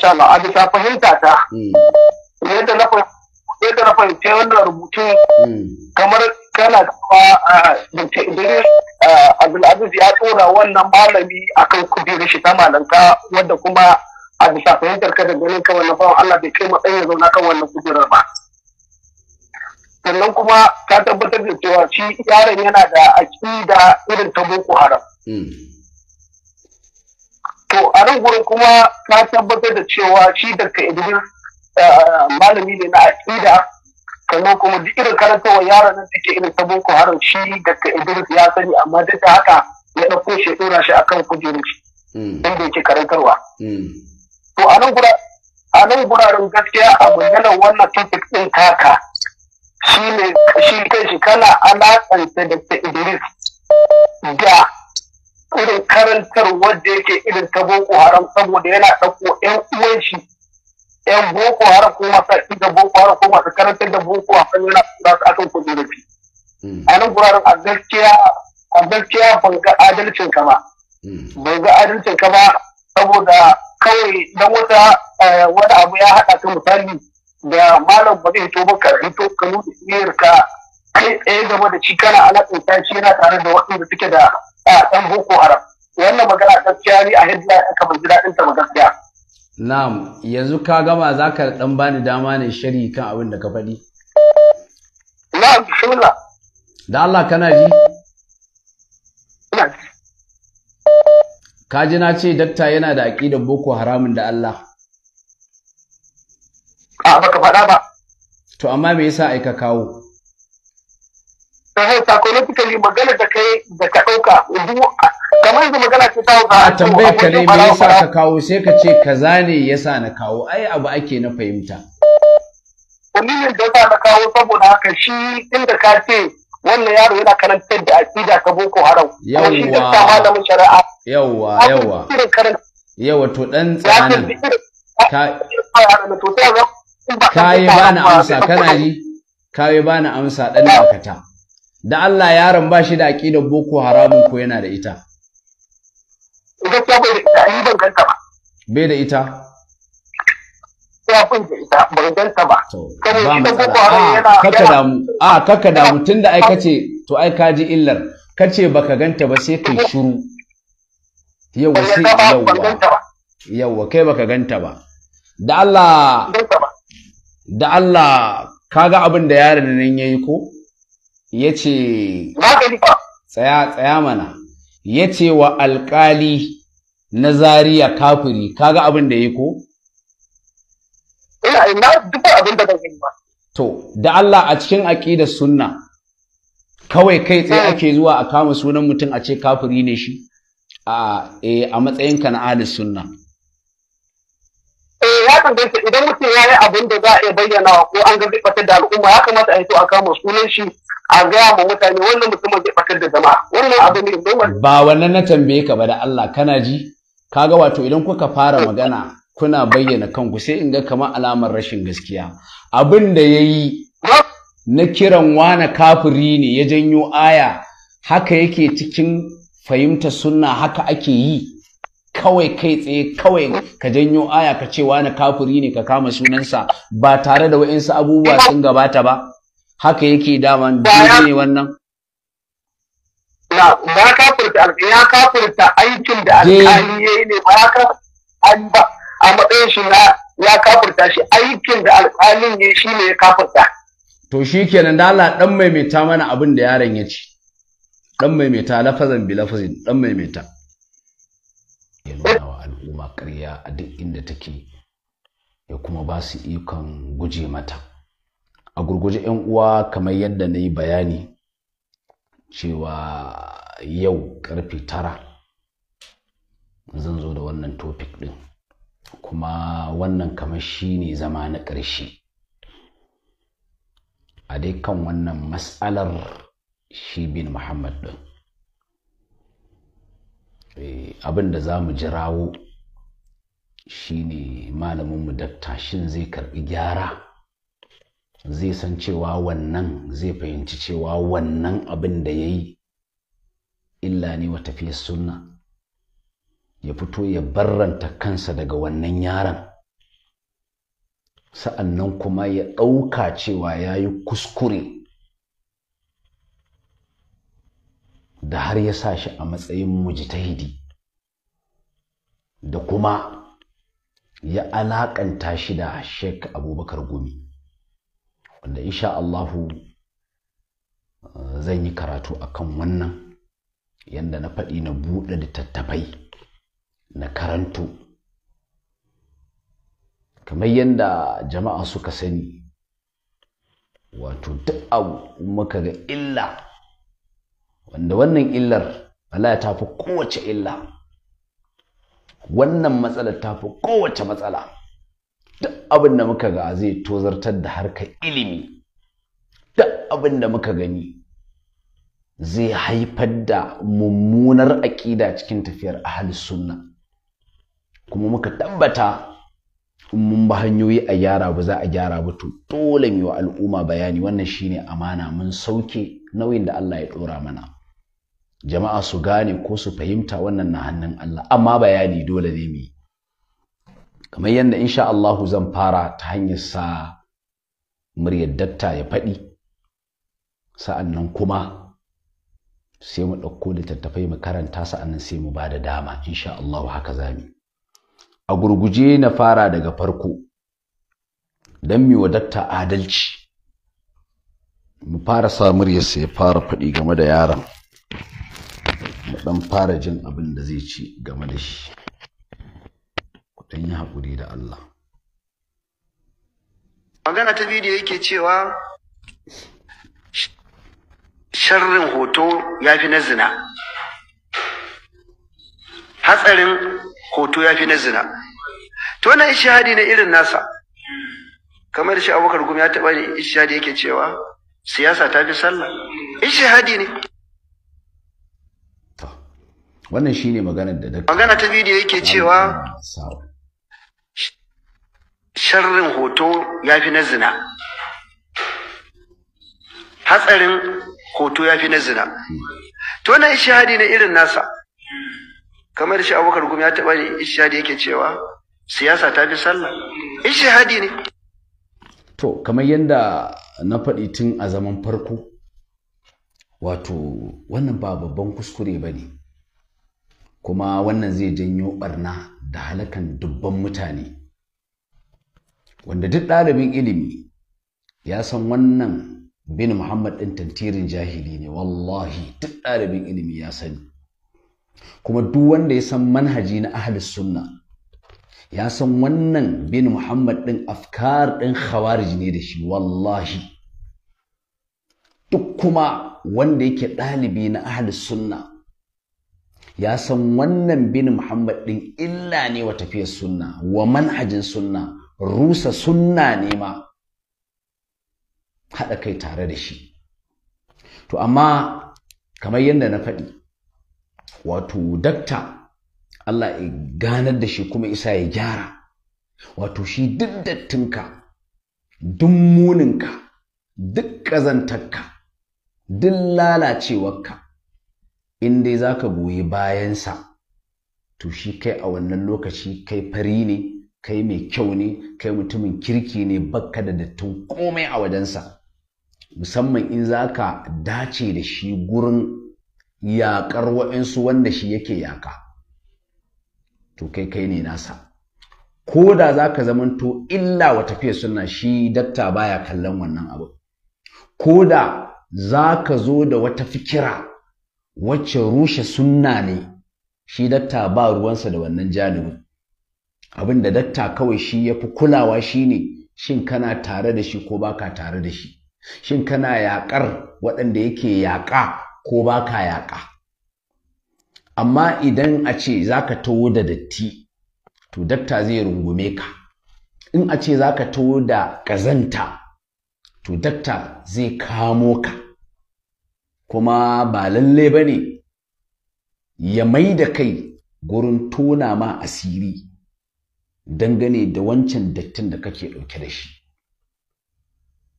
masha Allah a bisa fahimta ta yadda hmm. na fahimta fahimci wannan rubutu hmm. kamar kana cewa ah, Dr. Idris ah, Abdulaziz ya tsora wannan malami kan kudirin shi ta malanta wadda kuma a bisa fahimtar ka da ganin wannan bawan Allah bai kai matsayin ya zauna kan wannan kujerar ba. Sannan kuma ka tabbatar da cewa shi yaron yana da aƙida irin ta Boko Haram. Hmm. to a nan gurin kuma ka tabbatar da cewa shi daga idan eh, malami ne na aƙida sannan kuma duk irin karantarwa yaran nan take irin ta boko haram shi daga idan ya sani amma duk da haka ya ɗauko shi ya ɗora shi kan kujerun shi hmm. inda yake karantarwa hmm. to a nan gura a nan guraren gaskiya a bayyana wannan topic ɗin taka shi ne shi kai shi kana alaƙanta ta Idris da irin karantar wanda yake irin ta boko haram saboda yana ɗauko 'yan uwan shi 'yan boko haram ko masu da boko haram ko masu karantar da boko haram yana za su akan kudin rufi hmm. a nan guraren a gaskiya a gaskiya ban ga adalcin ka ba hmm. ban ga adalcin ka ba saboda kawai dan wata eh, wani abu ya haɗa ka misali da malam ba zai to ba ka fito ka nuna ka kai tsaye game da shi kana alaƙa ta shi yana tare da waɗanda suke da ɗan boko haram wannan magana gaskiya ni a hidda aka ban ji daɗin ta gaskiya na'am yanzu ka gama za ka ɗan bani dama ne shari kan abin da ka faɗi na'am bismillah da Allah kana ji ka ji na ce dakta yana da aƙidar boko haramun da Allah a baka faɗa ba to amma me yasa aika kawo Eh, yi magana da kai da ka ɗauka kamar yanzu magana ce ta hausa a tambayar ka ne me yasa ka kawo sai ka ce kaza ne yasa na kawo ai abu ake na fahimta dalilin da yasa na kawo saboda haka shi inda ka ce wannan yaro yana karantar da aqida ta boko haram yawwa yawwa yawwa yawwa to dan tsananin, ka yi bani amsa kana ji kai bani amsa dan dakata da Allah yaron ba shi da aƙidar boko haramun ko yana da ita bai da ita ni ban ganta ba bai da ita ah, kaka damu a ah, kaka damu tunda ai kace to ai ka ji illar kace baka ganta ba sai kai shiru yawa sai yawa yawa kai baka ganta ba da Allah da Allah kaga abin da yaron nan yayi ko ya ce tsaya tsaya mana ya wa alkali na zariya kafiri kaga abin da ya ko? Eh, ina ina duk abin da ba to da Allah a cikin aƙida sunna kawai kai tsaye eh. ake zuwa a kama sunan mutum a ce kafiri ne shi a eh, a matsayin ka na ahli sunna eh ya kamata idan mutum ya yi abin da za a iya bayyana ko an ga da al'umma ya kamata a yi to a kama sunan shi a gaya ma mutane wannan musamman zai fakar da jama'a wannan abu ne ba wannan na tambaye ka ba da Allah kana ji kaga wato idan kuka fara magana kuna bayyana kanku sai in ga kamar alamar rashin gaskiya abin da yayi na kiran wana kafiri ne ya janyo aya haka yake cikin fahimta sunna haka ake yi kawai kai tsaye kawai ka janyo aya ka ce wani kafiri ne ka kama sunansa ba tare da wa'insu abubuwa sun gabata ba haka yake dama, dole ne wannan ya kafurta ya kafurta aikin da alƙali ya yi ne ba ya kafurta ba a matsayin shi na ya kafurta shi aikin da alƙalin ya shi ne ya kafurta to shi kenan da Allah dan maimaita mana abin da yaron ya ci, dan maimaita lafazan bi lafazin dan maimaita ya nuna wa al'umma ƙarya a duk inda take ya kuma ba su ikon guje mata a gurguje yan uwa kamar yadda na yi bayani cewa yau karfe tara zan zo da wannan topic din kuma wannan kamar shi ne zama na ƙarshe a dai kan wannan matsalar shi bin muhammad din eh, abin da za mu jirawo shi ne malaminmu dakta shin zai karbi gyara zai san cewa wannan zai fahimci cewa wannan abin da ya yi illa ne wata fiye sunna ya fito ya barranta kansa daga wannan yaron sa'annan kuma ya ɗauka cewa ya yi kuskure da har ya sa shi a matsayin mujtahidi da kuma ya alaƙanta shi da Sheikh Abubakar Gumi. wanda insha Allahu eh, zan yi karatu akan wannan yadda na faɗi na buɗe littattafai na karanto kamar yadda jama'a suka sani wato duk abu muka ga illa wanda wannan illar Allah ta fi kowace illa wannan matsalar ta fi kowace matsala duk abin da muka ga zai tozartar da harkar ilimi duk abin da muka gani zai haifar da mummunar aƙida cikin tafiyar ahli sunna kuma muka tabbata mun ba hanyoyi a gyara ba za a gyara ba to dole mu wa al'umma bayani wannan shine amana mun sauke nauyin da Allah ya dora mana jama'a su gane ko su fahimta wannan na hannun Allah amma bayani dole ne mu yi kamar yadda insha Allahu zan fara ta hanyar sa muryar datta ya faɗi sa'an nan kuma sai mu ɗauko littattafai mu karanta sa'an nan sai mu ba da dama insha Allahu haka zami a gurguje na fara daga farko don mi datta adalci mu fara sa muryarsa ya fara faɗi game da yaron mu ɗan fara jin abin da zai ci game da shi don yi haƙuri da Allah. Magana ta bidiyo yake cewa sharrin hoto ya fi na zina. Hatsarin hoto ya fi na zina. To na hadi na irin nasa. Kamar shi abokar gumi ya taɓa ne ishihadi yake cewa siyasa ta fi sallah. hadi ne. Wannan shi ne maganar da Magana ta bidiyo yake cewa sharrin hoto ya fi na zina hatsarin hoto ya fi na zina to na ishihadi na irin nasa kamar shi abokar gumi ya taɓa ne ishihadi yake cewa siyasa ta fi sallah ishihadi ne to kamar yadda na faɗi tun a zaman farko wato wannan ba babban kuskure ba ne kuma wannan zai janyo ɓarna da halakan dubban mutane wanda duk ɗalibin ilimi ya san wannan bin muhammad ɗin tantirin jahili ne wallahi duk ɗalibin ilimi ya sani kuma duk wanda ya san manhaji na ahlus sunna ya san wannan bin muhammad ɗin afkar ɗin khawarij ne da shi wallahi duk kuma wanda yake ɗalibi na ahlus sunna ya san wannan bin muhammad ɗin illa ne wa tafiyar sunna wa manhajin sunna rusa sunna nema haɗa kai tare da shi to amma kamar yadda na faɗi wato dakta Allah ya ganar da shi kuma isa ya gyara wato shi duk dattinka duk muninka duk ƙazantarka duk lalacewarka in dai za ka goyi bayansa to shi kai a wannan lokaci kai fari ne kai mai kyau ne kai mutumin kirki ne bakka da dattin komai a wajensa musamman in za ka dace da shi gurin yaƙar wa'insu wanda shi yake yaƙa to kai kai ne nasa ko da za ka zamanto illa wa tafiya suna shi datta baya kallon wannan abu ko da za ka zo da wata fikira wacce rushe sunna ne shi datta ba ruwansa da wannan jalibin abin da dakta kawai shi ya fi kulawa shi ne, shin kana tare da shi ko baka tare da shi shin kana yaƙar waɗanda yake yaƙa ko baka yaƙa amma idan a ce za ka taho da datti to dakta zai rungume ka in a ce za ka taho da ƙazanta to dakta zai kamo ka kuma ba lalle ba ne ya mai da kai gurin tona ma asiri dangane da wancan dattin da kake ɗauke da shi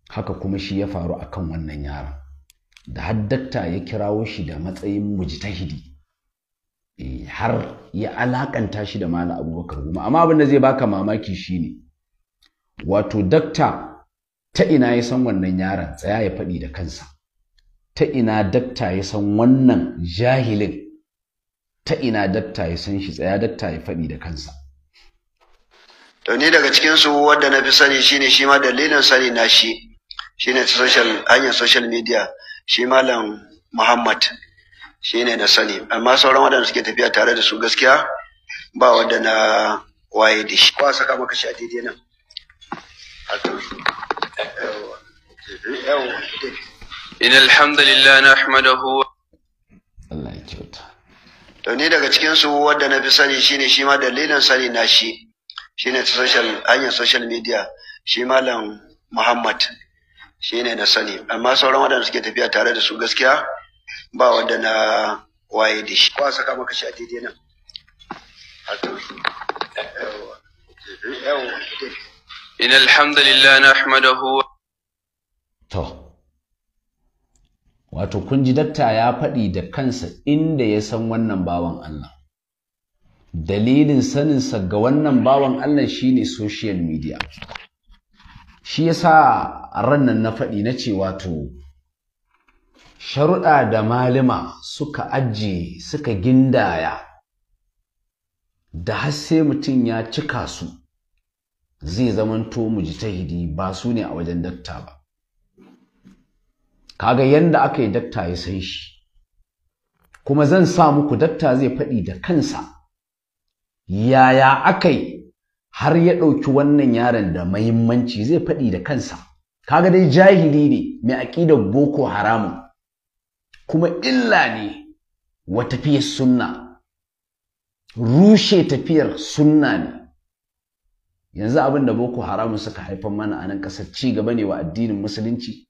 haka kuma shi ya faru a kan wannan yaron da haddatta ya kirawo shi da matsayin mujtahidi eh, har ya alakanta shi da malam abubakar goma amma abin da zai baka mamaki shine wato dakta ta ina ya san wannan yaron tsaya ya faɗi da kansa ta ina dakta ya san wannan jahilin ta ina dakta ya san shi tsaya dakta ya faɗi da kansa to ni daga cikin su wanda na fi sani shine shi ma dalilin sani na shi shine social hanyar social media shi malam Muhammad shine na sani amma sauran wadanda suke tafiya tare da su gaskiya ba wanda na waye da shi ba saka maka shi a daidai nan إن الحمد لله نحمده to ni daga cikin su wanda na fi sani shine shi ma dalilin sani na shi shine social hanyar social media shi malam Muhammad shi ne na sani amma sauran waɗanda suke tafiya tare da su gaskiya ba wanda na waye da shi ba saka maka shi a daidai nan إن الحمد لله نحمده to wato kun ji datta ya faɗi da kansa inda ya san wannan bawan Allah dalilin saninsa ga wannan bawan Allah shine social media shi yasa ran rannan na faɗi na ce wato sharuɗa da malima suka ajiye suka gindaya da har sai mutum ya cika su zai zamanto tahidi ba su ne a wajen dakta ba kaga yanda aka yi dakta ya san shi kuma zan sa muku dakta zai faɗi da kansa yaya akai har ya ɗauki wannan yaron da mahimmanci zai faɗi da kansa kaga dai jahili ne mai aƙidar boko haramun kuma illa ne wa tafiyar sunna rushe tafiyar sunna ne yanzu abin da boko haramu suka haifar mana a nan ƙasar ci gaba ne wa addinin musulunci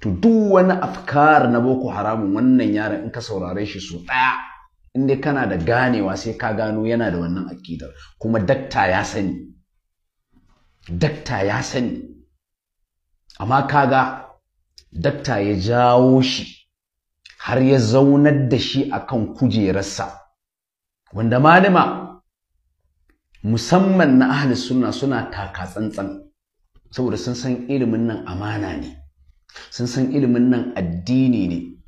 to duk wani afkar na boko haramun wannan yaron in ka saurare shi so ɗaya in dai kana da ganewa sai ka gano yana da wannan akidar kuma dakta ya sani dakta ya sani amma kaga dakta ya jawo shi har ya zaunar da shi akan kujerarsa wanda malama musamman na ahli sunna suna taka tsantsan saboda sun san ilimin nan amana ne sun san ilimin nan addini ne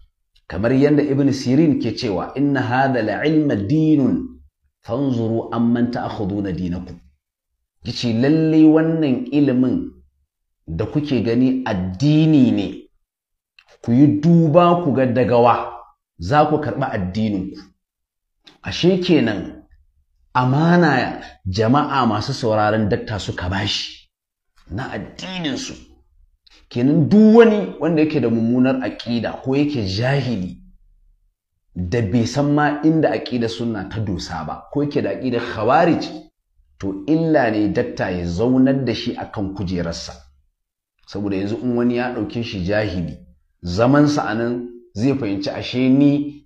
kamar yadda ibn sirin ke cewa inna hada la ilma dinun fanzuru hudu na dinaku yace lalle wannan ilimin da kuke gani addini ne ku yi duba ku ga dagawa za ku karɓi addininku ashe kenan amana jama'a masu sauraron dakta suka bashi na addininsu kenan duk wani wanda yake da mummunar aƙida ko yake jahili da bai san ma inda aƙida suna ta dosa ba ko yake da aƙidar khawarij to illa ne datta ya zaunar da shi akan kujerarsa saboda yanzu in wani ya ɗauke shi jahili zamansa a nan zai fahimci ashe ni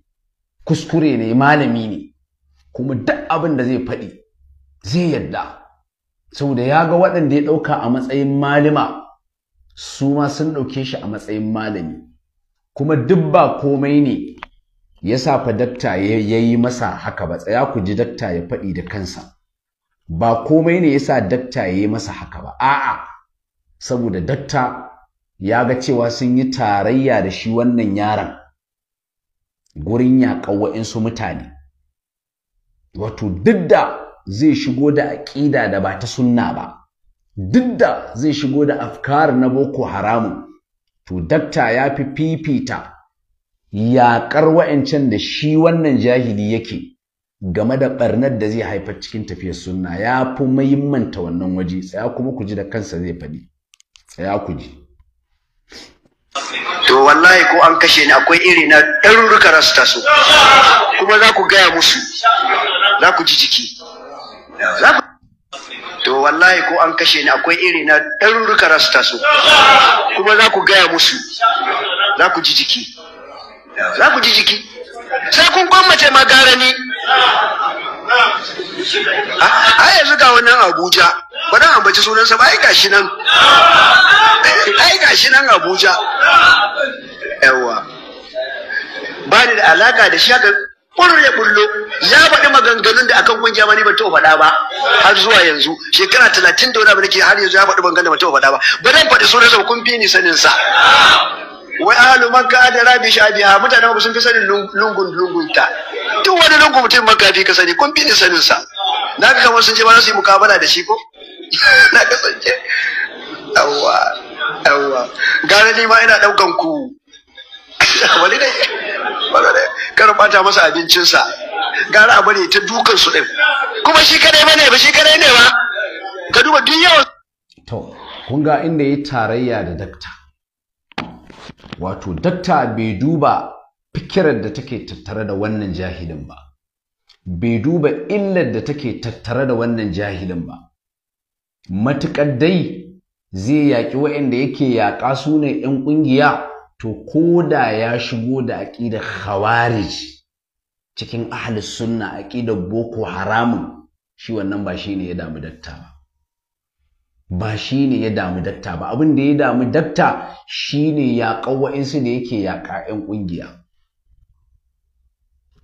kuskure ne malami ne kuma duk abin da zai faɗi zai yadda saboda ya ga waɗanda ya ɗauka a matsayin malima su ma sun ɗauke shi a matsayin malami kuma duk ba komai ne ya sa fa dakta ya yi masa haka ba tsaya ku ji dakta ya faɗi da kansa ba komai ne ya sa dakta ya yi masa haka ba a'a saboda dakta ya ga cewa sun yi tarayya da shi wannan yaron gurin yaƙan wa'insu mutane wato duk da zai shigo da aƙida da ba ta sunna ba duk da zai shigo da afkar na boko haramun to dakta ya fi fifita yaƙar wa'ancan da shi wannan jahili yake game da ɓarnar da zai haifar cikin tafiyar sunna ya fi mahimmanta wannan waje tsaya kuma ku ji da kansa zai faɗi tsaya ku ji to wallahi ko an kashe ni akwai iri na ɗarurruka za su taso kuma za ku gaya musu za ku ji jiki to wallahi ko an kashe ni akwai iri na ɗarurruka za su taso kuma za ku gaya musu za ku ji jiki za ku ji jiki sai kun gwammace ma gara ni a yanzu ga wannan abuja ba dan ambaci sunansa ba ai gashi nan ai gashi nan abuja yawa ba ni da alaka da shi haka kullu ya bullo ya faɗi maganganun da akan kungiya ma ni ban taɓa faɗa ba har zuwa yanzu shekara talatin da wani abu nake har yanzu ya faɗi maganganun da ba taɓa faɗa ba ba zan faɗi sunan sa kun fi ni sanin sa wai ahlu makka da rabi ha mutane ba sun fi sanin lungun ta duk wani lungun mutum makka fi ka sani kun fi ni sanin sa na ga kamar sun je ba za su yi mukabala da shi ko na ga sun je yawwa yawwa gane ni ma ina ɗaukan ku wani dai wani dai kar bata masa abincinsa gara a bari ta dukan su din kuma shi kadai bane ba shi kadai ne ba ka duba duk yawan to kun ga inda yi tarayya da dakta wato dakta bai duba fikirar da take tattare da wannan jahilin ba bai duba illar da take tattare da wannan jahilin ba matuƙar dai zai yaƙi wa'inda yake yaƙa su ne 'yan ƙungiya to ko da ya shigo da aƙidar khawarij cikin ahlus sunna aƙidar boko haramun shi wannan ba shine ya damu datta ba ba shine ya damu datta ba abin da ya damu datta shine ya su da yake yaƙa 'yan ƙungiya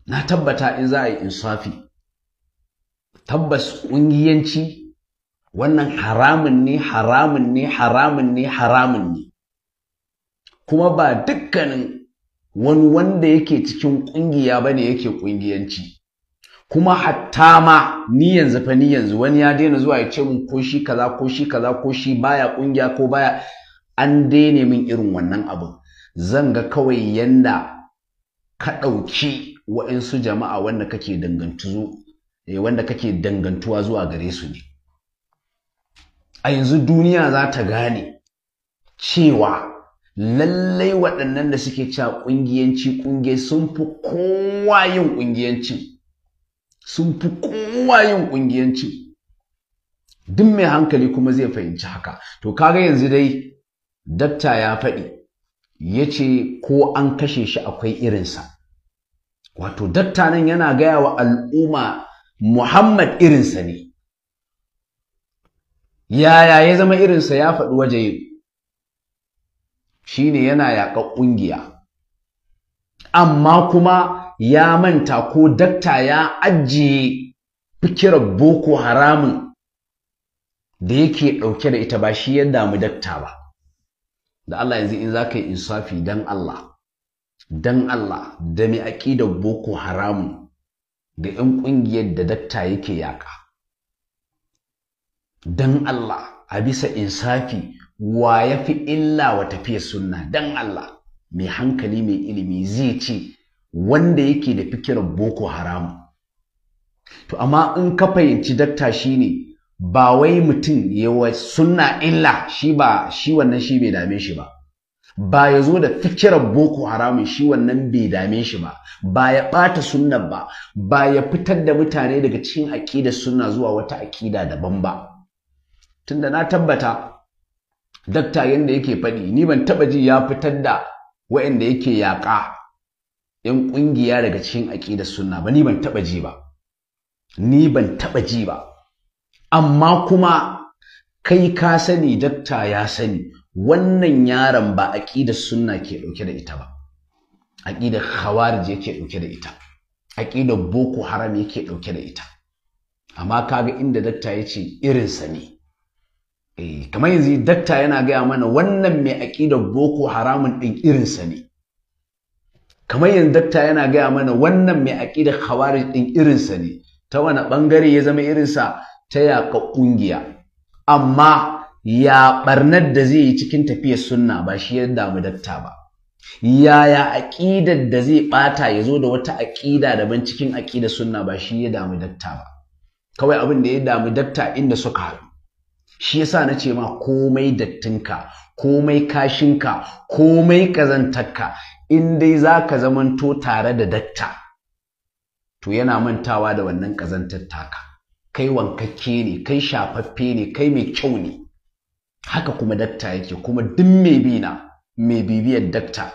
na tabbata in za a yi insafi tabbas ƙungiyanci wannan haramun ne haramun ne haramun ne haramun ne kuma ba dukkanin wani wanda yake cikin ƙungiya ba ne yake ƙungiyanci kuma hatta ma ni yanzu fa ni yanzu wani ya daina zuwa ya ce min ko shi kaza ko shi kaza ko shi baya ƙungiya ko baya an daina min irin wannan abin zan ga kawai yanda ka ɗauki wa'insu jama'a wanda kake dangantu eh, wanda kake dangantuwa zuwa gare su ne a yanzu duniya za ta gane cewa lallai waɗannan da suke cewa ƙungiyanci ƙungiya sun fi kowa yin ƙungiyancin sun fi kowa yin ƙungiyancin duk mai hankali kuma zai fahimci haka to kaga yanzu dai dakta ya faɗi ya ce ko an kashe shi akwai irinsa wato dakta nan yana gaya wa al'umma muhammad irinsa ne yaya ya zama irinsa ya faɗi waje shine yana yaƙa ƙungiya amma kuma ya manta ko dakta ya ajiye fikirar boko haramun da yake ɗauke da ita ba shi yadda mu dakta ba da Allah yanzu in za ka yi insafi dan Allah dan Allah da mai aƙidar boko haramun da 'yan ƙungiyar da dakta yake yaƙa dan Allah a bisa insafi wa ya fi illa wa tafiyar sunna don Allah mai hankali mai ilimi zai ce wanda yake da fikirar boko haramu? to amma in ka fahimci dakta shi ne, ba wai mutum yawa sunna illa shi ba shi wannan shi bai dame shi ba ba ya zo da fikirar boko haramun shi wannan bai dame shi ba ba ya ɓata sunnan ba ba ya fitar da mutane daga cikin aƙidar sunna zuwa wata aƙida daban ba tunda na tabbata dakta yadda yake faɗi ni ban taɓa ji ya fitar da wa'anda yake yaƙa yan ƙungiya daga cikin aƙidar sunna ba ni ban taɓa ji ba ni ban taɓa ji ba amma kuma kai ka sani dakta ya sani wannan yaron ba aƙidar sunna ke ɗauke da ita ba aƙidar khawarij yake ɗauke da ita aƙidar boko haram yake ɗauke da ita amma kaga inda dakta ya ce irinsa ne Eh, kamar yanzu dakta yana gaya mana wannan mai aƙidar boko haramun ɗin irinsa ne kamar yanzu dakta yana gaya mana wannan mai aƙidar khawarij ɗin irinsa ne ta wani ɓangare ya zama irinsa ta yaƙa ƙungiya amma ya ɓarnar da zai yi cikin tafiyar sunna ba shi ya damu dakta ba yaya aƙidar da zai ɓata ya zo da wata aƙida daban cikin aƙida sunna ba shi ya damu dakta ba kawai abin da ya damu dakta inda suka haɗu shi yasa na ce ma komai dattinka komai kashinka komai kazantarka in dai za ka zamanto tare da datta to yana mantawa da wannan ƙazantar taka kai wankakke ne kai shafaffe ne kai mai kyau ne haka kuma dakta yake kuma duk mai bina mai bibiyar dakta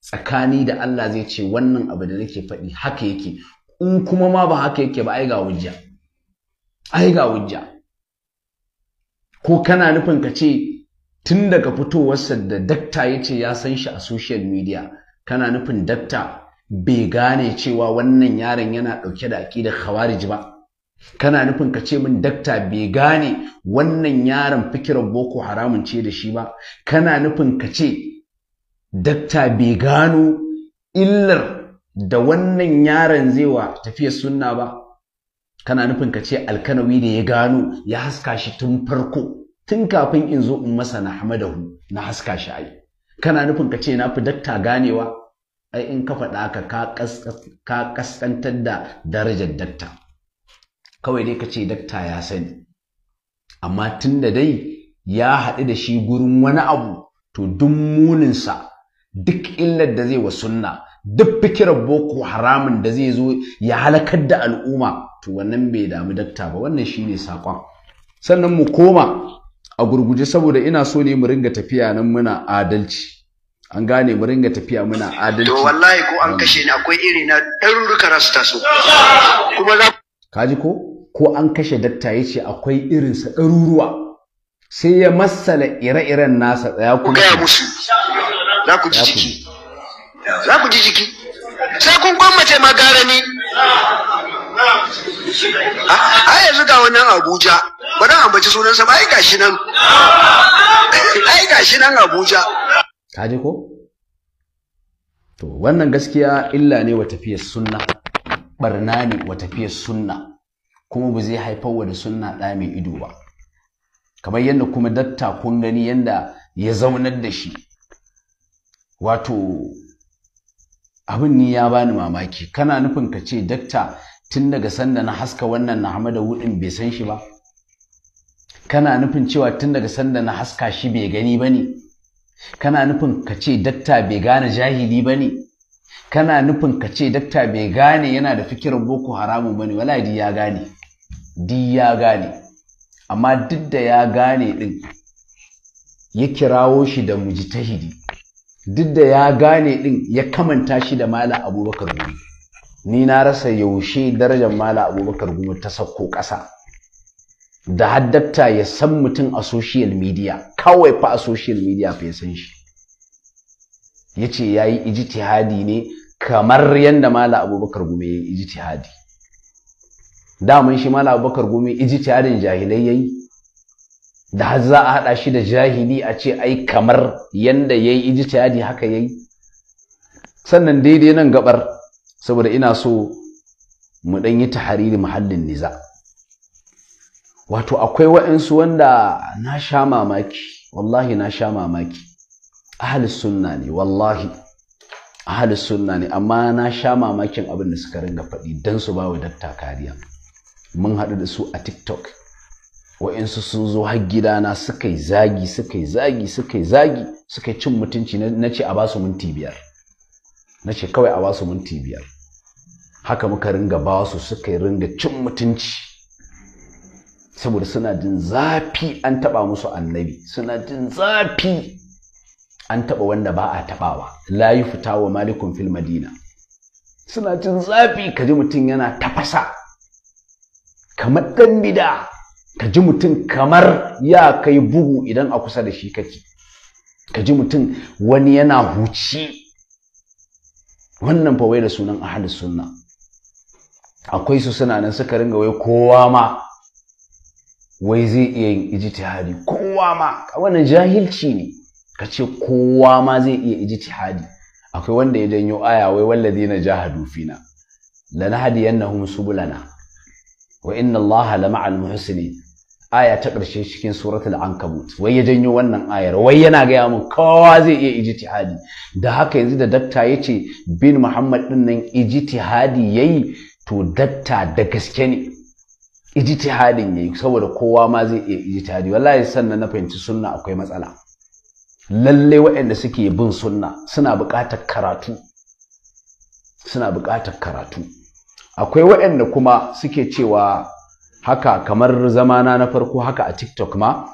tsakani da Allah zai ce wannan abu da nake faɗi haka yake in kuma ma ba haka yake ba ai ga hujja ai ga hujja ko kana nufin ka ce tun daga fitowarsa da dakta ya ce ya san shi a social media kana nufin dakta bai gane cewa wannan yaron yana ɗauke da da khawariji ba kana nufin ka ce min dakta bai gane wannan yaron fikirar boko haramun ce da shi ba kana nufin ka ce dakta bai gano illar da wannan yaron zai wa tafiyar sunna ba kana nufin ka ce alkanawi da ya gano ya haska shi tun farko tun kafin in zo in masa na hamadahu na haska shi ai kana nufin ka ce na fi dakta ganewa ai in ka faɗa ka ka kaskantar da darajar dakta kawai dai ka ce dakta ya sani amma tun da dai ya haɗu da shi gurin wani abu to duk muninsa duk illar da zai wa sunna duk fikirar boko haramun da zai zo ya halakar da al'umma to wannan bai damu dakta ba wannan shine sakon sannan mu koma a gurguje saboda ina so ne mu ringa tafiya nan muna adalci an gane mu ringa tafiya muna adalci to wallahi ko an kashe ni akwai iri na ɗarurruka rasu taso kuma za kaji ko ko an kashe dakta ya ce akwai irinsa ɗaruruwa sai ya masala ire-iren nasa tsaya kuma ku gaya musu za ku ji ciki za ku ji jiki sai kun gwammace ma gara ni a ah, yanzu ga wannan abuja ba don ambaci sunansa ba ai shi nan ai gashi nan abuja ka ji ko to wannan gaskiya illa ne wa tafiyar sunna barna ne wa tafiyar sunna kuma ba zai haifar wa da sunna ɗa mai ido ba kamar yadda kuma datta kun gani yadda ya zaunar da shi wato abin ni ya bani mamaki kana nufin ka ce dakta tun daga sanda na haska wannan na hamada wudin bai san shi ba kana nufin cewa tun daga sanda na haska shi bai gani ba ne kana nufin ka ce dakta bai gane jahili ba ne kana nufin ka ce dakta bai gane yana da fikirin boko haramun ba ne wala ya gane di ya gane amma duk da ya gane din ya kirawo shi da mujtahidi duk da ya gane din ya kamanta shi da mala abubakar gumi ni na rasa yaushe darajar mala abubakar gumi ta sauko ƙasa da haddata ya san mutum a social media kawai fa a social media fa ya san shi ya ce ya yi ijtihadi ne kamar yadda mala abubakar gumi ya yi ijtihadi daman shi mala abubakar gumi ijtihadin jahilai ya yi da har za a haɗa shi da jahili a ce ai kamar yanda ya yi ijtihadi haka ya yi sannan daidai nan gabar saboda ina so mu ɗan yi tahariri muhallin niza wato akwai wa'insu wanda na sha mamaki wallahi na sha mamaki ahli sunna ne wallahi ahli sunna ne amma na sha mamakin abin da suka ringa faɗi don su bawa wa dakta kariya mun haɗu da su a tiktok wa'insu sun zo har gidana suka yi zagi suka yi zagi suka yi zagi suka yi cin mutunci na ce a ba su minti biyar na ce kawai a ba su minti biyar haka muka ringa ba su suka yi ringa cin mutunci saboda suna jin zafi an taba musu annabi suna jin zafi an taba wanda ba a tabawa Layi yi fita wa malikun fil madina suna jin zafi kaji mutum yana tafasa kamar dan bida ka ji mutum kamar ya kai bugu idan a kusa da shi kake ka ji mutum wani yana huci wannan fa wai da sunan ahlus sunna akwai su suna nan suka ringa wai kowa ma wai zai iya yin ijtihadi kowa ma wannan jahilci ne ka ce kowa ma zai iya ijtihadi akwai wanda ya janyo aya wai walladina jahadu fina lanahdiyannahum subulana wa inna allaha lama'al muhsinin aya ta ƙarshe cikin suratul ankabut wai ya janyo wannan ayar wai yana gaya min kowa zai iya ijtihadi da haka yanzu da dakta ya ce bin muhammad din nan ijtihadi yayi to dakta da gaske ne ijtihadin yayi saboda kowa ma zai iya ijtihadi wallahi sannan na fahimci sunna akwai matsala lalle waɗanda suke bin sunna suna buƙatar karatu suna buƙatar karatu akwai waɗanda kuma suke cewa haka kamar zamana na farko haka a tiktok ma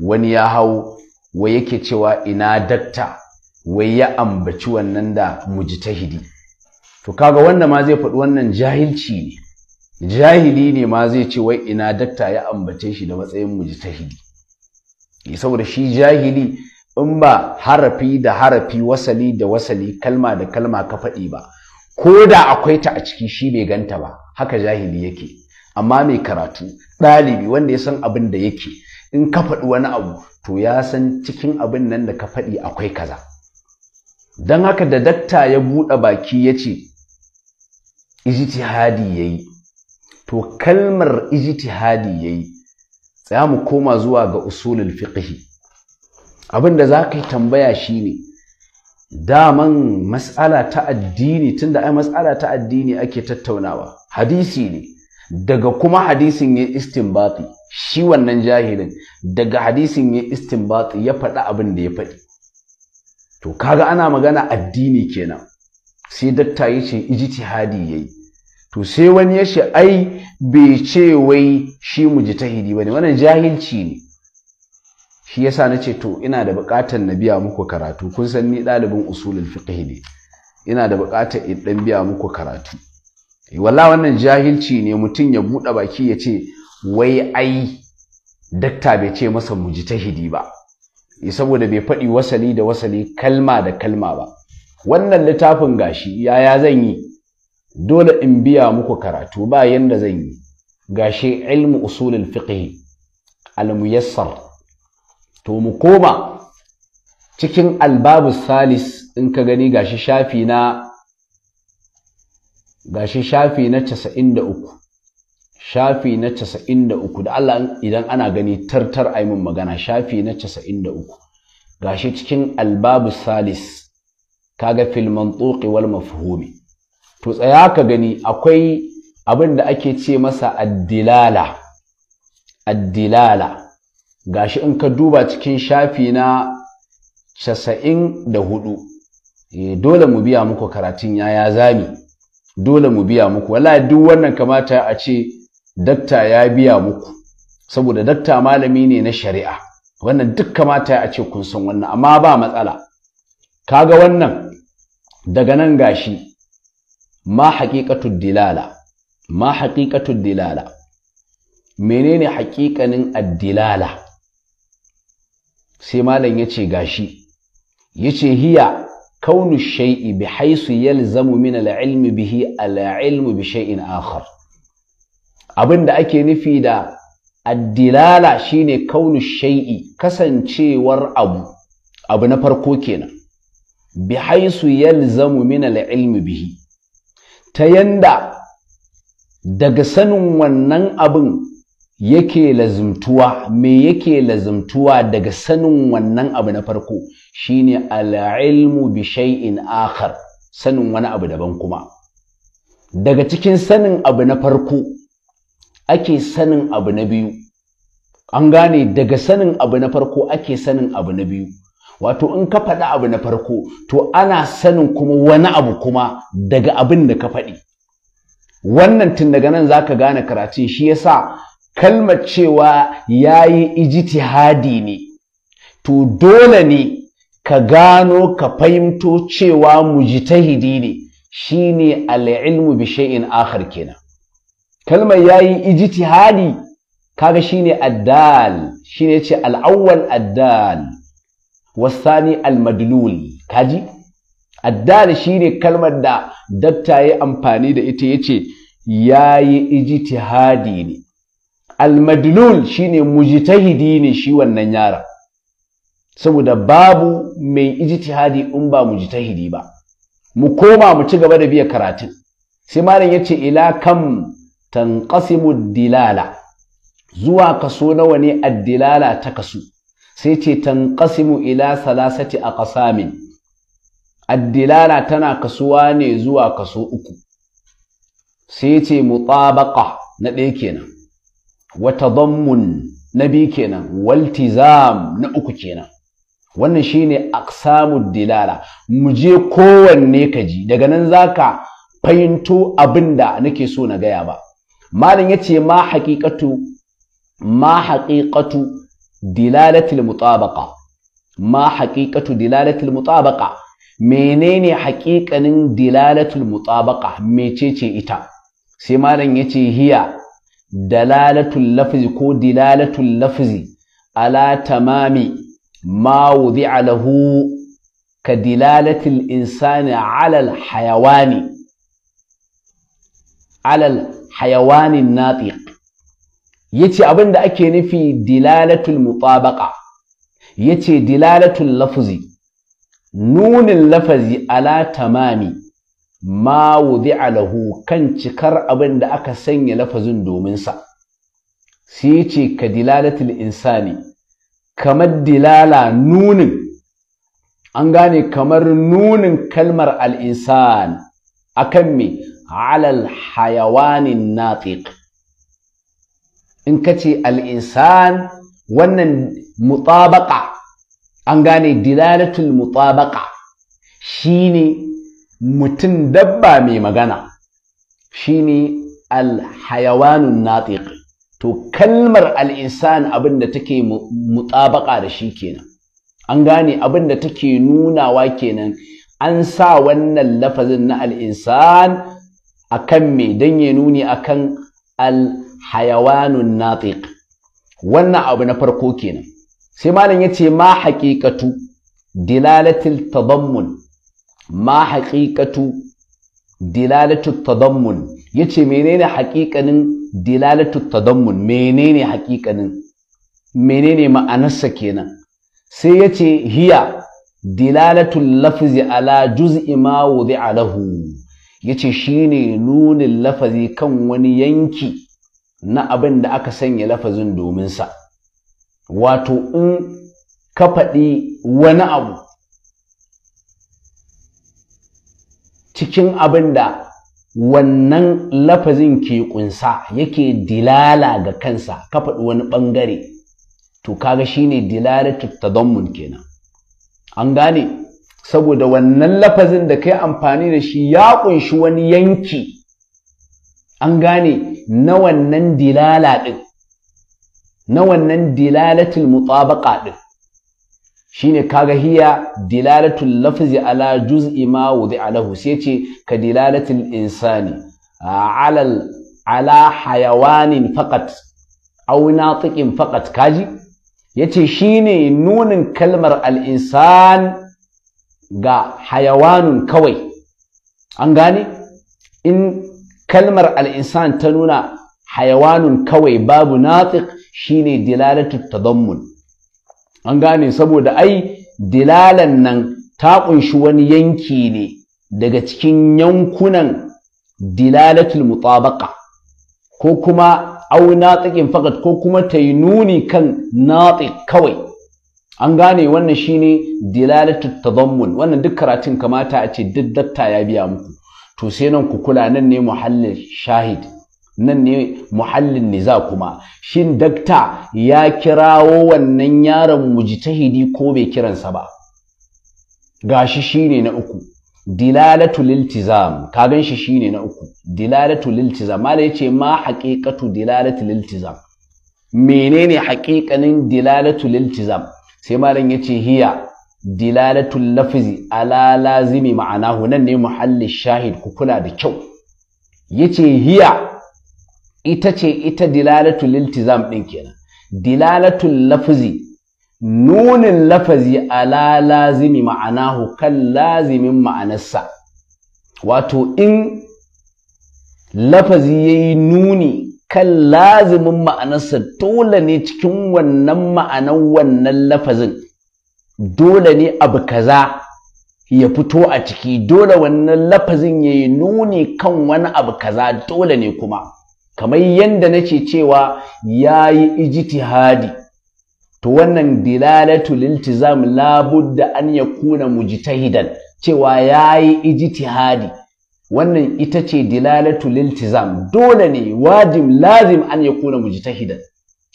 wani ya hau wai yake cewa ina dakta wai ya ambaci wannan da mujtahidi to kaga wanda ma zai faɗi wannan jahilci ne jahili ne ma zai ce wai ina dakta ya ambace shi da matsayin mujtahidi eh, saboda shi jahili in ba harafi da harafi wasali da wasali kalma da kalma ka faɗi ba ko da akwai ta a ciki shi bai ganta ba haka jahili yake amma mai karatu ɗalibi wanda ya san abin da yake in ka faɗi wani abu to ya san cikin abin nan da ka faɗi akwai kaza don haka da dakta ya buɗe baki ya ce ijtihadi ya yi to kalmar ijtihadi ya yi tsaya mu koma zuwa ga usulul fiqhi abin da za ka yi tambaya ne, daman matsala ta addini tunda ai mas'ala ta addini ake tattaunawa hadisi ne daga kuma hadisin ya istinbati shi wannan jahilin daga hadisin ya istinbati ya faɗi abin da ya faɗi to kaga ana magana addini kenan sai dakta ya ce ijtihadi yayi to sai wani ya shi ai bai ce wai shi mujtahidi bane wannan jahilci ne shi yasa ce to ina da buƙatar na biya muku karatu kun san ni ɗalibin usulul fiqh ne ina da buƙatar in dan biya muku karatu Eh, Wala wannan jahilci ne mutum ya buɗe baki ya ce wai ai dakta bai ce masa mu ji ta hidi ba eh, saboda bai faɗi wasali da wasali kalma da kalma ba wannan littafin gashi yaya zan yi dole in biya muku karatu ba yanda zan yi gashi ilmu usulin fiqh almuyassar to mu koma cikin albabu salis in ka gani gashi shafi na gashi shafi na 93 shafi na 93 da Allah idan ana gani tartar ai mun magana shafi na 93 gashi cikin albabu salis kaga ga filman wal mafhumi to tsaya ka gani akwai abin da ake ce masa addilala addilala gashi in ka duba cikin shafi na casa'in da 94 eh, dole mu biya muku karatun yaya zami dole mu biya muku Wala duk wannan kamata a ce dakta ya biya muku saboda dakta malami ne na shari'a wannan duk kamata a ce kun san wannan amma ba matsala kaga wannan daga nan gashi ma haqiqatud dilala ma haqiqatud dilala menene haƙiƙanin addilala sai malam yace gashi yace hiya kaunu shay'i bi haisu yalzamu min al-ilmi bihi al-ilmu bi shay'in akhar abin da ake nufi da addilala shine kaunu shay'i kasancewar abu abu na farko kenan bi haisu yalzamu min al-ilmi bihi ta yanda daga sanin wannan abin yake lazimtuwa me yake lazimtuwa daga sanin wannan abu na farko shine al-ilmu bi shay'in akhar sanin wani abu daban kuma daga cikin sanin abu na farko ake sanin abu na biyu an gane daga sanin abu na farko ake sanin abu na biyu wato in ka faɗi abu na farko to ana sanin kuma wani abu kuma daga abin da ka faɗi wannan tun daga nan ka gane karatun shi yasa kalmar cewa yayi ijtihadi ne to dole ne ka gano ka fahimto cewa mujtahidi ne shine al-ilmu bi shay'in akhar kenan kalmar yayi ijtihadi kaga shine addal shine yace al-awwal addal wasani al-madlul kaji addal shine kalmar da dakta yayi amfani da ita yace yayi ijtihadi ne al-madlul shine mujtahidi ne shi wannan yaran. saboda babu mai ijtihadi in ba mu ji hidi ba mu koma mu ci gaba da biya karatun sai malam ce, ila kam tanqasimu dilala zuwa kaso nawa ne addilala ta kasu sai ce tanqasimu ila salasati aqsamin addilala tana kasuwa ne zuwa kaso uku sai ce mutabaqa na ɗaya kenan wa tadammun na biyu kenan waltizam na uku kenan wannan shine aqsamud dilala mu je kowanne ka ji daga nan zaka fahimto abin abinda nake so na gaya ba malam yace ma haqiqatu ma haqiqatu dilalatil mutabaqa ma haqiqatu dilalatil mutabaqa menene haƙiƙanin dilalatul mutabaqa mecece ita sai malam yace hiya dalalatul lafzi ko dilalatul lafzi ala tamami ma wudi'a lahu ka dilalatil insani alal hayawani alal hayawanin natiq yace abin da ake nufi dilalatul mutabaqa yace dilalatul lafazi. nunin lafazi ala tamami ma wudi'a lahu kan cikar abin da aka sanya lafazin domin sa sai yace ka dilalatul insani kamar dilala nunin an gane kamar nunin kalmar al'insan akan me alal hayawanin natiq in ka ce al'insan wannan mutabaka an gane dilalatul mutabaka ne mutum dabba mai magana shine alhayawanun natiq to kalmar al'insan abin da take mutabaka da shi kenan an gane abin da take nunawa kenan an sa wannan lafazin na al'insan a kan me don ya nuni a kan alhayawanun natiq wannan abu na farko kenan sai malam ya ce ma haƙiƙatu dilalatul tadammun ma haƙiƙatu dilalatul tadammun ya ce menene haƙiƙanin dilalatu tadammun menene hakikanin menene ma'anarsa kenan sai ya ce hiya dilalatul lafazi ala juz'i ma wudi'a lahu yace shine nunin lafazi kan wani yanki na abin da aka sanya lafazin domin sa wato in ka faɗi wani abu cikin abin da wannan lafazin ke kunsa yake dilala ga kansa ka faɗi wani ɓangare to kaga shi shine dilalatu tadammun kenan an gane saboda wannan lafazin da kai amfani da shi ya kunshi wani yanki an gane na wannan dilala ɗin na wannan dilalatul mutabaqa ɗin shine kaga hiya dilalatul lafzi ala juz'i ma wudi'a lahu sai ce ka dilalatul insani ala ala hayawanin faqat aw natiqin faqat kaji yace shine nunin kalmar al-insan ga hayawanun kawai an gane in kalmar al-insan ta nuna hayawanun kawai babu natiq shine dilalatul tadammun an gane saboda ai dilalan nan ta kunshi wani yanki ne daga cikin yankunan dilalatul mutabaka ko kuma au natsikin fakat ko kuma ta yi nuni kan natsi kawai an gane wannan shine dilalatul tadammun wannan duk karatun kamata a ce duk datta ya biya muku to sai nan ku kula nan ne muhallin shahid nan ne muhallin niza kuma shin dakta ya kirawo wannan yaron mujtahidi ko bai kiransa ba gashi shine na uku dilalatu liltizam ka gan shi shine na uku dilalatu liltizam mala yace ma haƙiƙatu dilalatu liltizam menene haƙiƙanin dilalatu liltizam sai malam yace hiya dilalatu lafzi ala lazimi ma'anahu nan ne muhallin shahid ku kula da kyau yace hiya ita ce ita dilalatul iltizam din kenan dilalatul lafzi nunin lafazi ala lazimi ma'anahu kan lazimin ma'anarsa wato in lafazi yayi nuni kan lazimin ma'anarsa dole ne cikin wannan ma'anar wannan lafazin dole ne abu kaza ya fito a ciki dole wannan lafazin yayi nuni kan wani abu kaza dole ne kuma kamar yadda nace cewa ya yi ijtihadi to wannan dilalatu liltizam labudda an ya kuna mujtahidan cewa ya yi ijtihadi wannan ita ce dilalatu liltizam dole ne wajib lazim an ya kuna mujtahidan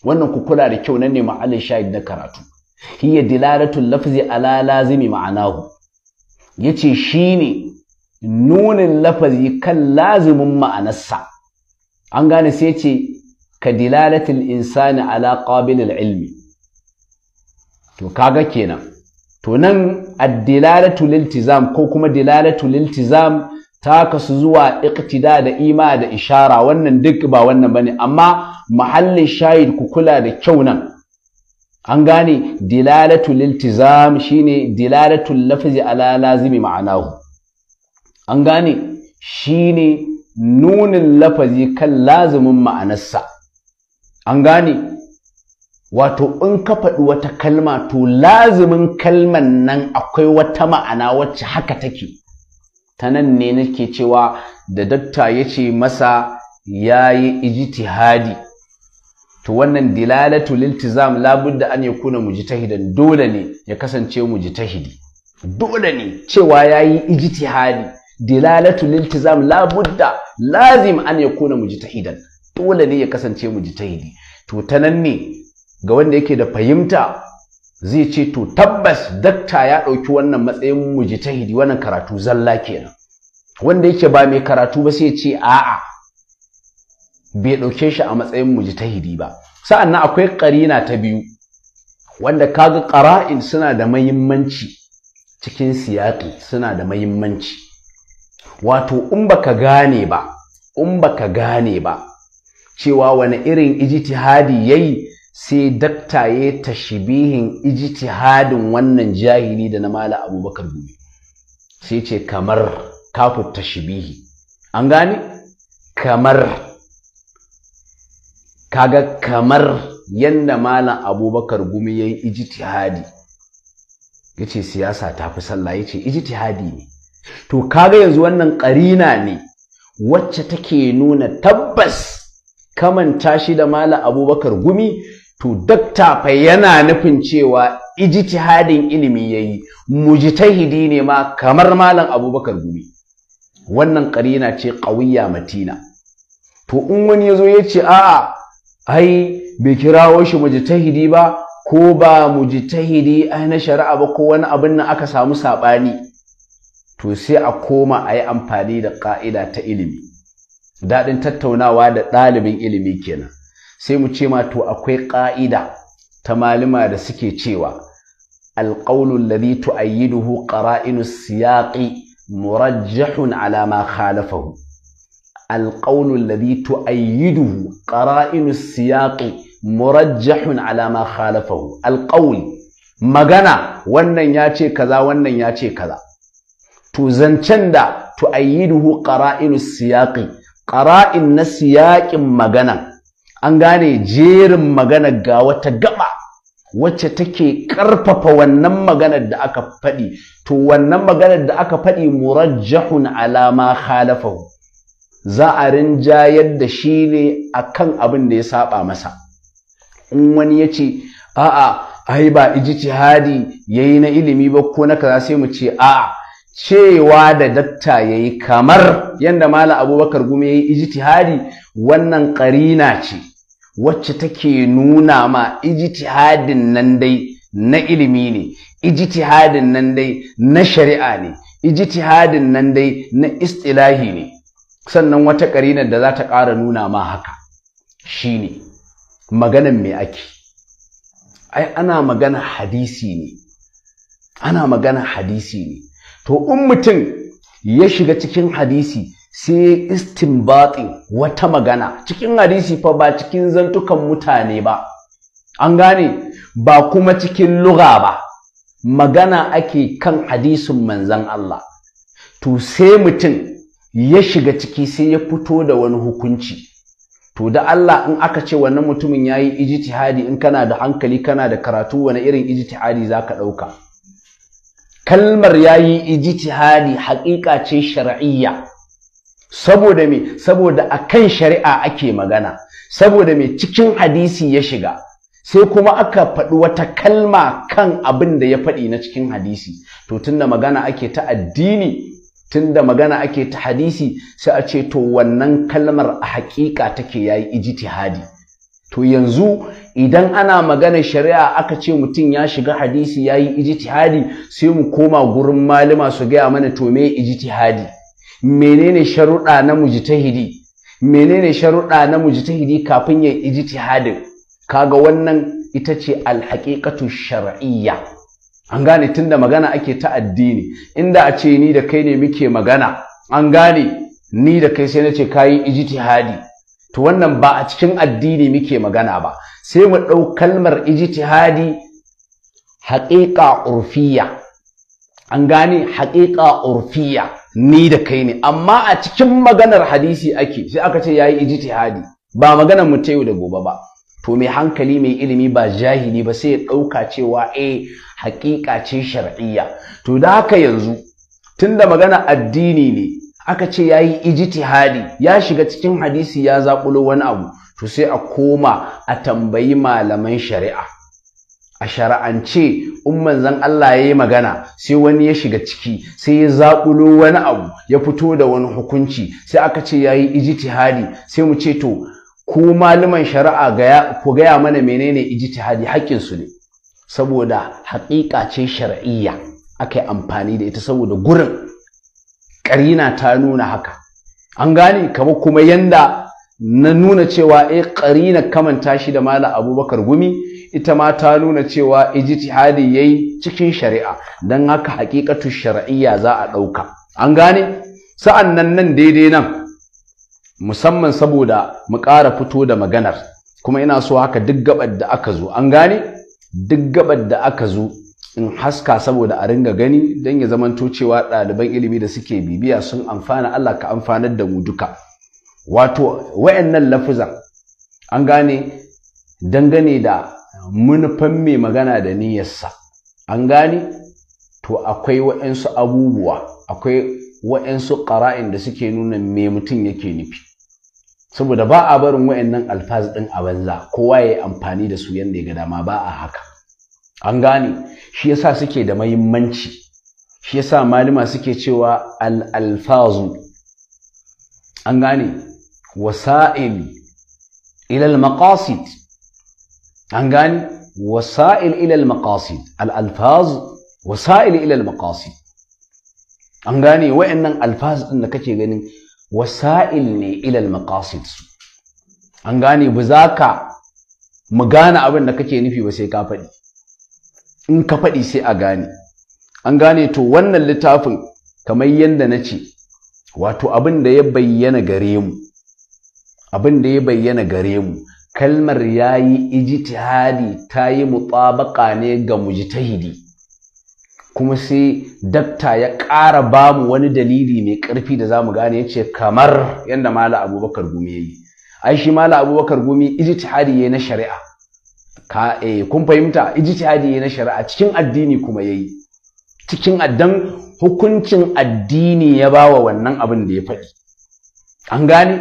wannan ku kula da kyau nan ne ma'alin shahid na karatu hiya dilalatu lafzi ala lazimi ma'anahu yace shine nunin lafazi kan lazimin ma'anarsa an gane sai ce ka dilalatul insani ala qabilil ilmi to kaga kenan to nan ad-dilalatu liltizam ko kuma dilalatu liltizam ta kasu zuwa iqtida da ima da ishara wannan duk ba wannan bane amma mahallin shahid ku kula da kyau nan an gane dilalatu liltizam shine dilalatul lafzi ala lazimi ma'anahu an gane shine nunin lafazi kan lazumin ma'anarsa an gane wato in ka faɗi wata kalma to lazumin kalman nan akwai wata ma'ana wacce haka take ta nan ne nake cewa da datta ya ce masa ya yi ijtihadi to wannan dilalatu liltizam labudda an yakuna mujtahidan dole ne ya kasance mujtahidi dole ne cewa ya yayi ijtihadi dilalatu liltizam labudda lazim an ya mu yakuna mujtahidan dole ne ya kasance mu mujtahidi to ta nan ne ga wanda yake da fahimta zai ce to tabbas dakta ya ɗauki wannan matsayin mu mujtahidi wannan karatu zalla kenan wanda yake ba mai karatu ba sai ce a'a bai ɗauke shi a matsayin mu mujtahidi ba sa'an nan akwai ƙarina ta biyu wanda kaga ƙara'in suna da mahimmanci cikin siyaki suna da mahimmanci wato in baka gane ba in baka gane ba cewa wani irin ijtihadi yayi sai dakta ya tashbihin ijtihadin wannan jahili da na mala abubakar dubi sai ce kamar kafu tashbihi an gane kamar kaga kamar yadda malam abubakar gumi yayi ijtihadi yace siyasa ta fi sallah yace ijtihadi ne to kaga yanzu wannan ƙarina ne wacce take nuna tabbas kamanta shi da Malam abubakar gumi to dakta fa yana nufin cewa ijtihadin ilimi yayi mujtahidi ne ma kamar malam abubakar gumi wannan ƙarina ce ƙawiyya matina to in wani yazo ya ce a'a ai bai kirawo shi mujtahidi ba ko ba mujtahidi ai na shari'a ba ko wani abin nan aka samu saɓani to sai a koma a yi amfani da ƙa'ida ta ilimi daɗin tattaunawa da ɗalibin ilimi kenan sai mu ce ma akwai ƙa'ida ta malima da suke cewa alƙaunun duhu tu'ayyiduhu ƙara'inu siyaƙi murajjahun alama khalafahu alƙaunun duhu tu'ayyiduhu ƙara'inu siyaƙi murajjahun alama khalafahu alƙaun magana wannan ya ce kaza wannan ya ce kaza to zancen da to duhu ƙara'inu siyaƙi. Ƙara'in na siyaƙin magana an gane jerin magana ga wata gaba wacce take ƙarfafa wannan maganar da aka faɗi to wannan maganar da aka faɗi murajjahun alama khalafahu za a rinjayar da shi ne akan abin da ya saba masa in wani ya ce a'a ai ba ijtihadi yayi na ilimi ba ko na kaza sai mu ce a'a cewa da datta ya yi kamar yadda Malam abubakar gumi ya yi ijtihadi wannan ƙarina ce wacce take nuna ma ijtihadin nan dai na ilimi ne ijtihadin nan dai na shari'a ne ijtihadin nan dai na istilahi ne sannan wata ƙarinar da za ta ƙara nuna ma haka shine maganan me ake ai ana magana hadisi ne ana magana hadisi ne to in mutum ya shiga cikin hadisi sai istinbatin wata magana cikin hadisi fa ba cikin zantukan mutane ba an gane ba kuma cikin lugha ba magana ake kan hadisin manzan Allah to sai mutum ya shiga ciki sai ya fito da wani hukunci to da Allah in aka ce wannan mutumin yayi ijtihadi in kana da hankali kana da karatu wani irin ijtihadi ka ɗauka. kalmar yayi ijtihadi haƙiƙa ce shar'iyya saboda me saboda akan shari'a ake magana saboda me cikin hadisi ya shiga sai kuma aka faɗi wata kalma kan abin da ya faɗi na cikin hadisi to tunda magana ake ta addini tunda magana ake ta hadisi sai a ce to wannan kalmar a haƙiƙa take yayi ijtihadi to yanzu idan ana magana shari'a aka ce mutum ya shiga hadisi ya yi ijtihadi sai mu koma gurin malama su gaya mana to me ijtihadi menene sharuɗa na mujtahidi menene sharuɗa na mujtahidi kafin ya ijtihadin kaga wannan ita ce alhaƙiƙatu shar'iyya an gane tunda magana ake ta addini inda a ce ni da kai ne muke magana an gane ni da kai sai na ce kayi ijtihadi to wannan ba a cikin addini muke magana ba sai mu ɗau kalmar ijtihadi haƙiƙa urfiya an gane haƙiƙa urfiya ni da kai ne amma a cikin maganar hadisi ake sai aka ce yayi ijtihadi ba maganar mu ta yau da gobe ba to mai hankali mai ilimi ba jahili ba sai ya ɗauka cewa eh haƙiƙa ce shar'iyya to da haka yanzu tunda magana addini ne aka ce ya yi ijtihadi ya shiga cikin hadisi ya zaƙulo wani abu to sai a koma a tambayi malaman shari'a a shari'ance in manzon Allah ya yi magana sai wani ya shiga ciki sai ya zaƙulo wani abu ya fito da wani hukunci sai aka ce ya yi ijtihadi sai mu ce to ko malaman shari'a ku gaya mana menene ijtihadi haƙƙinsu ne saboda haƙiƙa ce shar'iyya aka yi amfani da ita saboda gurin ƙarina ta nuna haka an gane kama kuma yanda na nuna cewa eh ƙarina kamanta shi da malam abubakar gumi ita ma ta nuna cewa ijtihadi yayi cikin shari'a dan haka haƙiƙatu shar'iyya za a ɗauka an gane sa'an nan nan daidai nan musamman saboda mu ƙara fito da maganar kuma ina so haka duk gabar da aka zo an gane duk gabar da aka zo in haska saboda a ringa gani don ya zamanto cewa ɗaliban ilimi da suke bibiya sun amfana Allah ka amfanar da mu duka wato wayannan lafuzan an gane dangane da manufan mai magana da niyyarsa an gane to akwai waɗansu abubuwa akwai waɗansu ƙara'in da suke nuna me mutum yake nufi saboda ba a barin wayannan alfaz ɗin a banza kowa ya yi amfani da su yadda ya ga dama ba a haka an gane shi yasa suke da mahimmanci shi yasa malama suke cewa al-alfazu an gane wasa'il ila al-maqasid an gane wasa'il ila al-maqasid al-alfaz wasa'il ila al-maqasid an gane wayannan alfaz din da kake ganin wasa'il ne ila al-maqasid an gane ba za ka mu gane abin da kake nufi ba sai ka faɗi in ka faɗi sai a gane an gane to wannan littafin kamar yadda na ce wato abin da ya bayyana gare mu abin da ya bayyana gare mu kalmar ya yi ijtihadi ta yi mutabaka ne ga mujtahidi kuma sai dakta ya ƙara ba mu wani dalili mai ƙarfi da za mu gane ya ce kamar yadda mala abubakar gumi ya yi ai shi mala abubakar gumi ijtihadi ya yi na shari'a ka eh kun fahimta ijtihadi na shari'a cikin addini kuma yayi cikin addan hukuncin addini ya bawa wannan abin da ya faɗi an gane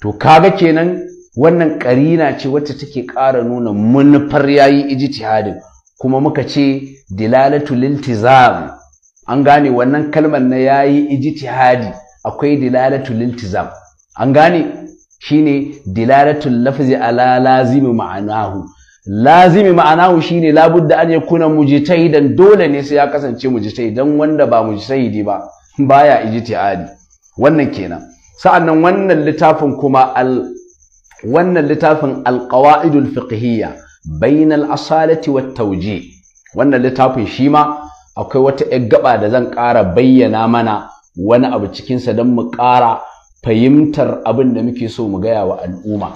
to kaga kenan wannan karina ce wacce take ƙara nuna manufar yayi ijtihadin kuma muka ce dilalatu liltizam an gane wannan kalmar na yayi ijtihadi akwai dilalatu liltizam an gane shine dilalatu lafzi ala lazimi ma'anahu lazimi ma'anahu shine labudda an yakuna mujtahidan dole ne sai ya kasance mujtahidan wanda ba mujtahidi ba baya ijtihadi wannan kenan sa'annan wannan littafin kuma al wannan littafin alqawaidul fiqhiyya asalati wat tawji wannan littafin shi ma akwai wata yar gaba da zan ƙara bayyana mana wani abu cikinsa don mu ƙara fahimtar abin da muke so mu gaya wa al'umma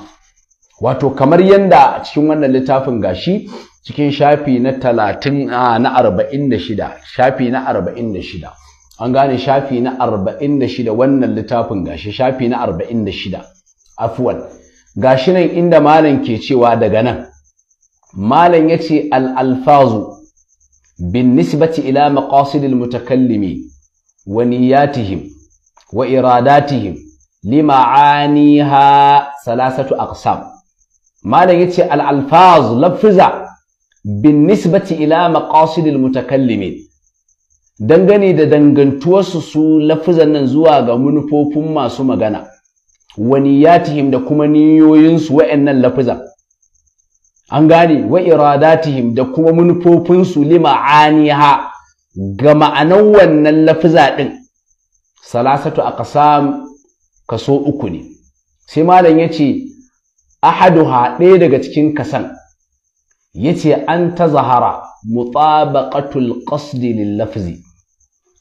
wato kamar yadda cikin wannan littafin gashi cikin shafi na talatin na arba'in da shida shafi na arba'in da shida an gane shafi na arba'in da shida wannan littafin gashi shafi na arba'in da shida afuwan gashi nan inda malam ke cewa daga nan malam ya ce al'alfazu bin nisbati ila maqasidil mutakallimi wa niyatihim wa iradatihim lima'aniha salasatu aqsam malam yace al alfaz lafza bin nisbati ila al mutakallimin dangane da dangantuwarsu su lafzan nan zuwa ga manufofin masu magana wani tihim da kuma su wa'annan lafizan an gane wa iradatihim da kuma manufofinsu lima ma'aniha ga ma'anan wannan lafza din salasatu aqsam kaso uku ne sai malam yace ahaduha ɗaya daga cikin kasan yace an ta zahara mutabaqatul qasdi lil lafzi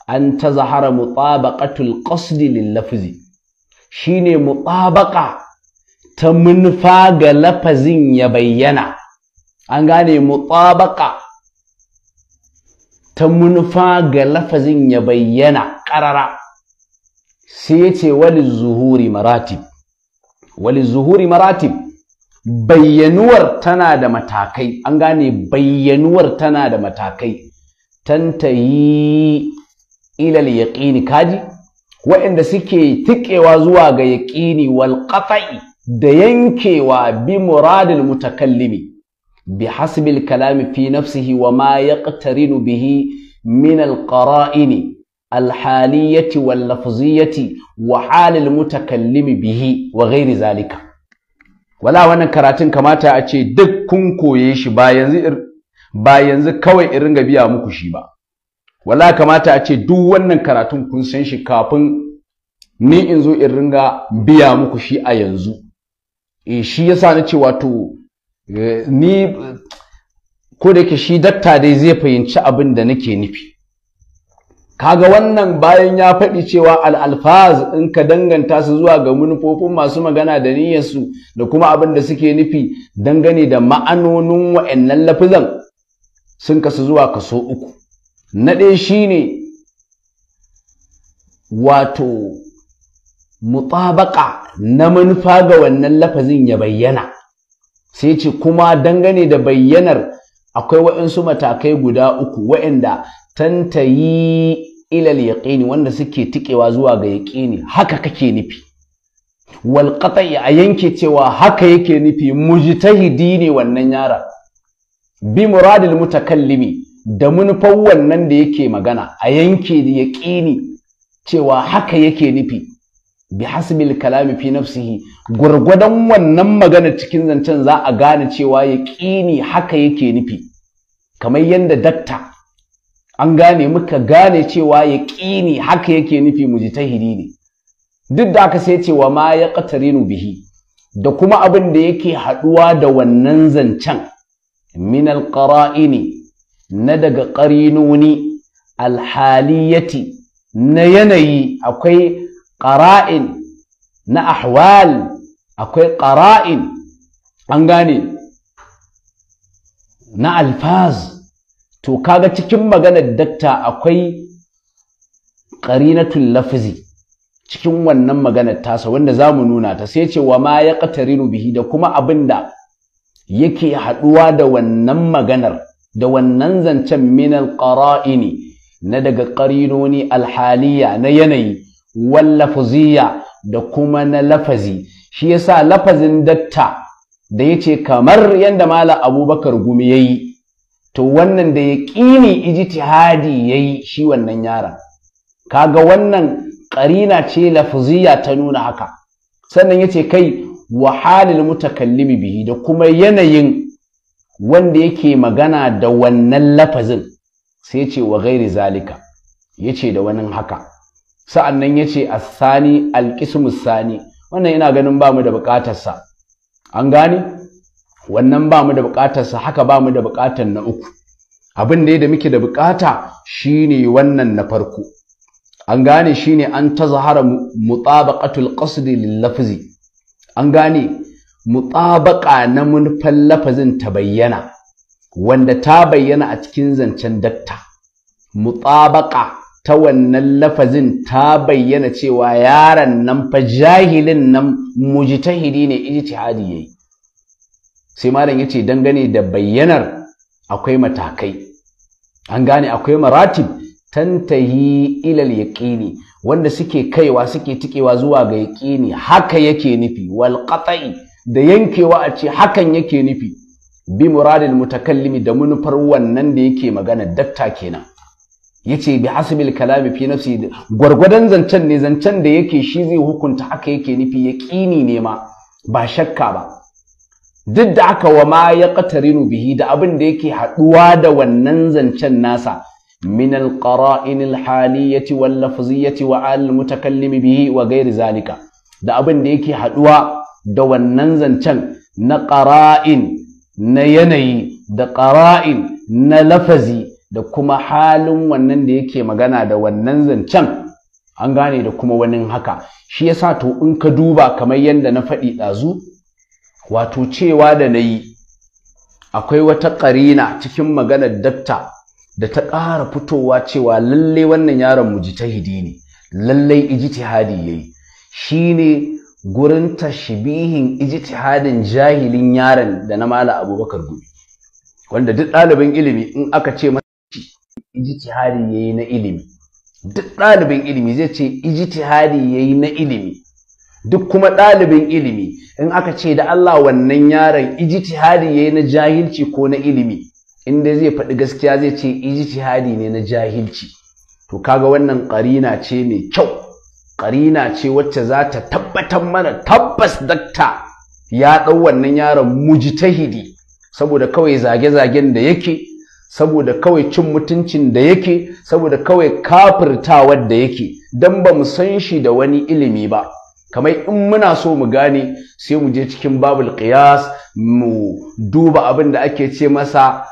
an ta zahara mutabaqatul qasdi lil lafzi shine mutabaqa ta munfa ga lafazin ya bayyana an gane mutabaqa ta munfa ga lafazin ya bayyana ƙarara sai yace wali zuhuri maratib wali zuhuri maratib bayyanuwar tana da matakai an gane bayyanuwar tana da matakai tantayi ilal yaƙini kaji waɗanda suke tikewa zuwa ga yaƙini wal qata'i da yankewa bi muradil mutakallimi bi hasbil kalami fi nafsihi wa ma yaqtarinu bihi min al qara'ini al haliyati wal lafziyati wa mutakallimi bihi wa ghairi zalika wala wannan karatun kamata a ce duk kun koye shi ba yanzu kawai in ringa biya muku shi ba wala kamata a ce duk wannan karatun kun san shi kafin ni in zo in ringa biya muku shi a yanzu e shi yasa na ce wato eh, ni ko shi datta dai zai fahimci abin da nake nufi kaga wannan bayan ya faɗi cewa al'alfaz in ka danganta su zuwa ga manufofin masu magana da niyyarsu da kuma abin da suke nufi dangane da ma'anonin wa'annan lafizan sun kasu zuwa kaso uku na ɗaya shine wato mutabaka na manufa ga wannan lafazin ya bayyana sai ce kuma dangane da bayyanar akwai waɗansu matakai guda uku waɗanda tantayi ilal yaqini wanda suke tikewa zuwa ga yaqini haka kake nufi wal qata'i a yanke cewa haka yake nufi mujtahidi ne wannan yara bi muradil mutakallimi da munfan wannan da yake magana a yanke yaqini cewa haka yake nufi bi hasbil kalami fi nafsihi gurgudan wannan magana cikin zancen za a gane cewa yaqini haka yake nufi kamar yanda dakta an gane muka gane cewa ya ƙini haka yake nufi mujtahidi ne duk da aka sai cewa ma ya qatarinu bihi da kuma abin da yake haɗuwa da wannan zancen min alqara'ini na daga qarinuni alhaliyati na yanayi akwai qara'in na ahwal akwai qara'in an gane na alfaz to kaga cikin maganar dakta akwai qarinatul lafzi cikin wannan maganar tasa wanda zamu nuna ta sai ce wa ma yaqtarinu bihi da kuma abinda yake haduwa da wannan maganar da wannan zancen min qara'ini na daga qarinoni alhaliya na yanayi wal lafziya da kuma na lafazi shi yasa lafazin datta da yace kamar yanda mala abubakar gumi yayi to wannan da ya ƙini ijtihadi ya yi shi wannan yaron kaga wannan ƙarina ce lafziya ta nuna haka sannan ya ce kai wahalil mutakallimi bihi da kuma yanayin wanda yake magana da wannan lafazin sai ce wa gairi zalika ya ce da wani haka sa'annan ya ce asani alƙismus sani wannan yana ganin ba mu da buƙatarsa an gane wannan ba mu da buƙatarsa haka ba mu da buƙatar na uku abin da da muke da buƙata shine wannan na farko an gane shine an tazahara mutabaqatul qasd lil lafzi an gane mutabaqa na munfan lafazin ta bayyana wanda ta bayyana a cikin zancen datta mutabaqa ta wannan lafazin ta bayyana cewa yaron nan fa jahilin nan mujtahidi ne ijtihadi yayi sai malam ya ce dangane da bayyanar akwai matakai an gane akwai maratib tantahi ilal yaqini wanda suke kaiwa suke tikewa zuwa ga yaqini haka yake nufi wal da yankewa a ce hakan yake nufi bi muradil mutakallimi da munufar wannan da yake magana dakta kenan yace bi hasbil kalami fi nafsi gwargwadon zancen ne zancen da yake shi zai hukunta haka yake nufi yaqini ne ma ba shakka ba duk da aka wa ma ya ƙatarinu bihi da abin da yake haɗuwa da wannan zancen nasa min alqara'in alhaliyati wal lafziyati wa al mutakallimi bihi wa ghairi zalika da abin da yake haɗuwa da wannan zancen na ƙara'in na yanayi da ƙara'in na lafazi da kuma halin wannan da yake magana da wannan zancen an gane da kuma wani haka shi yasa to in ka duba kamar yadda na faɗi ɗazu wato cewa da na yi akwai wata ƙarina cikin maganar dakta da ta ƙara fitowa cewa lallai wannan yaron mujtahidi ne lallai ijtihadi yayi shine gurin tashbihin ijtihadin jahilin yaron da na mala abubakar gumi wanda duk ɗalibin ilimi in aka ce masa ijtihadi yayi na ilimi duk ɗalibin ilimi zai ce ijtihadi yayi na ilimi duk kuma ɗalibin ilimi in aka ce da Allah wannan yaron ijtihadi yayi na jahilci ko na ilimi in dai zai faɗi gaskiya zai ce ijtihadi ne na jahilci to kaga wannan ƙarina ce mai kyau ƙarina ce wacce za ta tabbatar mana tabbas dakta ya ɗau wannan yaron mujtahidi saboda kawai zage-zagen da yake saboda kawai cin mutuncin da yake saboda kawai kafirtawar da yake don ba mu san shi da wani ilimi ba kamar in muna so mu gane sai mu je cikin babul qiyas mu duba abin da ake ce masa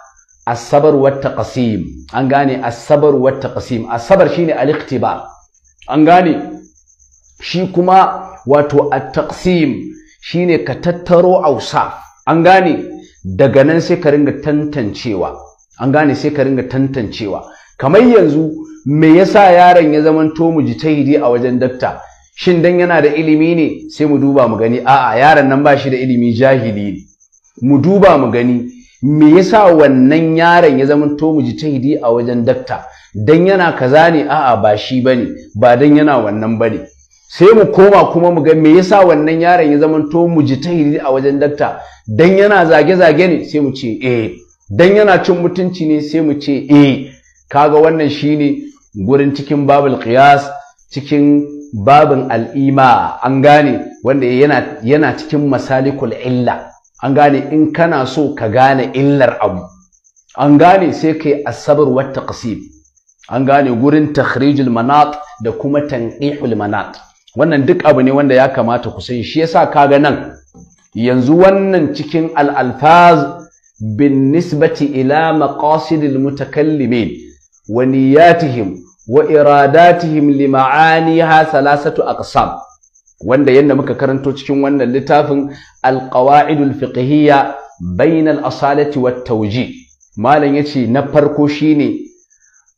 asabar wata qasim an gane asabar wata qasim asabar shine al an gane shi kuma wato at-taqsim shine ka tattaro ausa an gane daga nan sai ka ringa tantancewa an gane sai ka ringa tantancewa kamar yanzu me yasa yaron ya zamanto mujtahidi a wajen dakta shin dan yana da ilimi ne sai mu duba mu gani a'a yaron nan ba shi da ilimi jahili ne mu duba mu gani me yasa wannan yaron ya zama to mu ji tahidi a wajen dakta dan yana kaza ne a'a ba shi bane ba dan yana wannan bane sai mu koma kuma mu ga me yasa wannan yaron ya zama to mu ji tahidi a wajen dakta dan yana zage zage ne sai mu ce eh dan yana cin mutunci ne sai mu ce eh kaga wannan shine gurin cikin babul qiyas cikin babin al'ima an gane wanda yana cikin masalikul illa an gane in kana so ka gane illar abu an gane sai ka asabar wata ƙasib an gane gurin takhrijul manat da kuma tanqihul manat wannan duk abu ne wanda ya kamata ku san shi yasa kaga nan yanzu wannan cikin al-alfaz bin nisbati ila maqasidil mutakallimin wa niyatihim wa iradatihim li ma'aniha salasatu aqsam wanda yanda muka karanto cikin wannan littafin alqawaidul fiqhiyya bainal asalati wat tawji malam yace na farko shine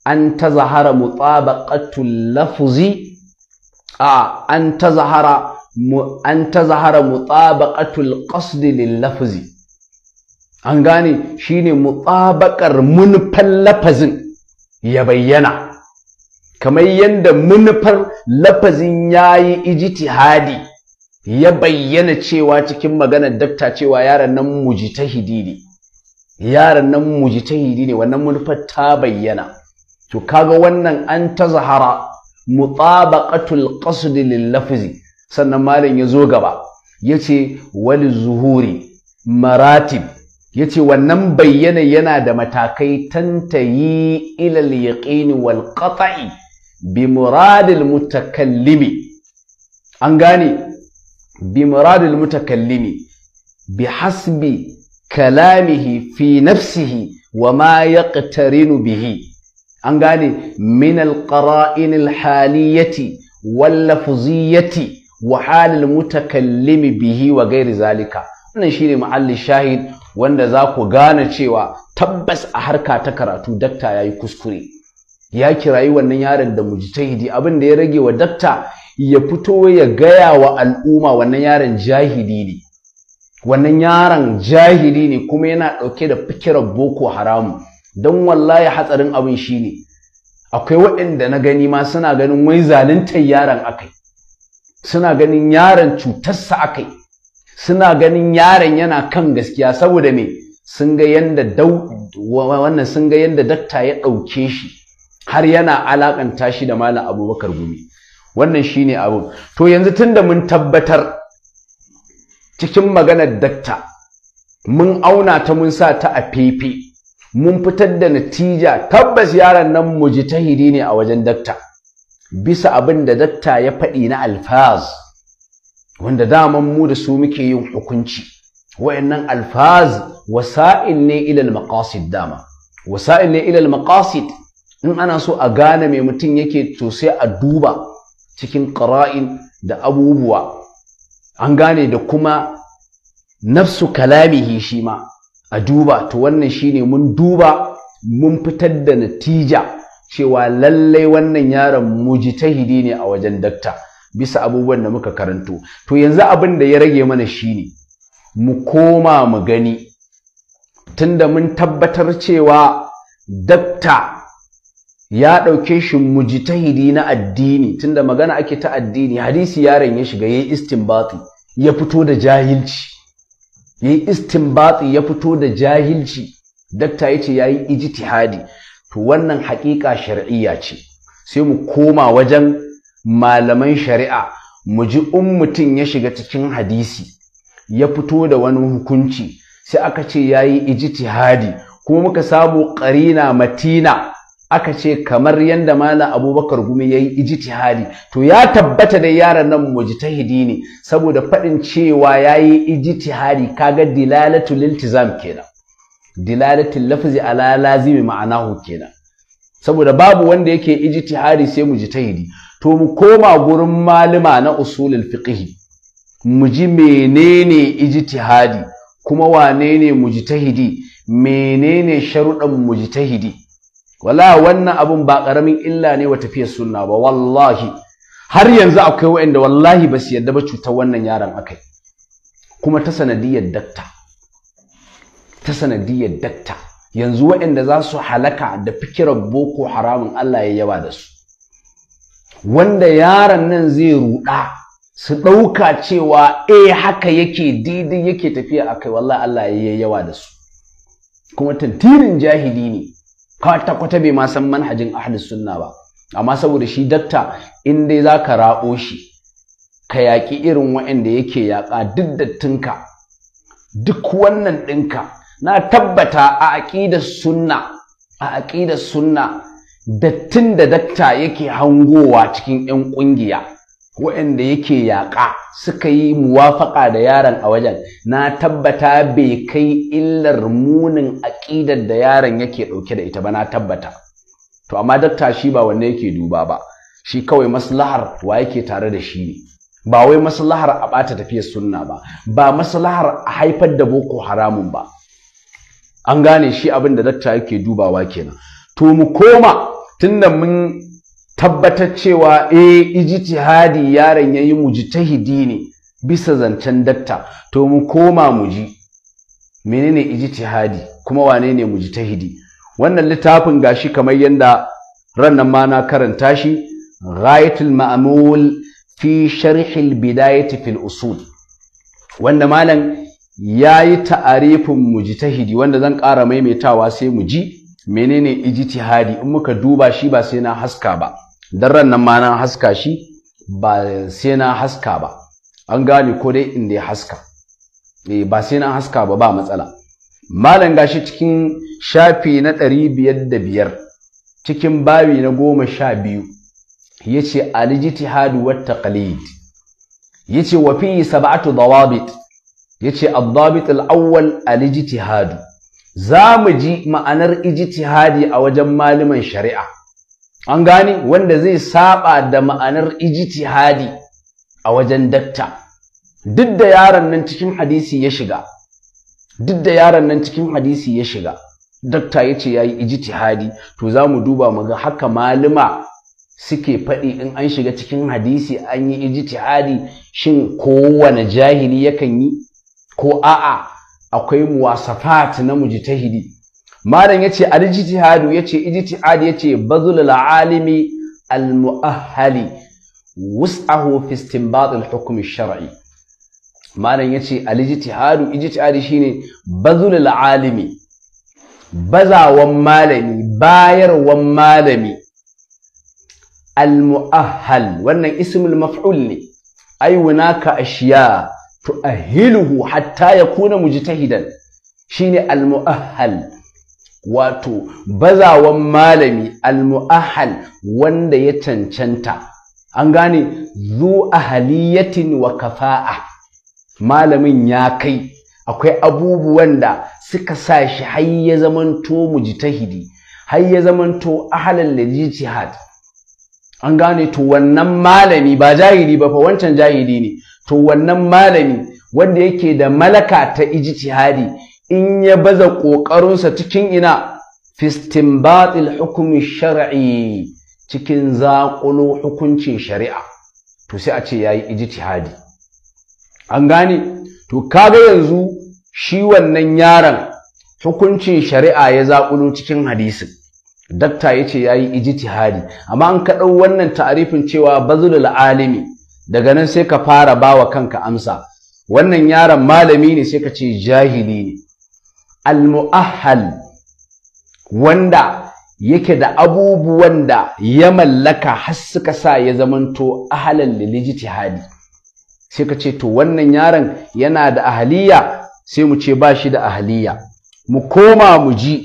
an tazahara mutabaqatul lafzi a an tazahara an tazahara mutabaqatul qasd lil lafzi an gane shine mutabaqar munfal lafazin ya bayyana kamar yadda munufar lafazin ya yi ijtihadi ya bayyana cewa cikin maganar dakta cewa yaran nan mujtahidi ne yaran nan mujtahidi ne wannan munufar ta bayyana to kaga wannan an ta zahara mutabaqatul qasd lil lafzi sannan malam ya zo gaba yace wal zuhuri maratib yace wannan bayyana yana da matakai tantayi ilal yaƙini wal qata'i bi muradil mutakallimi an gane bi mutakallimi bi hasbi kalamihi fi nafsihi wa ma yaqtarinu bihi an gane min alqara'in alhaliyati wal lafziyati wa hal mutakallimi bihi wa gairi zalika wannan shine mu'allil shahid wanda za ku gane cewa tabbas a harka ta karatu dakta yayi kuskure ya kirayi wannan yaron da mujtahidi abin da ya rage wa dakta ya fito ya gaya wa al'umma wannan yaron jahili ne wannan yaron jahili ne kuma yana ɗauke da fikirar boko haramu don wallahi hatsarin abin shi ne. akwai waɗanda na gani ma suna ganin wai zaluntar yaron akai suna ganin yaron cutarsa akai suna ganin yaron yana kan gaskiya saboda me sun ga yanda dakta ya ɗauke shi har yana alakanta shi da malam abubakar gumi wannan shine abu to yanzu tun da mun tabbatar cikin maganar dakta mun auna ta mun sa ta a fefe mun fitar da natija tabbas yaron nan mu ji mujtahidi ne a wajen dakta bisa abin da dakta ya faɗi na alfaz wanda daman mu da su muke yin hukunci wayannan alfaz wasa'il ne ilal maqasid dama wasa'il ne ilal maqasid in ana so a gane mai mutum yake to sai a duba cikin ƙara'in da abubuwa an gane da kuma nafsu kalamihi shi ma a duba to wannan shi ne mun duba mun fitar da natija cewa lallai wannan yaron mujtahidi ne a wajen dakta bisa abubuwan da muka karanto to yanzu abin da ya rage mana shi ne mu koma mu gani tunda mun tabbatar cewa dakta ya ɗauke shi mujtahidi na addini tunda magana ake ta addini hadisi yaron ya shiga yayi istinbati ya fito da jahilci yayi istinbati ya fito da jahilci dakta yace yayi ijtihadi to wannan haƙiƙa shar'iyya ce sai mu koma wajen malaman shari'a mu ji in mutum ya shiga cikin hadisi ya fito da wani hukunci sai aka ce yayi ijtihadi kuma muka samu ƙarina matina aka ce kamar yadda malam abubakar gumi ya yi ijtihadi to ya tabbata da yaran nan mujtahidi ne saboda faɗin cewa ya yi ijtihadi kaga Dilalatu iltizam kenan dilalatul lafzi ala lazimi ma'anahu kenan saboda babu wanda yake ijtihadi sai mujtahidi to mu koma gurin malama na usulul fiqh mu ji menene ijtihadi kuma wane ne mujtahidi menene sharuɗan mujtahidi wala wannan abun ba ƙaramin illa ne wa tafiyar sunna ba wallahi har yanzu akwai wa'anda wallahi ba su yadda ba cutar wannan yaron akai kuma ta sanadiyar dakta ta sanadiyar dakta yanzu wa'anda za su halaka da fikirar boko haramun Allah ya yawa da su wanda yaron nan zai ruɗa su ɗauka cewa e haka yake didi yake tafiya akai wallahi Allah ya yawa da su kuma tantirin jahili ne kwata-kwata bai ma san manhajin ahlus sunna ba amma saboda shi datta in dai za ka ra'o shi ka yaƙi irin waanda yake yaƙa duk dattinka duk wannan ɗinka na tabbata a aƙidar sunna a aƙidar sunna dattin da datta yake hangowa cikin 'yan ƙungiya waɗanda yake yaƙa suka yi muwafaƙa da yaron a wajen na tabbata bai kai illar munin aƙidar da yaron yake ɗauke da ita ba na tabbata to amma dakta shi ba wanne yake duba ba shi kawai maslahar wa yake tare da shi ne ba wai maslahar a ɓata tafiyar sunna ba ba maslahar a haifar da boko haramun ba an gane shi abin da dakta yake dubawa kenan to mu koma tunda mun tabbatar cewa eh ijtihadi yaron yayi mujtahidi ne bisa zancen datta to mu koma muji, menene menene ijtihadi kuma wane ne mujtahidi wannan littafin gashi kamar yanda rannan ma na karanta shi ghayatul ma'mul fi Sharhil bidayati fil usul wanda malam yayi ta'arifin mujtahidi wanda zan ƙara maimaitawa sai muji. Menene menene ijtihadi in muka duba shi ba sai na haska ba dan nan ma na haska shi ba sai na haska ba an gane ko dai in dai haska eh ba sai na haska ba ba matsala malam gashi cikin shafi na ɗari cikin babi na goma sha biyu ya wa taqlid yace wa fi sab'atu dawabit yace ad-dabit al-awwal za mu ji ma'anar ijtihadi a wajen malaman shari'a an gani wanda zai saba da ma'anar ijtihadi a wajen dakta duk da yaron nan cikin hadisi ya shiga duk da yaron nan cikin hadisi ya shiga dakta ya ce ya yi ijtihadi to za mu duba mu ga haka malima suke faɗi in an shiga cikin hadisi an yi ijtihadi shin kowane jahili yakan yi ko a'a akwai muwasafat na mujtahidi malam yace al-ijtihadu yace ijtihad yace bazul alimi al-muahhali wus'ahu fi istinbat al-hukm ash-shar'i malam yace al-ijtihadu ijtihadi shine bazul alimi bazawan malami bayarwan malami al-muahhal wannan ismul maf'ul ne ay ka ashiya tuahiluhu hatta yakuna mujtahidan shine al-muahhal wato bazawan malami almu'ahal wanda ya cancanta an gane zu ahaliyatin wa kafa'a malamin ya kai akwai abubuwan da suka sa shi har ya zamanto mujtahidi har ya zamanto ahalal lijtihad an gane to wannan malami ba jahili ba fa wancan jahili ne to wannan malami wanda yake da malaka ta ijtihadi in ya baza ƙoƙarinsa cikin ina fistimbatil hukumi shari'i cikin zaƙulo hukuncin shari'a to sai a ce ya yi ijtihadi an gane to kaga yanzu shi wannan yaron hukuncin shari'a ya zaƙulo cikin hadisin dakta ya ce ya yi ijtihadi amma an ka wannan ta'arifin cewa bazulul alimi daga nan sai ka fara bawa kanka amsa wannan yaron malami ne sai ka ce jahili ne al muahal wanda yake da abubuwan da ya mallaka har suka sa ya zamanto ahalan lilijtihadi sai ka ce to wannan yaron yana da ahaliya sai mu ce ba shi da ahaliya mu koma mu ji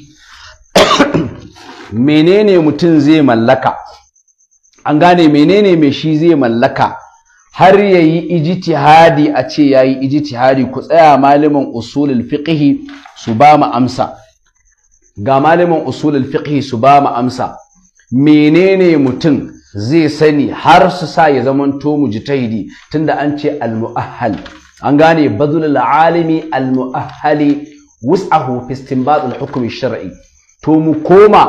menene mutum zai mallaka an gane menene mai shi zai mallaka har ya yi ijtihadi a ce ya yi ijtihadi ku tsaya malamin usulul fiqhi su ba mu amsa ga malamin usulul fiqhi su ba mu amsa menene mutum zai sani har su sa ya zamanto mujtahidi tunda an ce al-mu'ahhal an gane badlul alimi al-mu'ahhali wus'ahu fi istinbat al-hukm shar'i to mu koma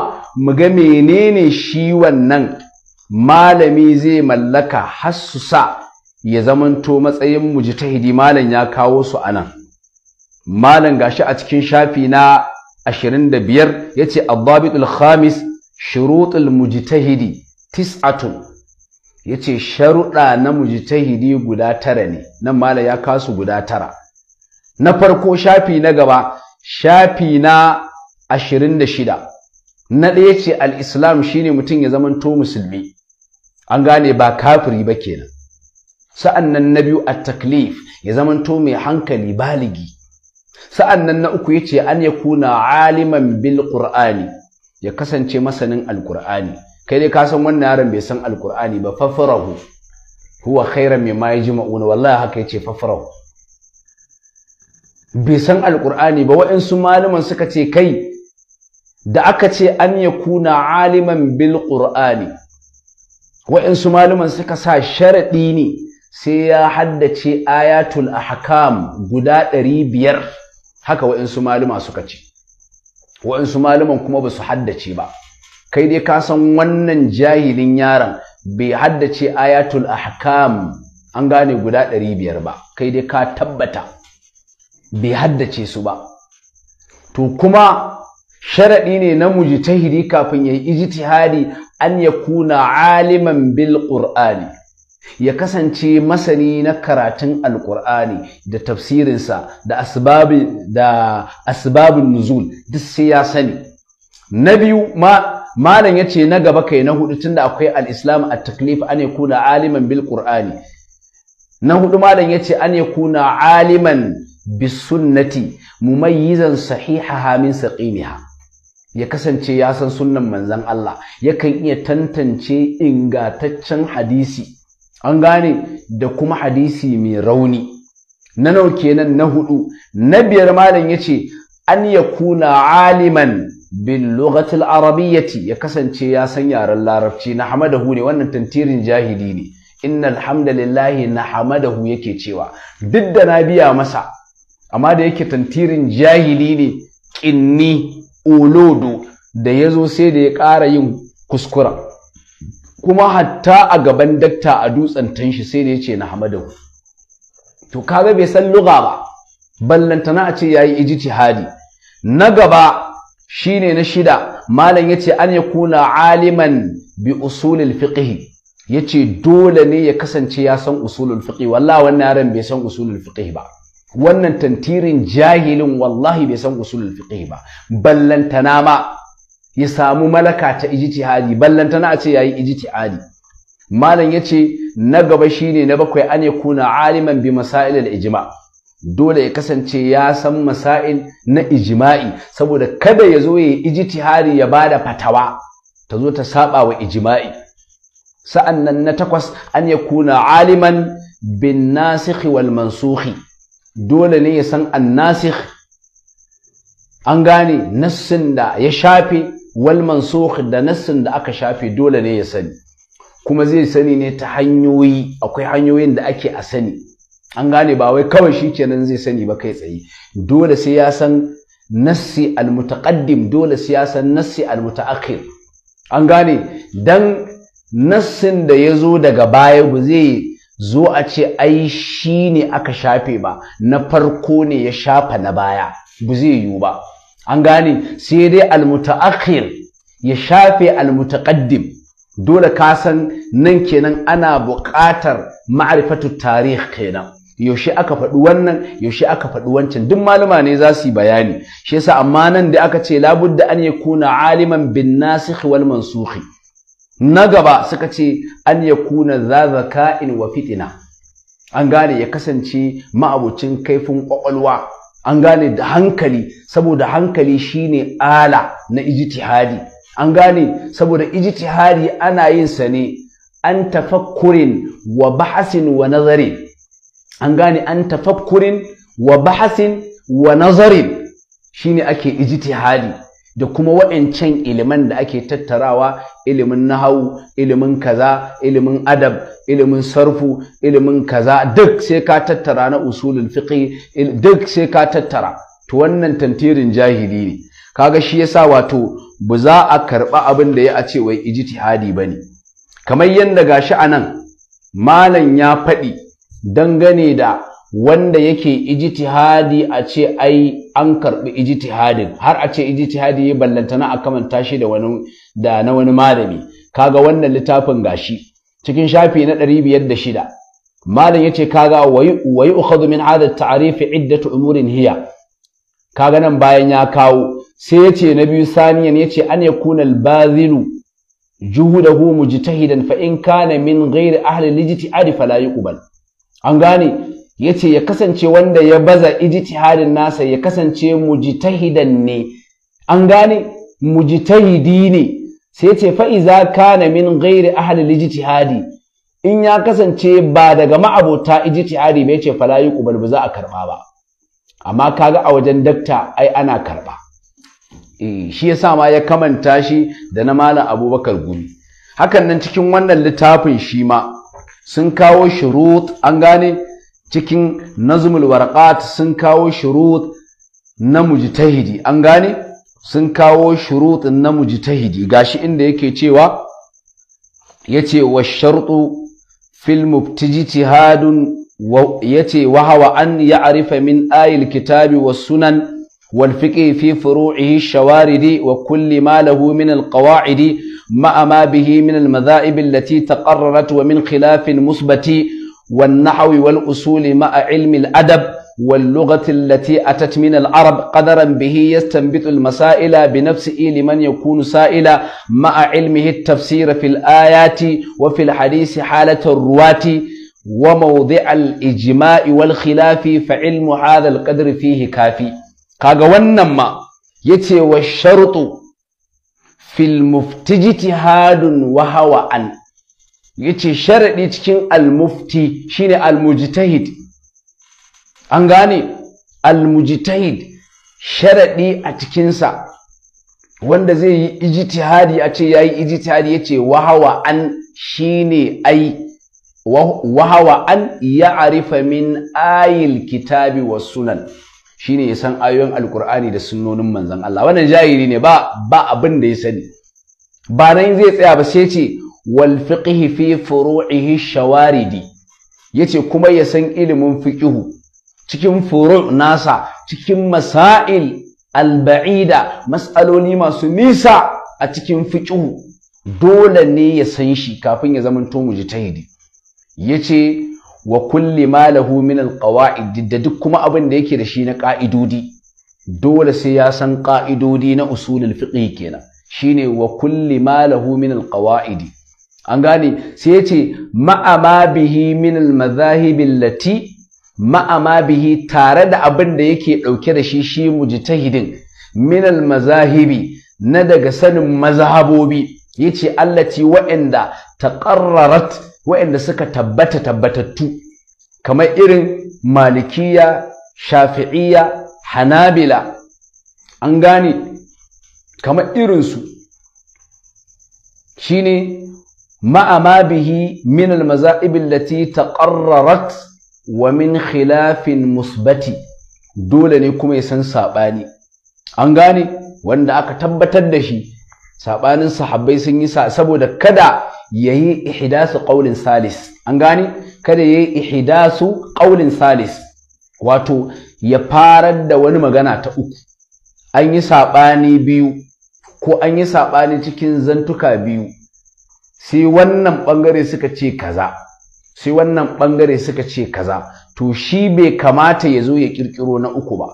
mu ga menene shi wannan malami zai mallaka har ya zamanto matsayin mujtahidi malam ya kawo su anan malam gashi a cikin shafi na 25 yace ad khamis shurutul mujtahidi tis'atun yace sharuɗa na mujtahidi guda tara ne nan malam ya kasu guda tara na farko shafi na gaba shafi na 26 na ɗaya ce al-islam shine mutum ya zamanto musulmi an gane ba kafiri ba kenan Sa'annan na biyu a taklif ya zamanto mai hankali baligi Sa'annan na uku ya ce an ya kuna aliman bil ƙur'ani ya kasance masanin alƙur'ani kai dai ka san wannan yaron bai san alƙur'ani ba fafarahu huwa khairan mimma ma'una. wallahi haka yace fafarahu bai san alƙur'ani ba waɗansu malaman suka ce kai da aka ce an ya kuna aliman bil ƙur'ani waɗansu malaman suka sa sharaɗi ne sai ya haddace ayatul ahkam guda ɗari biyar haka wa'insu maluma suka ce wa'insu maluman kuma ba su haddace ba kai dai ka san wannan jahilin yaron bai haddace ayatul ahkam an gane guda ɗari biyar ba kai dai ka tabbata bai haddace su ba to kuma sharaɗi ne na mujtahidi kafin ya yi ijtihadi an yakuna aliman bil qur'ani ya kasance masani na karatun alkur'ani da tafsirinsa da asbabin nuzul duk sai ya sani na biyu ma malam yace na gaba kai na hudu tunda akwai al-islam at-taklif an yakuna aliman bil qur'ani na hudu malam yace an yakuna aliman bis sunnati mumayyizan sahihaha min saqimiha ya kasance ya san sunnan manzon Allah yakan iya tantance ingataccen hadisi an gane da kuma hadisi mai rauni na nau kenan na hudu na biyar malam ya ce, an ya kuna aliman bin lokacin arabiyyati ya kasance ya san yaren larabci na hamadahu ne wannan tantirin jahili ne Inna alhamdulillahi na hamadahu yake cewa duk da na biya masa amma da yake tantirin jahili ne kinni olodo da ya zo sai da ya ƙara yin kuskura kuma hatta a gaban dakta a dutsen tanshi sai da ya ce na hamadu to kaga bai san lugha ba ballantana a ce ya yi yayi ijtihadi na gaba shine na shida malam ce an ya kuna aliman bi usulil Ya ce dole ne ya kasance ya san usulul fiqh wallahi wannan yaron bai san usulul fiqh ba wannan tantirin jahilin wallahi bai san usulul fiqh ba ballantana ma ya samu malaka ta ijtihadi tana a ce yayi ijtihadi malam yace na gaba shine na bakwai an kuna aliman bi masail al ijma dole ya kasance ya san masail na Ijima'i saboda kada ya zo ya yayi ijtihadi ya bada fatawa ta zo ta saba wa ijma'i sa'annan na takwas an kuna aliman bin nasikh wal mansuhi dole ne ya san an annasikh an gane nassin da ya shafe wal da nassin da aka shafe dole ne ya sani kuma zai sani ne ta hanyoyi akwai hanyoyin da ake a sani an gane ba wai kawai shi kenan zai sani ba kai tsaye dole sai ya san nassi almutaqaddim dole sai ya san nassi almutaakhir an gane dan nassin da ya zo daga baya ba zai zo a ce ai shi ne aka shafe ba na farko ne ya shafa na baya ba zai yiwu ba an gane sai dai almutaakhir ya shafe almutaqaddim dole ka san nan kenan ana buƙatar ma'rifatu tarih kenan yaushe aka faɗi wannan yaushe aka faɗi wancan duk malama ne za su yi bayani shi yasa amma nan da aka ce labudda an yakuna aliman bin nasikh wal mansuhi na gaba suka ce an yakuna za zaka'in wa fitina an gane ya kasance ma'abucin kaifin ƙwaƙwalwa an gane da hankali saboda hankali shine ala na ijtihadi an gane saboda ijtihadi ana yin sa ne an tafakkurin wa bahasin wa nazarin an gane an tafakkurin wa bahasin wa nazarin shine ake ijtihadi da kuma wa'ancan iliman da ake tattarawa ilimin nahawu ilimin kaza ilimin adab ilimin sarfu ilimin kaza duk sai ka tattara na usulul fiqh duk sai ka tattara to wannan tantirin jahili ne kaga shi yasa wato bu za a karba abin da ya a ce wai ijtihadi bane kamar yanda gashi anan malam ya faɗi dangane da wanda yake ijtihadi a ce ai an karbi ijtihadin har a ce ijtihadi ya ballantana a kamanta shi da wani da na wani malami kaga wannan littafin gashi cikin shafi na 506 malam yace kaga wayu ukhadhu min hada at-ta'rif iddatu umurin hiya kaga nan bayan ya kawo sai yace na biyu saniyan yace an yakuna al-bazilu juhudahu mujtahidan fa in kana min ghairi ahli al-ijtihad fala yuqbal an gane yace ya kasance wanda ya baza ijtihadin nasa ya kasance mujtahidan ne an gane mujtahidi ne sai ce fa iza kana min ghairi ahli ijtihadi in ya kasance ba daga ma'abota ijtihadi ba yace fala yuqbal ba za a karɓa ba amma kaga a wajen dakta ai ana karba eh shi yasa ma ya kamanta shi da na malam Abubakar Gumi hakan nan cikin wannan littafin shi ma sun kawo shurut an gane cikin nazumul warqat sun kawo shurut na mujtahidi an gane sun kawo shurut na mujtahidi gashi inda yake cewa yace wa shartu fil mubtijihadun yace wa hawa an ya'rifa min ayil kitabi was sunan wal fi furu'ihi shawaridi wa kulli ma lahu min al qawa'idi ma ama bihi min al madha'ib allati taqarrarat wa min khilafin musbati والنحو والأصول مع علم الأدب واللغة التي أتت من العرب قدرا به يستنبط المسائل بنفسه لمن يكون سائلا مع علمه التفسير في الآيات وفي الحديث حالة الرواة وموضع الإجماع والخلاف فعلم هذا القدر فيه كافي kaga wannan ma yace wa sharutu fil muftijtihadun wa yace sharaɗi cikin al-mufti shine al-mujtahid an gane al-mujtahid sharadi a cikinsa wanda zai yi ijtihadi a ce yayi ijtihadi yace wahawa an shine wahawa an ya arifa min ayil kitabi wa sunan shine ya san ayoyin alkur'ani da sunnonin manzon Allah wannan jahiri ne ba ba abin da ya sani ba nan zai tsaya ba sai ce wal fiqhi fi furu'ihi shawaridi yace kuma ya san ilimin fiqihu cikin furu' nasa cikin masail alba'ida mas'aloli masu nisa a cikin fiqihu dole ne ya san shi kafin ya zamanto mujtahidi yace wa kulli ma lahu min alqawaid da duk kuma abin da yake da shi na ka'idodi dole sai ya san ka'idodi na usulul fiqh kenan shine wa kulli ma lahu min alqawaidi an gane sai ya ce ma'ama bihi min almazahibin lati ma'ama bihi tare da abin da yake dauke da shi shi mujtahidin min al-mazahibi na daga sanin mazhabobi yace allati wa'inda taqarrarat wa'inda suka tabbata tabbatattu kamar irin malikiya shafi'iyya hanabila an gane kamar irinsu shine مع ما به من المذاهب التي تقررت ومن خلاف مثبت dole ne kuma ya san saɓani an gane wanda aka tabbatar da shi saɓanin sahabbai sun yi sa saboda kada ya yi ihidasu ƙaunin ihidasu ƙaunin salis wato ya farar da wani magana ta uku an yi saɓani biyu ko an yi saɓani cikin zantuka biyu sai wannan ɓangare suka ce kaza sai wannan ɓangare suka ce kaza to shi bai kamata ya zo ya ƙirƙiro na uku ba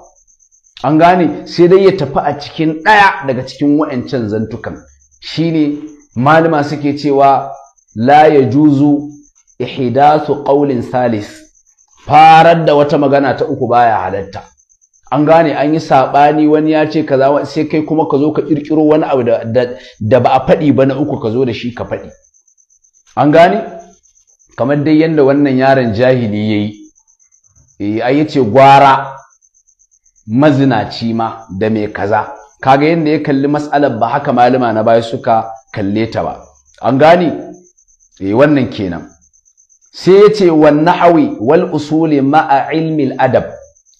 an gane sai dai ya tafi a cikin ɗaya daga cikin wa'ancan zantukan Shi ne malama suke cewa la ya juzu su ƙaulin salis farar da wata magana ta uku baya halatta an gane an yi saɓani wani ya ce kaza sai kai kuma ka zo ka ƙirƙiro wani abu da ba a faɗi ba na uku ka zo da shi ka faɗi an gane kamar dai yadda wannan yaron jahili ya yi eh, ya ce gwara mazinaci ma da mai kaza kaga yadda ya kalli matsalar ba haka malama na baya suka kalle ta ba an gane eh, wannan kenan sai ya ce wannan hawi wal usuli ma'a ilmi adab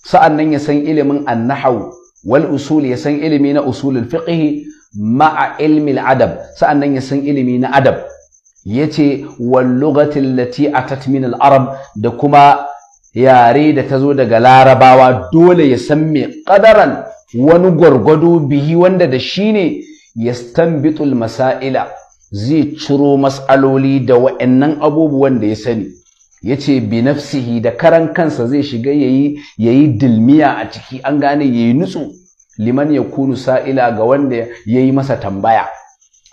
Sa'annan ya san ilimin annahau, wal usul ya san ilimi na usulul fiqh ma'a ilmi adab sa'annan nan ya san ilimi na adab yace wal lughati allati atat min al arab da kuma yare da ta zo daga larabawa dole ya san me qadaran wani gwargwado bihi wanda da shi ne yastanbitul masaila zai ciro mas'aloli da wa'annan abubuwan da ya sani ya ce bi nafsihi da karan kansa zai shiga yayi yayi dilmiya a ciki an gane yayi nutsu liman ya kunu sa'ila ga wanda ya yi masa tambaya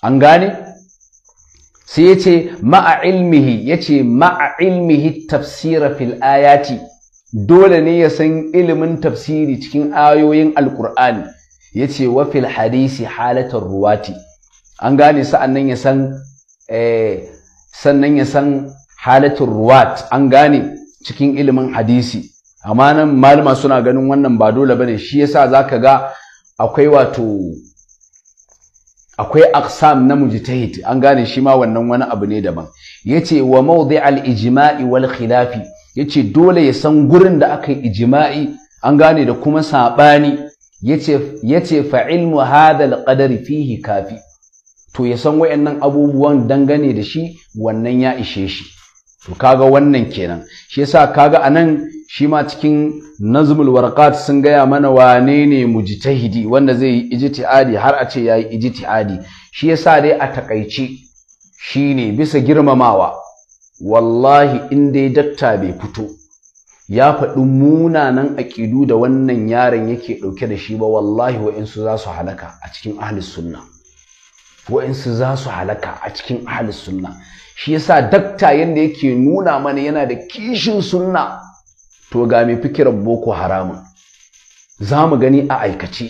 an gane sai ya ce ma'a ilmihi ya ce ma'a ilmihi tafsira fil ayati dole ne ya san ilimin tafsiri cikin ayoyin alkur'ani ya ce wa fil hadisi halatar ruwati an gane sa'annan ya eh, sannan ya san halatun ruwat an gane cikin ilimin hadisi amma nan malama suna ganin wannan ba dole bane shi yasa zaka ga akwai wato akwai aqsam na mujtahid an gane shi ma wannan wani abu ne daban yace wa mawdi' al ijma'i wal khilafi yace dole ya san gurin da aka yi ijma'i an gane da kuma saɓani. yace yace fa ilmu hadha al fihi kafi to ya san wayannan abubuwan dangane da shi wannan ya ishe shi to kaga wannan kenan shi yasa kaga anan shi ma cikin nazmul warqat sun gaya mana wane ne mujtahidi wanda zai yi ijtihadi har a ce yayi ijtihadi shi yasa dai a takaice shine bisa girmamawa wallahi in dai datta bai fito ya faɗi munanan aƙidu da wannan yaron yake ɗauke da shi ba wallahi wa'insu za su halaka a cikin ahlus sunna wa'insu za su halaka a cikin ahlus sunna shi yasa dakta yanda yake nuna mana yana da kishin sunna to ga mai fikirar boko haramun za mu gani a aikace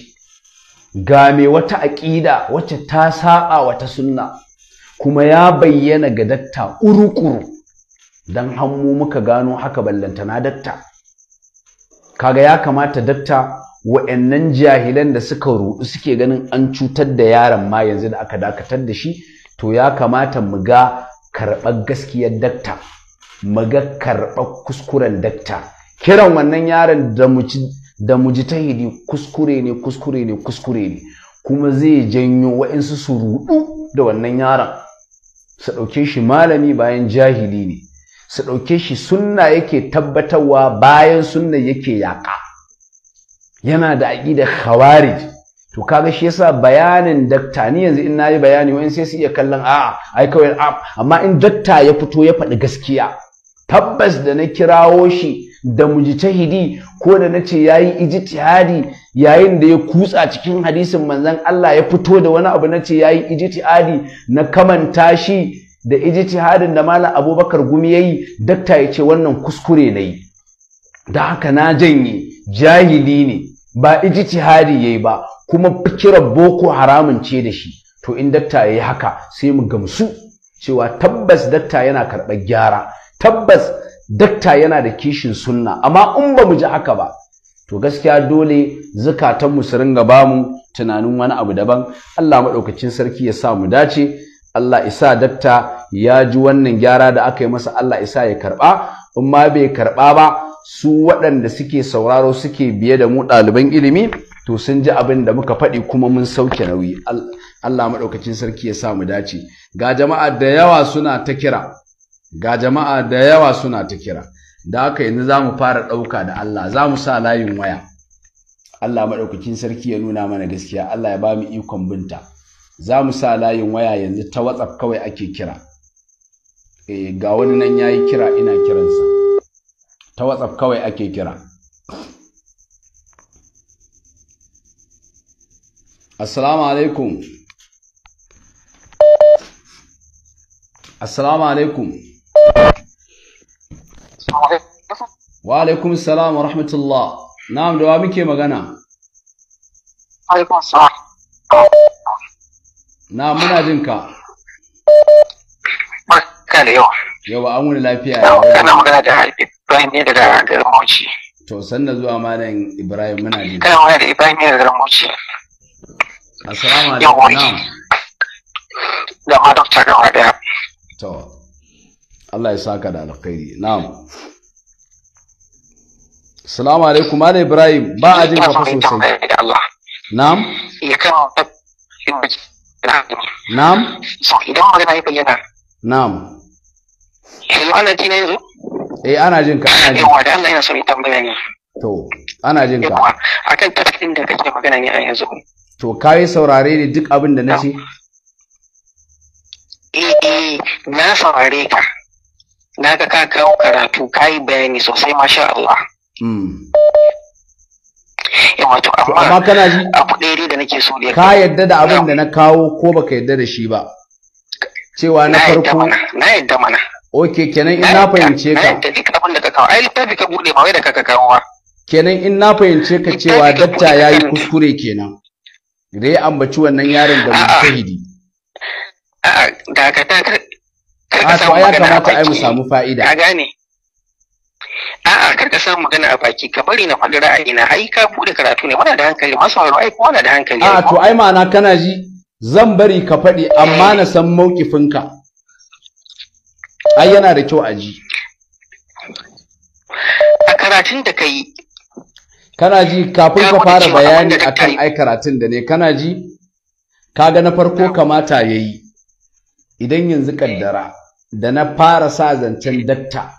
ga mai wata aƙida wacce ta saɓa wata sunna kuma ya bayyana ga dakta urukuru don hannu muka gano haka ballantana dakta. kaga ya kamata dakta wa'annan jahilan da suka rudu suke ganin an cutar da yaron ma yanzu da aka dakatar da shi to ya kamata mu ga karɓar gaskiyar dakta maga karɓar kuskuren dakta kiran wannan yaron da ta mujtahidi kuskure ne kuskure ne kuskure ne kuma zai janyo wa'insu su rudu da wannan yaron su ɗauke shi malami bayan jahili ne su ɗauke shi sunna yake tabbatarwa bayan sunna yake yaƙa yana da aƙidar khawarij to kaga shi yasa bayanin dakta ni yanzu in nayi bayani wa'in sai su iya kallon a'a ai kawai amma in dakta ya fito ya faɗi gaskiya tabbas da na kirawo shi da mujtahidi ko da na ce yayi ijtihadi yayin da ya kutsa cikin hadisin manzon Allah ya fito da wani abu na ce yayi ijtihadi na kamanta shi da ijtihadin da malam Abubakar Gumi yayi dakta ya ce wannan kuskure nayi da haka na janye jahili ne ba ijtihadi yayi ba kuma fikirar boko haramun ce da shi to in datta yi haka sai mu gamsu cewa tabbas datta yana karɓar gyara tabbas datta yana da kishin sunna amma in ba mu ji haka ba to gaskiya dole zukatanmu su ringa mu tunanin wani abu daban Allah maɗaukacin sarki ya sa mu dace Allah isa datta ya ji wannan gyara da aka yi masa Allah isa ya karɓa in ma bai karɓa ba su waɗanda suke sauraro suke biye da mu ɗaliban ilimi to sun ji abin da muka faɗi kuma mun sauke nauyi Allah maɗaukacin sarki ya sa mu dace ga jama'a da yawa suna ta kira ga jama'a da yawa suna ta kira da haka yanzu za mu fara ɗauka da Allah za mu sa layin waya Allah maɗaukacin sarki ya nuna mana gaskiya Allah ya ba mu ikon binta za mu sa layin waya yanzu ta watsaf kawai ake kira eh, ga wani nan ya yi kira ina kiransa ta watsaf kawai ake kira assalamu alaikum assalamu alaikum wa alaikum salam wa rahmatullah na'am da wa muke magana na muna jin ka barka da yawa yawa an wuni lafiya ya kana magana da harbi bayan ne daga garin Bauchi to sanna zuwa malam Ibrahim muna jin kana magana da Ibrahim ne daga garin Bauchi Assalamu alaikum. Da Allah ya saka da alkhairi. Na'am. Assalamu alaikum Malam Ibrahim ba a jin kafa sosai. Na'am. Na'am. So idan magana ya bayyana. Na'am. Yanzu ana ji na yanzu? Eh ana jin ka ana jin ka. Akan tafsirin da kake magana ne a yanzu. to kayi saurare ne duk abin da na ce eh na saurare ka na ga ka kawo karatu kayi bayani sosai masha Allah hmm. eh, wato amma kana ji abu ɗaya da nake so da ka yadda da abin da na kawo ko baka yadda da shi ba cewa na farko na yadda mana ok kenan in na fahimce ka na yadda duk abin da ka kawo ai littafi ka bude ba wai da ka kawo ba kenan in na fahimce ka cewa datta ya yi kuskure kenan da ya ambaci wannan yaron da mu a'a da ka ta ka samu magana a baki mu samu fa'ida ka gane a'a kar ka samu magana a baki ka bari na faɗi ra'ayi na ai ka bude karatu ne wannan da hankali masu sauraro ai kuma da hankali a'a to ai ma'ana kana ji zan bari ka faɗi amma na san maukifinka ai yana da kyau a ji a karatun da ka yi kana ji kafin ka fara bayani akan ai karatun da ne kana ji kaga na farko kamata yayi idan yanzu kaddara da na fara sa zancen datta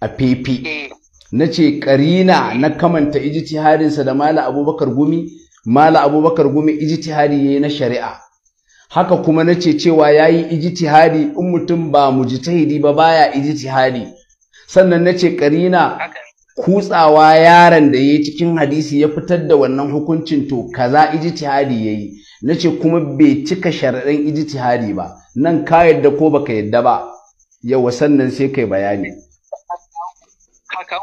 a fefe eh. na ce karina na kamanta ijtiharinsa da mala abubakar gumi mala abubakar gumi ijtihari yayi na shari'a haka kuma na ce cewa yayi ijtihari in mutum ba mu ji mujtahidi ba baya ijtihari sannan na ce karina kutsawa yaron da yayi cikin hadisi ya fitar da wannan hukuncin to kaza ijtihadi yayi nace kuma bai cika sharaɗin ijtihadi ba nan ka yadda ko baka yadda ba yawa sannan sai kai bayani ka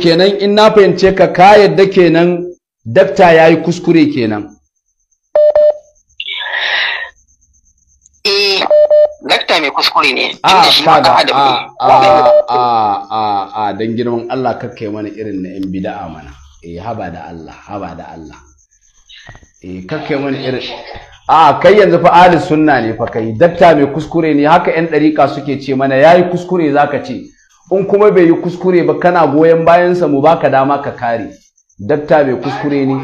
kenan in na fahimce ka ka yadda kenan dakta ya yi kuskure kenan. dakta mai kuskure ne a kaga a a a a dan girman Allah kakkai mana irin na yan bid'a mana eh haba da Allah haba da Allah eh kakkai mana irin a ah, kai yanzu fa ahli sunna ne fa kai dakta mai kuskure ne haka yan dariƙa suke ce mana yayi kuskure zaka ce in kuma bai yi kuskure ba kana goyon bayansa mu baka dama ka kare dakta mai kuskure ne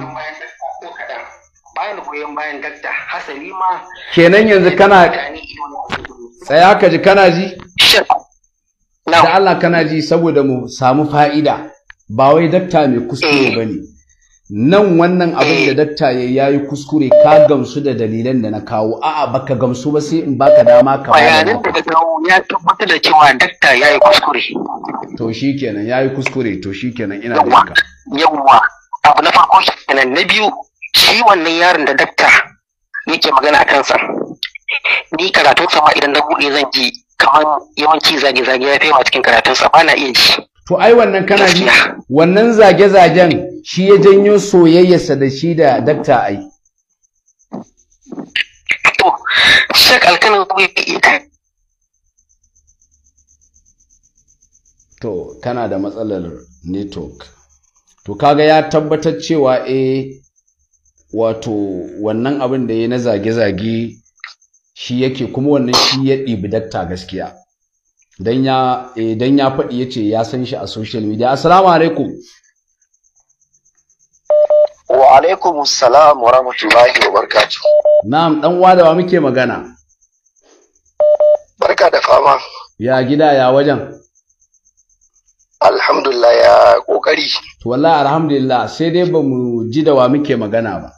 bayan bayan dakta hasali ma kenan yanzu kana Tsaya ka ji kana ji da Allah kana ji saboda mu samu fa'ida ba wai dakta mai kuskure eh. ba ne nan wannan abin da eh. dakta ya yi kuskure ka gamsu da dalilan da na kawo a'a baka gamsu ba sai in baka dama ka bayanin da ka kawo ya tabbata da cewa dakta ya yi kuskure to shi kenan ya yi kuskure to kenan ina da ka yawwa abu na farko kenan na biyu shi wannan yaron da dakta yake magana a kansa ni karatun ma idan na buɗe zan ji kamar yawanci zage-zage ya fi cikin karatun ba na iya ji. To ai wannan kana ji wannan zage-zagen shi ya janyo soyayyarsa da shi da dakta ai. To, Shek Alkanin To, kana da matsalar network. To, kaga ya tabbatar cewa eh wato wannan abin da ya na zage-zage shi yake kuma wannan shi ya ɗibi dakta gaskiya dan ya eh, ya faɗi ya ce ya san shi a social media assalamu alaikum wa alaikum assalam wa rahmatullahi wa barakatuh na'am dan wada wa muke magana barka da fama ya gida ya wajen alhamdulillah ya kokari to wallahi alhamdulillah sai dai bamu ji da wa muke magana ba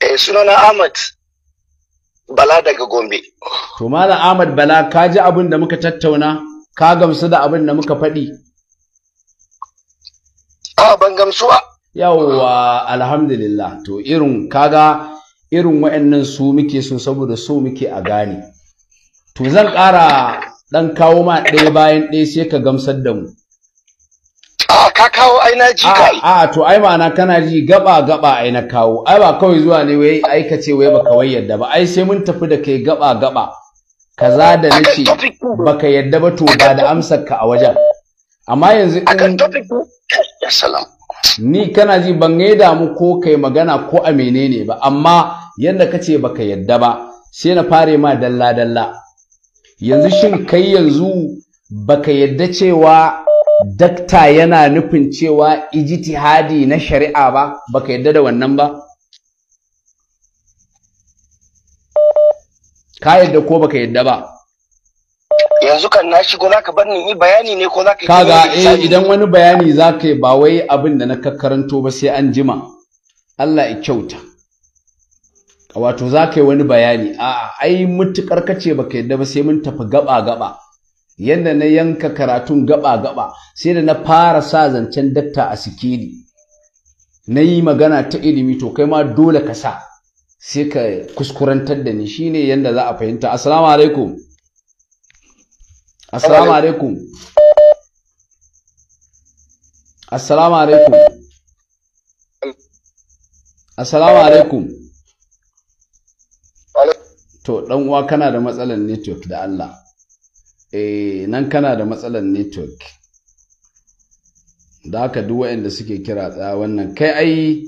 eh sunana Ahmad Bala daga Gombe. To Malam Ahmad Bala ka ji abin da muka tattauna ka gamsu da abin da muka faɗi? A ban gamsuwa. Yawwa alhamdulillah to irin kaga irin wa'annan su muke so saboda so muke a gane. To zan ƙara ɗan kawo ma ɗaya bayan ɗaya sai ka gamsar da mu. a ka kawo ai na ji kai Ah, to ai ma'ana kana ji gaba gaba ai na kawo ai ba kawai zuwa ne wai aikace. wai baka wai yadda ba ai sai mun tafi da kai gaba gaba kaza da nace baka yadda ba to ba da amsar ka a wajen amma yanzu in ni kana ji ban yi damu ko kai magana ko a menene ba amma yadda kace baka yadda ba sai na fare ma dalla dalla yanzu shin kai yanzu baka yadda cewa dakta yana nufin cewa ijtihadi na shari'a ba baka yadda da wannan ba ka yadda ko baka yadda ba yanzu kan na shigo zaka bar ni bayani ne ko zaka kaga eh idan wani bayani zaka yi ba wai abin da na kakkaranto ba sai an jima Allah ya kyauta wato zaka yi wani bayani a'a ai mutukar kace baka yadda ba sai mun tafi gaba gaba yadda na yanka karatun gaba-gaba sai da na fara sa zancen datta a sikeli na yi magana ta ilimi to kai ma dole ka sa sai ka kuskurantar da ni shine yadda za a fahimta assalamu alaikum assalamu alaikum assalamu alaikum assalamu alaikum to dan uwa kana da matsalar network da Allah eh nan kana da matsalar network da haka duk waɗanda suke kira tsaya wannan kai ai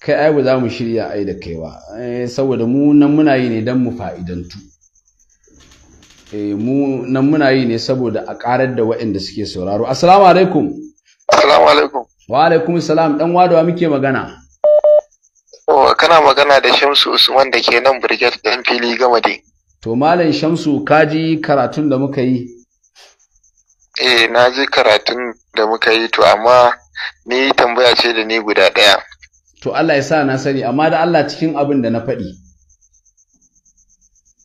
kai ai ba za mu shirya ai da kai ba eh, saboda mu nan muna yi ne don mu fa'idantu eh, mu nan muna yi ne saboda a ƙarar da waɗanda suke sauraro assalamu alaikum assalamu alaikum wa alaikum assalam dan wadawa muke magana oh, kana magana da Shamsu Usman da ke nan Brigade dan fili gama dai to malam shamsu kaji karatun da muka yi eh na ji karatun da muka yi to amma ni tambaya ce da ni guda ɗaya to Allah ya sa na sani amma da Allah cikin abin da na faɗi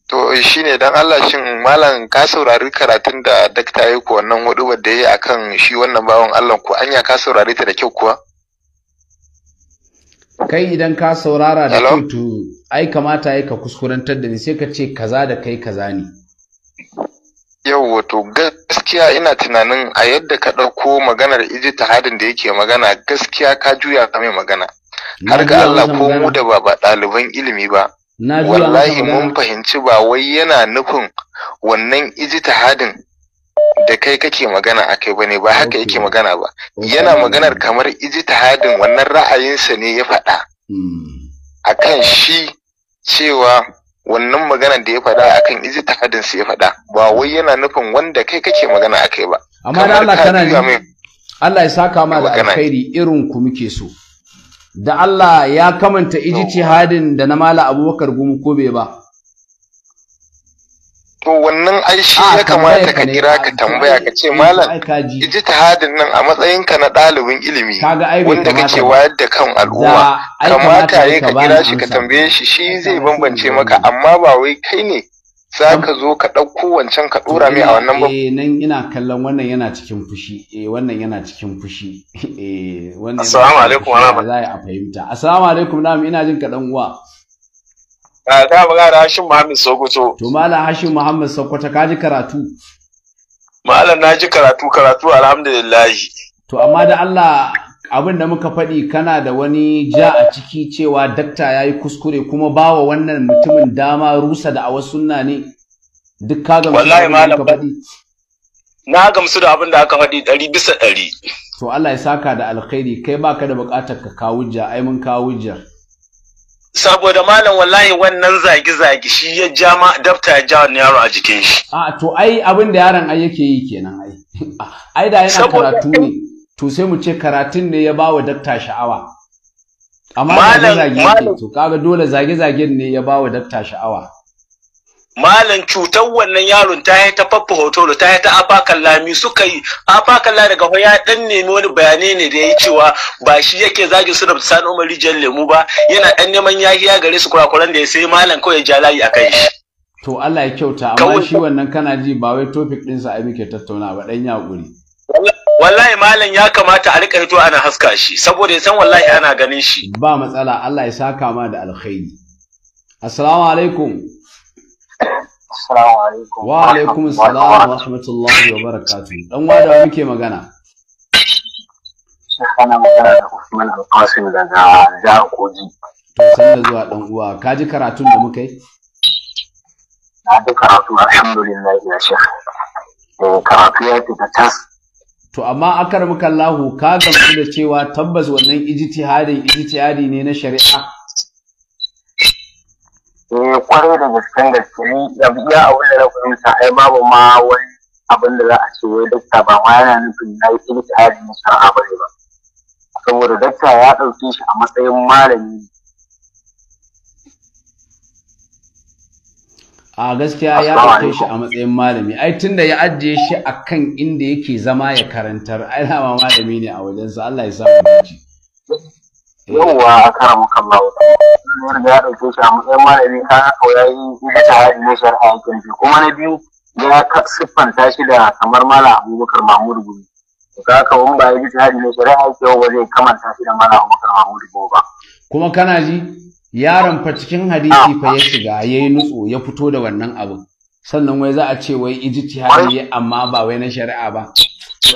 to shine dan Allah shin malam ka saurari karatun da dakta ya ko wannan hudu da yayi akan shi wannan bawan Allah ko anya ka saurari ta da kyau kuwa kai idan ka saurara da kyau ai kamata ai ka kuskurantar da ni sai ka ce kaza da kai kaza ne yau wato gaskiya ina tunanin a yadda ka ɗauko maganar hadin da yake magana gaskiya ka juya ka mai magana har ga Allah ko mu da ba ba ɗaliban ilimi ba wallahi mun fahimci ba wai yana nufin wannan hadin da kai kake magana a kai bane ba haka yake magana ba yana maganar kamar ijtihadin wannan ra'ayinsa ne ya faɗa hmm. kan shi cewa wannan maganar da ya faɗa akan ijtihadin sa ya faɗa ba wai yana nufin wanda kai kake magana a kai ba amma da Allah kana ji Allah ya saka ma da alkhairi irin ku muke so da Allah ya kamanta ijtihadin da na mala Abubakar gumu ko bai ba to wannan ai shi ah, ya kamata ka kira ka tambaya ka ce malam iji tahadin nan a matsayinka na ɗalibin ilimi wanda kake wayar da kan al'umma kamata ya ka kira shi ka tambaye shi shi zai bambance maka amma ba wai kai ne za ka zo ka ɗauko wancan ka ɗora mai a eh, wannan babu. Eh, nan ina kallon wannan yana cikin fushi eh wannan yana cikin fushi eh wannan assalamu alaikum za a fahimta assalamu alaikum na'am ina jin ka dan uwa ta magana Hashim Muhammad Sokoto to malam Hashim Muhammad Sokoto ka ji karatu malam na ji karatu karatu alhamdulillah to amma da Allah abin da muka faɗi kana da wani ja a ciki cewa dakta ya yi kuskure kuma ba wa wannan mutumin dama rusa da a wasu ne duk ka gamsu da abin da faɗi na gamsu da abin da aka faɗi ɗari bisa ɗari to Allah ya saka da alkhairi kai baka da buƙatar ka kawo ai mun kawo jar. saboda malam wallahi wannan zagi-zagi shi ya ja ma dafta ya ja wani yaro a jikin shi. A to ai abin da yaron ai yake yi kenan ai. Ai da yana karatu ne. To sai mu ce karatun ne ya bawa dafta sha'awa. Amma malam malam to kaga dole zage-zagen ne ya bawa dafta sha'awa. malam cutar wannan yaron ta yi ta faffa hotolo ta yi ta afakan lami suka yi afa lami daga ya dan nemi wani bayanai ne da ya cewa ba shi yake zagin su da sani umar rijiyar lemu ba yana dan neman yahiya gare su kurakuran da ya sai malam kawai ja layi a kan shi. to Allah ya kyauta amma shi wannan kana ji ba wai topic ɗinsa ai muke tattauna ba dan ya wallahi malam ya kamata a rika hito ana haska shi saboda ya san wallahi ana ganin shi. ba matsala Allah ya saka ma da alkhairi. assalamu alaikum. Assalamu alaikum. Wa alaikum assalam wa rahmatullahi wa barakatuh. Dan wadawa muke magana. Ana magana da Usman Al-Qasim daga jihar Kogi. To san da zuwa dan uwa, ka ji karatun da muka yi? Na ji karatu alhamdulillah ya shekh. Eh karatu ya fita tas. To amma akar muka Allahu ka gamsu da cewa tabbas wannan ijtihadin ijtihadi ne na shari'a. eh kwarai da gaske gaske ni da biya abin da na fahimta ai babu ma wani abin da za a ce wai dakta ba ma yana nufin na yi tsari na shara'a ba ne ba saboda dakta ya ɗauke shi a matsayin malami a gaskiya ya ɗauke shi a matsayin malami ai tunda ya ajiye shi a kan inda yake zama ya karantar ai dama malami ne a wajensa Allah ya sa mu yawwa a kara maka Allah ya riga ya ɗauke shi a matsayin malami ka haka ya yi ita hari na shari'a ya kirji kuma na biyu ya siffanta shi da kamar malam abubakar mahmud gumi to ka haka wani ba ya ita hari na shari'a ya kewa zai kamanta shi da malam abubakar mahmud gumi ba. kuma kana ji yaron fa cikin hadisi fa ya shiga ya yi nutso ya fito da wannan abin sannan wai za a ce wai ijiti hari amma ba wai na shari'a ba.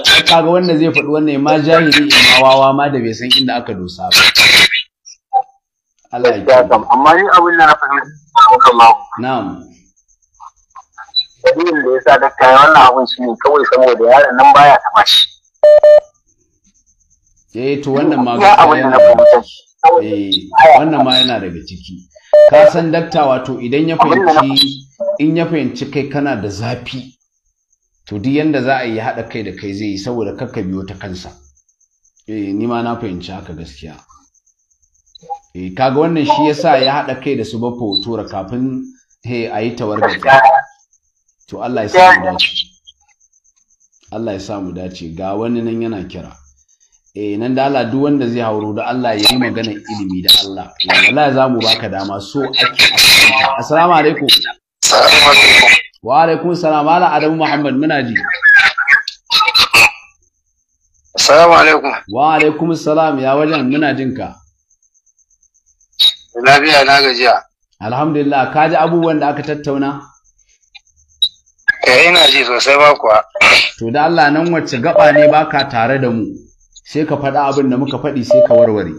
kaga wanda zai faɗi wannan ma jahili ma wawa ma da bai san inda aka dosa ba Allah ya amma ni abin da na fahimta na'am dalilin da ya sa kai wannan abin shi ne kawai saboda yaron nan baya ta shi. Eh to wannan ma yana eh, wannan ma yana daga ciki. Ka san dakta wato idan ya fahimci in ya fahimci kai kana da zafi to duk yanda za a yi haɗa kai da kai zai yi saboda kakka biyo ta kansa eh ni ma na fahimci haka gaskiya eh kaga wannan shi yasa ya haɗa kai da su bafo tura kafin he a yi tawargaza to Allah ya samu dace Allah ya samu dace ga wani nan yana kira eh nan da Allah duk wanda zai hauro da Allah ya yi magana ilimi da Allah wallahi za mu baka dama so ake assalamu alaikum assalamu alaikum wa alaikum salam ala adamu muhammad muna ji assalamu alaikum wa alaikum salam ya wajen muna jinka? lafiya na gajiya alhamdulillah ka ji abubuwan da aka tattauna eh ina ji sosai ba kuwa to da Allah nan wacce gaba ne baka tare da mu sai ka faɗa abin da muka faɗi sai ka warware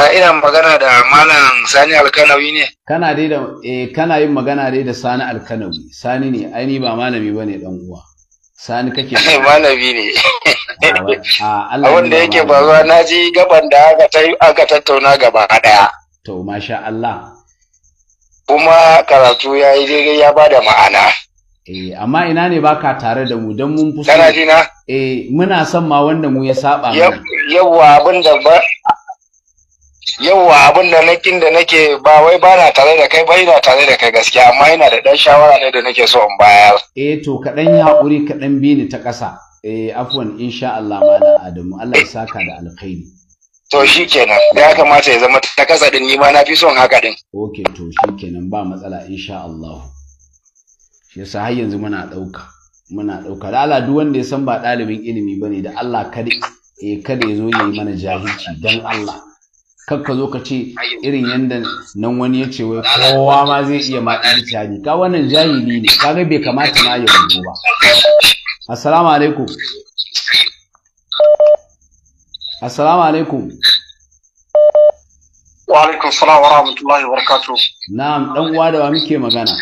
A ina magana da Malam Sani Alkanawi ne. Kana dai da eh kana yin magana dai da Sani Alkanawi. Sani ne ai ba malami bane dan uwa. Sani kake malami ne. A wanda yake ba na ji gaban da aka aka tattauna gaba daya. To masha Allah. Kuma karatu ya yi daidai ya bada ma'ana. Eh, amma ina ne baka tare da mu don mun fusa Kana jina? Eh, muna son ma wanda mu ya saba yawa abinda abin da ba yawwa abin da nakin da nake ba wai ba na tare da kai ba ina tare da kai gaskiya amma ina da ɗan shawara ne da nake so in bayar eh to kaɗan yi haƙuri kaɗan bi ni ta ƙasa eh afwan insha Allah na Adamu Allah ya saka da alkhairi to kenan ya kamata ya zama ta ƙasa din ni ma na fi son haka din Ok, to kenan ba matsala insha Allah shi yasa har yanzu muna ɗauka muna ɗauka da Allah duk wanda ya san ba ɗalibin ilimi ba ne da Allah kada eh, kada ya zo ya yi mana jahilci don Allah kakka zo ka ce irin yadda nan wani ya ce wai kowa ma zai iya ma ijtihadi ka wannan jahili ne ga bai kamata ma ya rubu ba assalamu alaikum assalamu alaikum wa alaikum salam wa rahmatullahi wa barakatuh na'am dan uwa da wa muke magana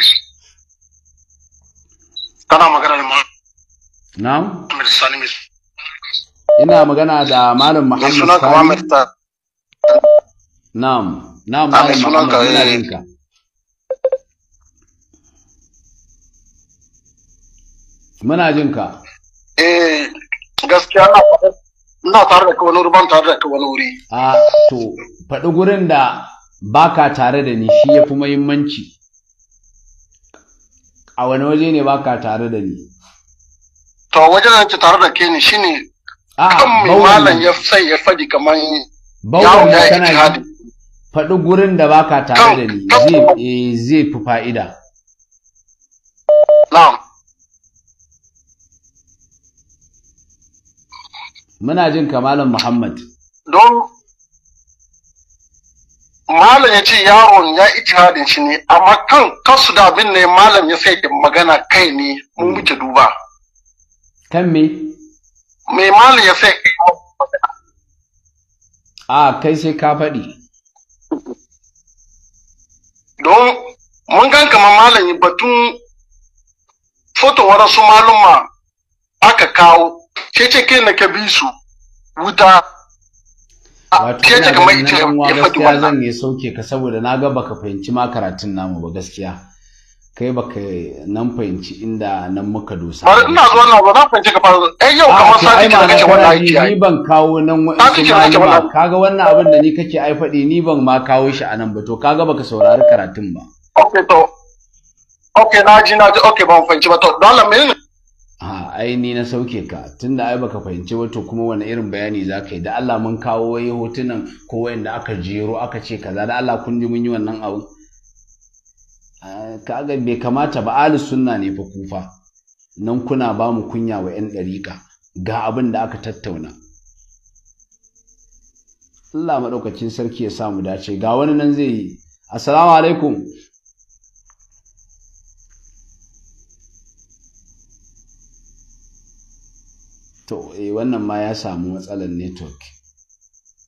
kana magana da malam na'am ina magana da malam muhammad sani Na'am, na'am Malam Muhammad ina jinka. Muna jinka. Eh, gaskiya ina tare da ka wani wuri ban tare da ka wani wuri. A to faɗi gurin da baka tare da ni shi ya fi muhimmanci. A wani waje ne baka tare da ni? To wajen da tare da ke ni shine kan mai malam ya sai ya faɗi kamar bautan da kana faɗi gurin da baka tare da ni zai eh, fi fa'ida muna jin kamalin muhammad don malam ya ce yaron ya haɗin shi ne amma kan kasu da abin ne malam ya sai magana kai ne mun muke hmm. duba kan me me malam ya sai magana a kai sai ka faɗi don mun gan kamar malami batun wara su maluma aka kawo ke ce ke na ka bi su wuta ke ce kamar ita ya faɗi wannan zan yi sauke ka saboda na ga baka fahimci ma karatun namu ba gaskiya kai baka nan fahimci inda nan muka dosa bari ina zuwa na ba zan fahimci ka fara eh yau kamar sati da kace wannan aiki ni ban kawo nan wani ba kaga wannan abin da ni kake ai faɗi ni ban ma kawo shi anan ba to kaga baka saurari karatun ba okay to okay na ji na ji okay ban fahimci ba to dole me a ai ni na sauke ka tunda ai baka fahimci ba to kuma wani irin bayani za ka yi da Allah mun kawo wai hotunan ko wanda aka jero aka ce kaza da Allah kun ji mun yi wannan abu kaga bai kamata ba ahlus sunna ne fa kufa nan kuna ba mu kunya wa yan dariƙa ga abin da aka tattauna Allah maɗaukacin sarki ya samu dace ga wani nan zai yi assalamu alaikum to eh wannan ma ya samu matsalar network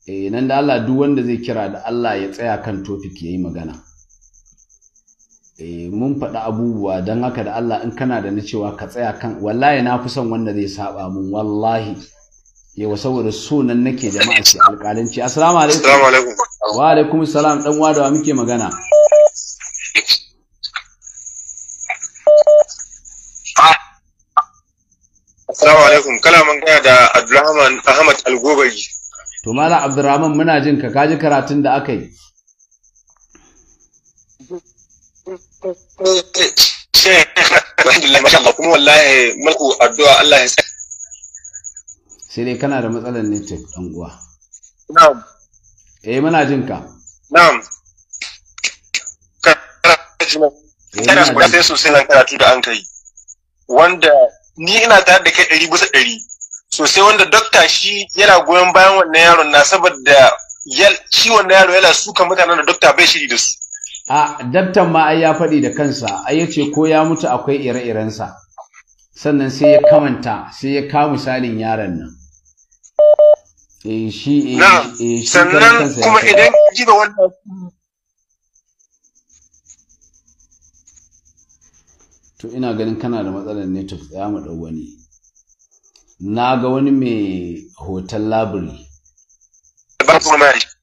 eh nan da Allah duk wanda zai kira da Allah ya tsaya kan topic yayi magana Eh, mun faɗi abubuwa don haka da Allah in kana da na cewa ka tsaya kan wallahi na fi son wanda zai saba mun wallahi yawa saboda sunan nake jama'a ce alƙalanci assalamu alaikum wa alaikum salam dan wa da muke magana assalamu alaikum kala mun gaya da Abdulrahman Ahmad Algobari to mala Abdulrahman muna jin ka kaji karatun da aka yi kuma wallahi mulku addu'a Allah ya sai dai kana da matsalar network dan uwa na'am eh muna jin ka na'am kana da sai sai nan karatu da an kai wanda ni ina tare da kai ɗari bisa ɗari sosai wanda dokta shi yana goyon bayan wannan yaron na saboda ciwon na yaro yana suka mutanen da dokta bai shiri da su a daktan ma ai ya faɗi da kansa ai ya ce ko ya mutu akwai ire-irensa sannan sai ya kamanta sai ya kawo misalin yaron nan eh, eh, eh, sannan kuma idan ji da wannan to ina ganin kana da matsalar network tsaya mu ɗau wani na ga wani mai hoton labiri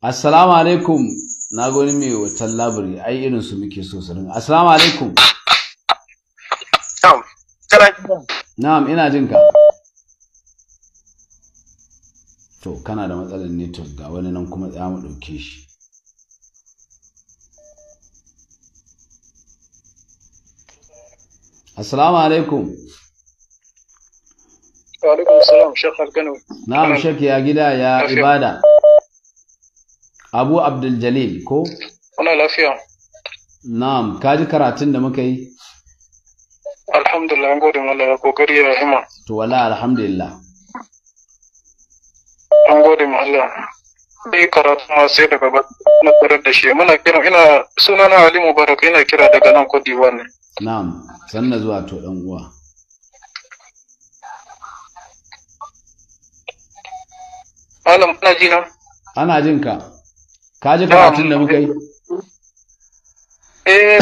assalamu alaikum na gani mai wata labari ai irin su muke so sanin. ringa assalamu alaikum na'am ina jin ka to kana da matsalar network ga wani nan kuma tsaya mu ɗauke shi assalamu alaikum wa alaikum salam shekhar alkano na'am shekh ya gida ya ibada Abu Abdul Jalil ko? Kuna lafiya. Na'am, ka ji karatun da muka yi? Alhamdulillah, an gode Allah ya kokari ya hima. To wala alhamdulillah. An gode ma Allah. Sai karatu ma sai daga ba na tarar da shi. Muna kira ina na Ali Mubarak ina kira daga nan Cote d'Ivoire ne. Na'am, sanna zuwa to dan uwa. Malam ana ji na? Ana jin ka. ka ji karatun da muka yi eh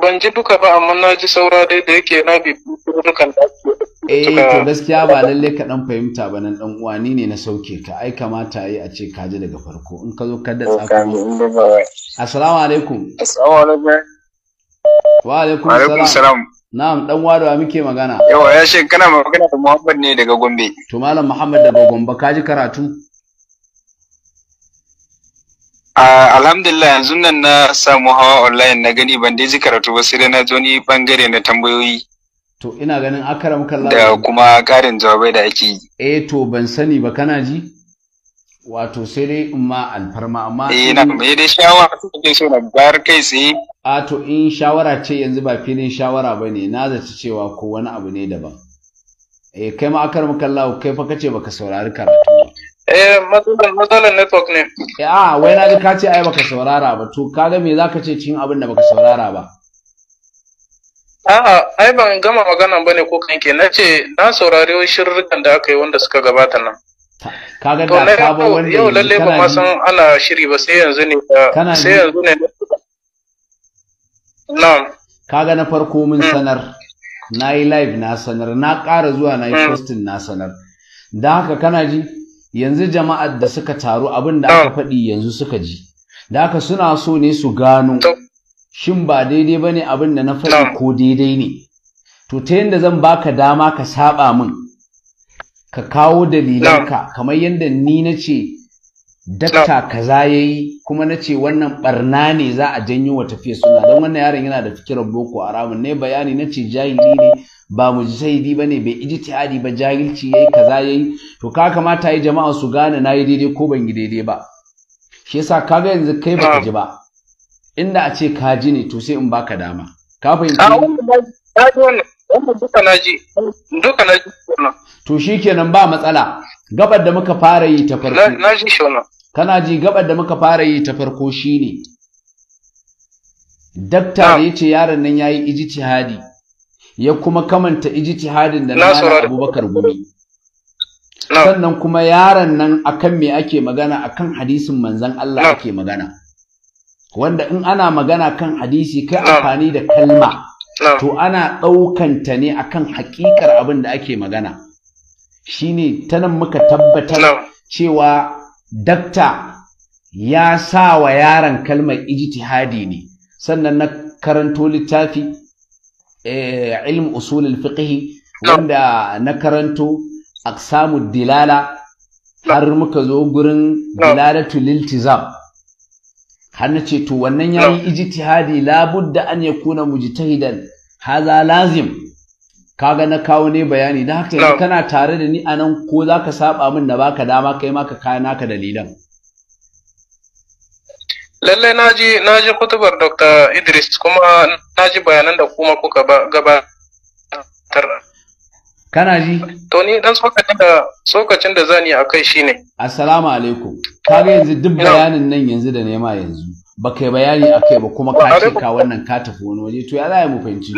ban ji duka ba amma na ji saura dai da yake na bi dukan da eh to gaskiya ba lalle ka dan fahimta ba nan dan uwa ni ne na sauke ka ai kamata yi a ce ka ji daga farko in ka zo ka da tsako assalamu alaikum assalamu alaikum wa alaikum assalam na'am dan uwa da muke magana yawa ya shekara magana da Muhammad ne daga Gombe to malam Muhammad daga Gombe ka ji karatu alhamdulillah yanzu nan na samu hawa online na gani ban dai ji karatu ba sai na ji wani bangare na tambayoyi to ina ganin akaram kallah da kuma karin jawabai da ake yi eh to ban sani ba kana ji wato sai dai in ma alfarma amma eh na me eh, dai shawara kake so na bayar kai sai a to in shawara ce yanzu ba filin shawara bane na zaci cewa ko wani abu ne daban eh kai ma akaram kallah kai fa kace baka saurari karatu Eh, matsalar network ne. Ya, eh, ah, wai na ga ka ce ai baka saurara ba, to kaga me za ka ce cin abin da baka saurara ba? A'a, ai ban gama magana ba ne ko kanke, na ce na saurari shirrukan da aka yi wanda suka gabata nan. Kaga da ka ba wanda yau lalle ba ma san ana shiri ba sai yanzu ne eh, sai yanzu ne. Na'am. Kaga na farko mun hmm. sanar. Na yi live na sanar, na ƙara zuwa na yi hmm. posting na sanar. Da haka kana ji? yanzu jama'ar da suka taru abin da aka ah. faɗi yanzu suka ji da haka suna so ne su gano shin ba daidai ba ne abin da na faɗi ah. ko daidai ne to ta yadda zan baka dama ka saba min ka kawo dalilanka ah. kamar yadda ni na ce dakta kaza ya yi kuma na ce wannan barna ne za a janyo wa tafiya suna don wannan yaron yana da fikirar boko haramun ne bayani na ce jahili ne ba ba ne bai ijtihadi ba jahilci yayi kaza yayi to ka kamata yi jama'a su gane na yi daidai ko ban yi daidai ba shi yasa kaga yanzu kai baka ji ba inda a ce ka ji ne to sai in baka dama ka fahimci duka na ji duka na ji to shikenan ba matsala gabar da muka fara yi ta farko na ji shi wannan kana ji gabar da muka fara yi ta farko shine dakta ya ce yaron nan yayi ijtihadi ya kuma kamanta ijtihadin da na Abubakar Gumi sannan kuma yaron nan akan me ake magana akan hadisin manzon Allah ake magana wanda in ana magana kan hadisi kai amfani da kalma to ana ɗaukanta ne akan hakikar abin da ake magana shine ta nan muka tabbatar cewa dakta ya sa wa yaron kalmar ijtihadi ne sannan na karanto littafi Eh, ilm usulin fiqh wanda na karanto aqsamud dilala har muka zo gurin dilalatu liltizam har na ce to wannan yayi ijtihadi labudda an yakuna mujtahidan haza lazim kaga na kawo ne bayani da haka kana tare da ni anan ko zaka saba min da baka dama kai ma ka kana ka dalilan Lallai na ji kutubar Dr. Idris kuma na ji bayanan da kuma kuka gabatar. Kana ji? To ni dan tsokacin da tsokacin da zani akai shine. Assalamu alaikum. Kaga yanzu duk bayanin nan yanzu da nema yanzu. baka bayani akai ba kuma ka ce ka wannan ka tafi wani waje to ya za mu fahimci.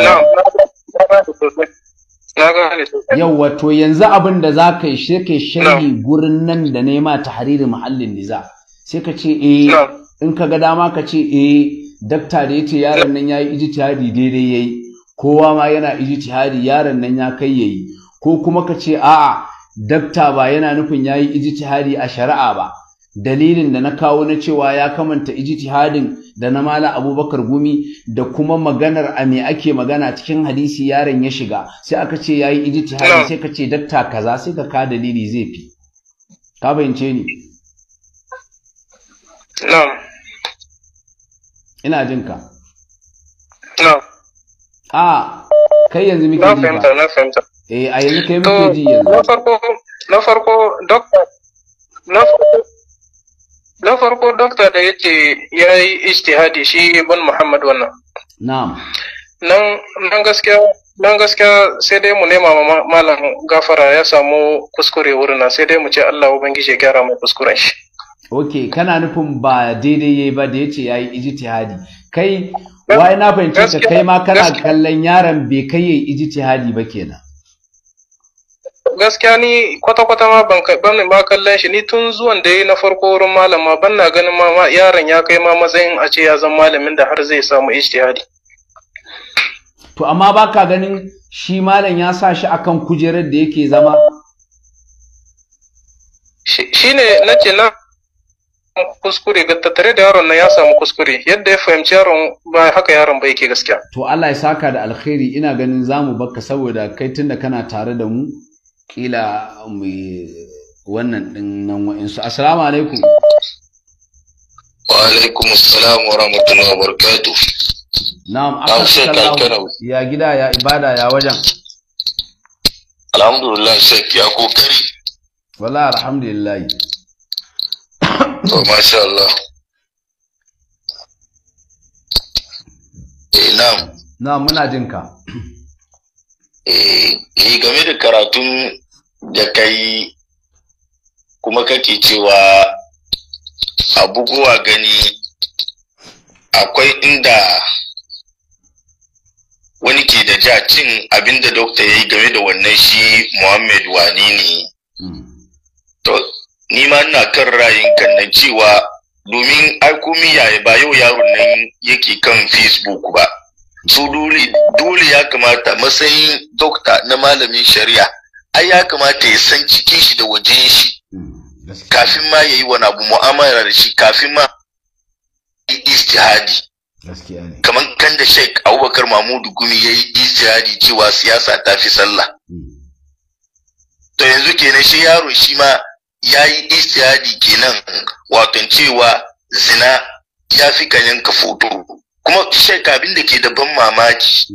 Yawwa to yanzu abin da za ka yi shi sharhi gurin nan da nema tahriri muhallin niza. Sai ka ce eh in ka ga dama ka ce eh dakta da yace yaron nan yayi ijtihadi daidai yayi kowa ma yana ijtihadi yaron nan ya kai yayi ko kuma ka ce a'a dakta ba yana nufin yayi ijtihadi a shari'a ba dalilin da na kawo na cewa ya kamanta ijtihadin da na mala abubakar gumi da kuma maganar a me ake magana cikin hadisi yaron ya shiga sai aka ce yayi ijtihadi sai ka ce dakta kaza sai ka ka dalili zai fi ka fahimce ni ina jin ka a kai yanzu muke ji na fahimta na fahimta eh a yanzu kai muke ji yanzu na farko na farko doctor na farko na farko doctor da yace ya yi ijtihadi shi ibn muhammad wannan na'am nan nan gaskiya nan gaskiya sai dai mu nema malam gafara ya samu kuskure wurin sai dai mu ce Allah ubangiji ya gyara mu kuskuren shi ok kana nufin ba daidai yayi ba da yace yayi ijtihadi kai wai na fahimci ka kai ma kana kallon yaron bai kai yayi ijtihadi ba kenan gaskiya ni kwata-kwata ma ban ban ba kallon shi ni tun zuwan da yayi na farko wurin malama ban na ganin ma yaron ya kai ma matsayin a ce ya zama malamin da har zai samu ijtihadi to amma baka ganin shi malam ya sa shi akan kujerar da yake zama Shi ne na ce na kuskure ga tattare da yaron nan ya samu kuskure yadda ya fahimci yaron ba haka yaron ba yake gaskiya to Allah ya saka da alkhairi ina ganin zamu bakka saboda kai tunda kana tare da mu kila mu wannan din nan wa'insu assalamu alaikum wa alaikum assalam wa rahmatullahi wa barakatuh na'am assalamu ya gida ya ibada ya wajen alhamdulillah sai ya kokari wala alhamdulillah Oh, masha Allah eh na'am na'am muna jin ka eh, eh game da karatun da kai kuma kake cewa abubuwa gani akwai inda wani ke da ja cin abinda dokta ya yi game da wannan shi muhammad wani ne hmm. ni ma ina kan ra'ayin kan nan cewa domin aikomi ba yau yaron nan yake kan facebook ba su dole ya kamata matsayin dokta na malamin shari'a ai ya kamata ya san cikin shi da wajen shi hmm, kafin ma ya yi wani abu mu'amala da shi kafin ma yi istihadi kamar kan da sheik abubakar mahmudu gumi ya yi istihadi cewa siyasa ta fi sallah hmm. to yanzu kenan shi yaro shi ma ya yi istihadi kenan watan cewa zina ya fi ka yanka foto kuma shek abin da ke da ban mamaki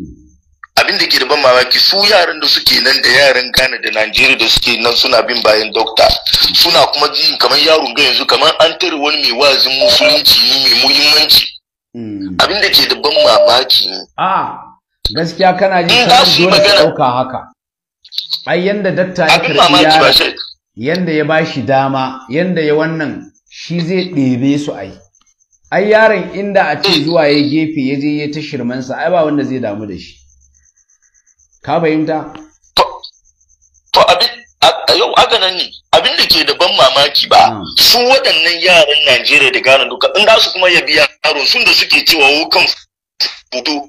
abin da ke da ban mamaki su yaran da suke nan da yaran Ghana da Najeriya da suke nan suna bin bayan dokta suna kuma ji kamar yaron ga yanzu kamar an tare wani mai wazin musulunci ne mai muhimmanci hmm. abin da ke da ban mamaki ne a gaskiya kana ji kamar dole ka dauka haka ai yanda dakta ya karbi yaran yanda ya bashi dama yanda ya wannan shi zai ɗebe su ai ai yaron inda a ce zuwa ya gefe ya je ya ta shirmansa ai ba wanda zai damu da shi ka fahimta to abin a yau aka nan ne abin da ke da ban mamaki ba hmm. su waɗannan yaran Najeriya da Ghana duka in da su kuma ya biya yaro sun da suke cewa wo kan fudu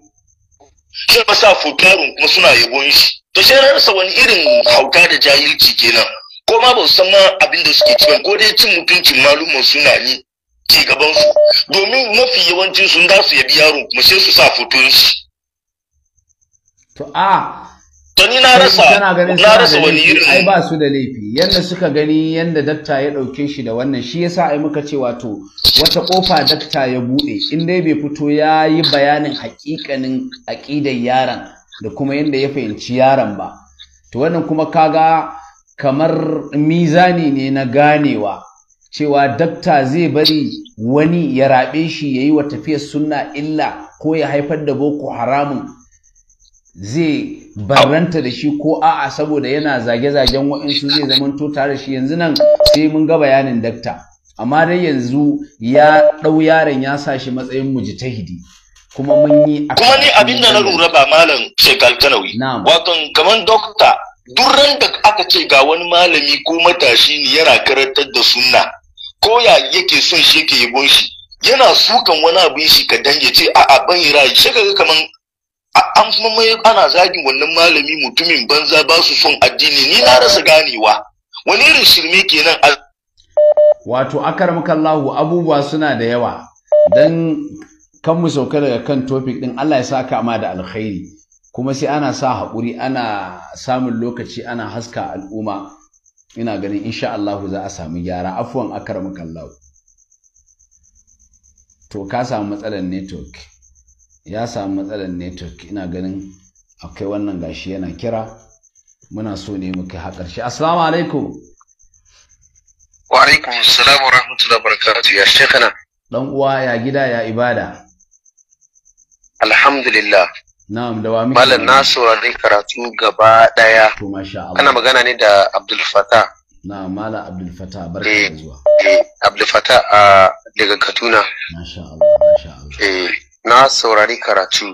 sai ba sa fudu kuma suna yabon shi to sai rarsa wani irin hauka da jahilci kenan Koma ma ba san ma abin da suke ciwon ko dai cin mutuncin malumin suna yi ci gaban su domin mafi yawancin sun da su yabi yaro kuma sai su sa foton to a to ni na rasa na rasa wani irin ai ba su da laifi yanda suka gani yanda dakta ya dauke shi da wannan shi yasa ai muka ce wato wata kofa dakta ya bude in dai bai fito yayi bayanin hakikanin aqidar yaron da kuma yanda ya fahimci yaron ba to wannan kuma kaga kamar mizani ne na ganewa cewa dakta zai bari wani ya raɓe shi ya yi wa tafiyar suna illa ko ya haifar da boko haramun zai barranta da shi ko a'a saboda yana zage-zagen wa'insu zai zamanto tare shi yanzu nan sai mun ga bayanin dakta amma dai yanzu ya ɗau yaron ya sa shi matsayin hidi kuma mun yi kuma ni abinda na lura ba malam shekal kanawi wato kamar dokta duk da aka ce ga wani malami ko matashi ne yana karantar da sunna ko ya yake son shi yake yabon shi yana sukan wani abin shi ka dange ce a a ban rayi shi kaga kaman an kuma mai ana zagin wannan malami mutumin banza ba su son addini ni na rasa ganewa wani irin shirme kenan a wato akarmakallahu abubuwa suna da yawa dan kan mu sauka daga kan topic din Allah ya saka ma da alkhairi kuma sai ana sa haƙuri ana samun lokaci ana haska al'umma ina ganin insha Allahu za a samu gyara afuwan akramaka Allah to ka samu matsalar network ya samu matsalar network ina ganin akwai wannan gashi yana kira muna so ne muka ha ƙarshe assalamu alaikum wa alaikum assalamu wa rahmatullahi wa barakatuh ya shekana dan uwa ya gida ya ibada alhamdulillah Na'am da wa muke Malam na saurari karatu gaba daya. To masha Allah. Ana magana ne da Abdul Fatah. Na'am Malam Abdul Fatah barka eh, da zuwa. Eh Abdul Fatah a daga Katuna. Masha Allah masha Allah. Eh na saurari karatu.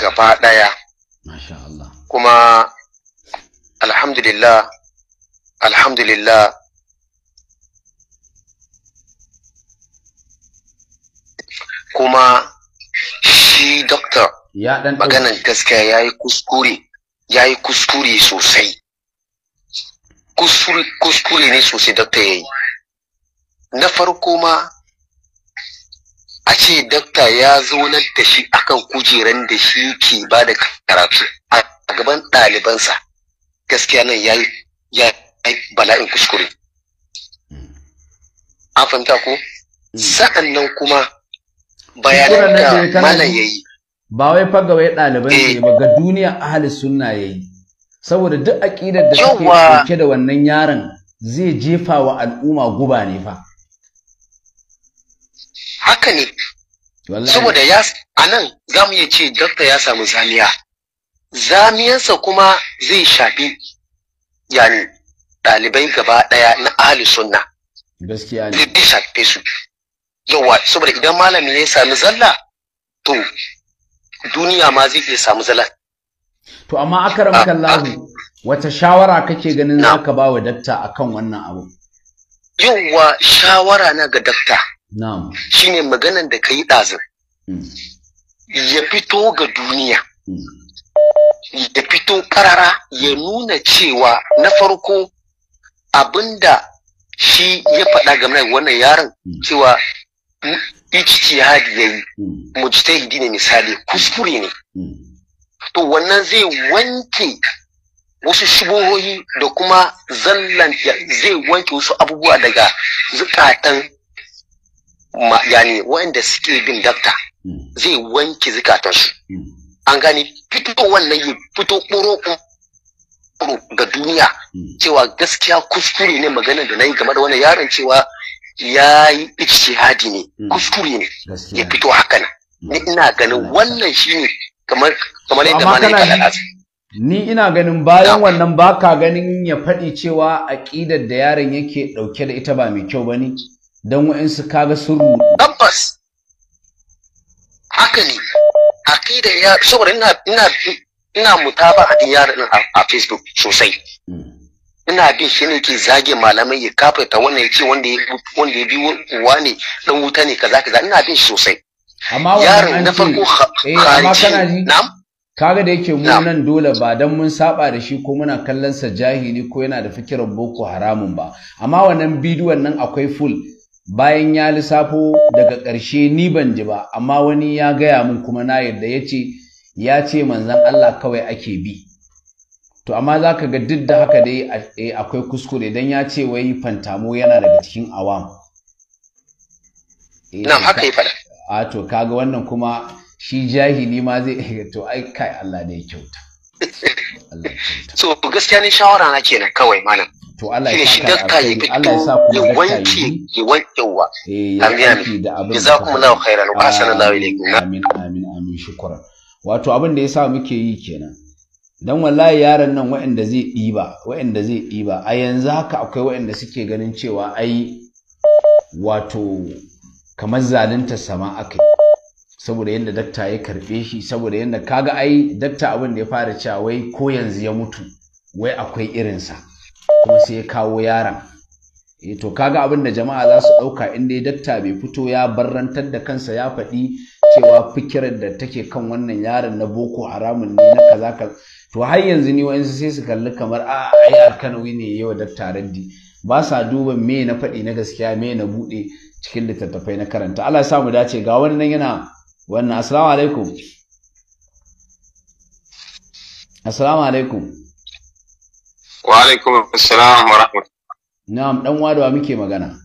Gaba daya. Masha Allah. Kuma alhamdulillah alhamdulillah kuma shi doctor maganan gaskiya ya yi kuskure ya yi kuskure sosai kuskure ne sosai dakta ya yi na farko ma a ce dakta ya zaunar da shi akan kujeran da shi ke ba da karatu a gaban ɗalibansa gaskiya nan ya yi bala'in kuskure an fahimta ko hmm. sa'an nan kuma bayanan da malam ya yi ba wai fa ga wai ɗalibai eh. ne ba ga duniya ahli sunna yayi saboda duk aƙidar da take dauke da wannan yaron zai jefa wa al'umma guba ne fa haka ne saboda ya anan zamu iya ce dokta ya samu zamiya zamiyarsa kuma zai shafi yani ɗalibai gaba ɗaya na ahli sunna gaskiya ne zai shafe su yawa saboda idan malami ya sami zalla to duniya ma zai iya samu zalar to amma akaram kallahu wata shawara kake ganin ka ba wa dakta akan wannan abu yawwa shawara na ga dakta na'am shine maganan da kai dazin hmm. ya fito ga duniya hmm. ya fito karara ya hmm. nuna cewa na farko abinda shi ya faɗa game da wannan yaron cewa ijtihadi yayi hmm. mujtahidi ne misali kuskure ne hmm. to wannan zai wanke wasu shubohohi da kuma zallan zai wanke wasu abubuwa daga zukatan yani waɗanda suke bin dakta hmm. zai wanke zukatansu an gane fito wannan ya fito ƙoro ga duniya cewa gaskiya kuskure ne maganar da na yi game da wannan yaron cewa ya yi ijtihadi ne hmm. kuskure ne ya fito haka nan hmm. ni ina ganin wannan shine kamar kamar yadda ma na ni ina ganin bayan wannan baka ganin ya faɗi cewa aqidar da yaron yake ɗauke da ita ba mai kyau bane dan wa'ansu kaga sun tabbas haka ne aqida ya saboda ina ina ina mutaba a yaron a Facebook sosai hmm. ina bin shi ne ke zage malamai ya kafa ta wannan ya ce wanda ya bi uwa ne dan wuta ne kaza kaza ina bin shi sosai yaron na farko eh, kharici na'am kaga da yake mu nan dole ba dan mun saba da shi ko muna kallon sa jahili ko yana da fikiran boko haramun ba amma wannan bidiyon nan akwai full bayan ya lissafo daga ƙarshe ni ban ji ba amma wani ya gaya min kuma na yadda yace ce ya ce manzon Allah kawai ake bi to amma za ka ga duk da haka dai eh, akwai kuskure don ya ce wai fantamo yana daga cikin awam eh, Na haka yi fada a to kaga wannan kuma shi jahili ma zai to ai kai Allah da ya kyauta so gaskiya ne shawara na kenan kawai malam to Allah ya sa ka Allah ya sa ku ya wanke ya wanke wa eh, amin jazakumullahu khairan wa amin amin amin shukran wato abin da ya sa muke yi kenan don wallahi yaron nan waɗanda zai ɗiba waɗanda zai ɗiba a yanzu haka akwai waɗanda suke ganin cewa ai wato kamar zalunta sama aka saboda yadda dakta ya karɓe shi saboda yadda kaga ai dakta abin da ya fara cewa wai ko yanzu ya mutu wai akwai irinsa kuma sai ya kawo yaron e to kaga abin da jama'a za su ɗauka in dai dakta bai fito ya barrantar da kansa ya faɗi cewa fikirar da take kan wannan yaron na boko haramun ne na kaza ka to har yanzu ni wa'ansu sai su kalli kamar a ai alkanawi ne yau da taron di ba sa duba me na faɗi na gaskiya me na buɗe cikin littattafai na karanta Allah ya sa mu dace ga wannan yana wannan assalamu alaikum assalamu alaikum wa alaikum assalam wa rahmatullahi na'am dan wadawa muke magana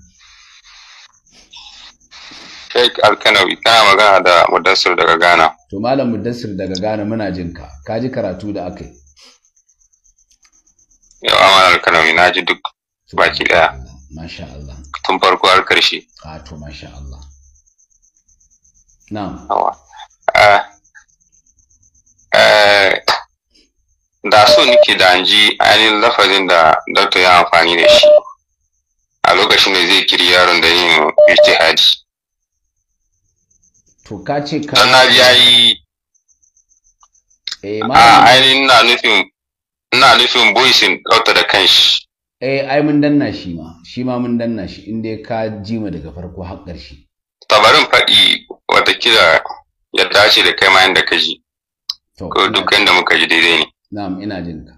Sheikh Alkanawi kana magana da Mudassir daga Ghana. To Malam Mudassir daga Ghana muna jin ka. Ka ji karatu da aka yi. Yau amma Alkanawi na ji duk baki daya. Masha Allah. Tun farko har karshe. A to masha Allah. Na'am. Awa. Eh, eh, da so nike da an ji ainihin lafazin da Dr. ya amfani da shi a lokacin da zai kiri yaron da yin ijtihadi. to ka ce ka na ji yayi eh ah, ma ainihin na nufin ina nufin boysin ɗauta da kanshi eh ai mun danna shi ma shi ma mun danna shi inda ka ji ma daga farko har ƙarshe tabarin faɗi watakila ya dace da kai ma yanda ka ji ko duk yanda muka ji daidai ne na'am ina jin ka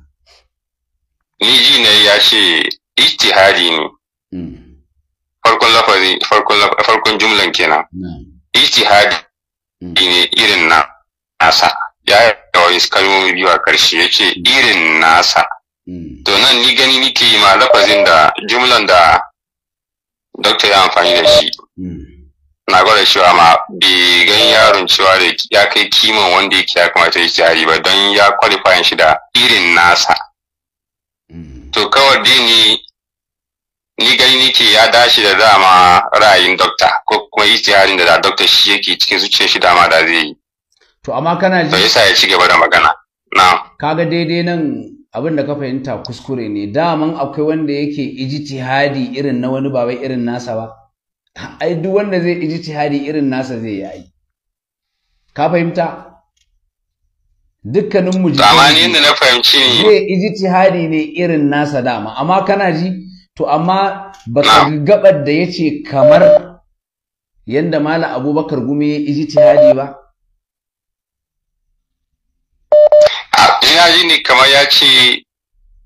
ni ji ne ya ce ijtihadi ne mm. farkon lafazi farkon jumlan kenan na'am ijtihadi hmm. ne irin na nasa ya yi kawai kalmomi biyu a ƙarshe ce hmm. irin nasa hmm. to nan ni gani nike ma lafazin da jumlan da dokta ya amfani da shi na gwada cewa ma bai gan yaron cewa da ya kai kiman wanda yake ya kamata ya ba don ya kwalifayin shi da irin nasa to kawai dini ni gani nike ya dashi da dama ra'ayin dokta ko kuma istiharin da dokta shi yake cikin zuciyar shi dama da zai yi to amma kana ji yasa ya ci gaba da magana na kaga daidai nan abin da ka fahimta kuskure ne daman akwai wanda yake ijtihadi irin na wani ba irin nasa ba ai duk wanda zai ijtihadi irin nasa zai yi ka fahimta dukkanin ni na fahimci. ne zai ijtihadi ne irin nasa dama amma kana ji to amma ba ka gabar da ya ce kamar yadda mala abubakar gumi ya ijtihadi ba ina ji ne kamar ya ce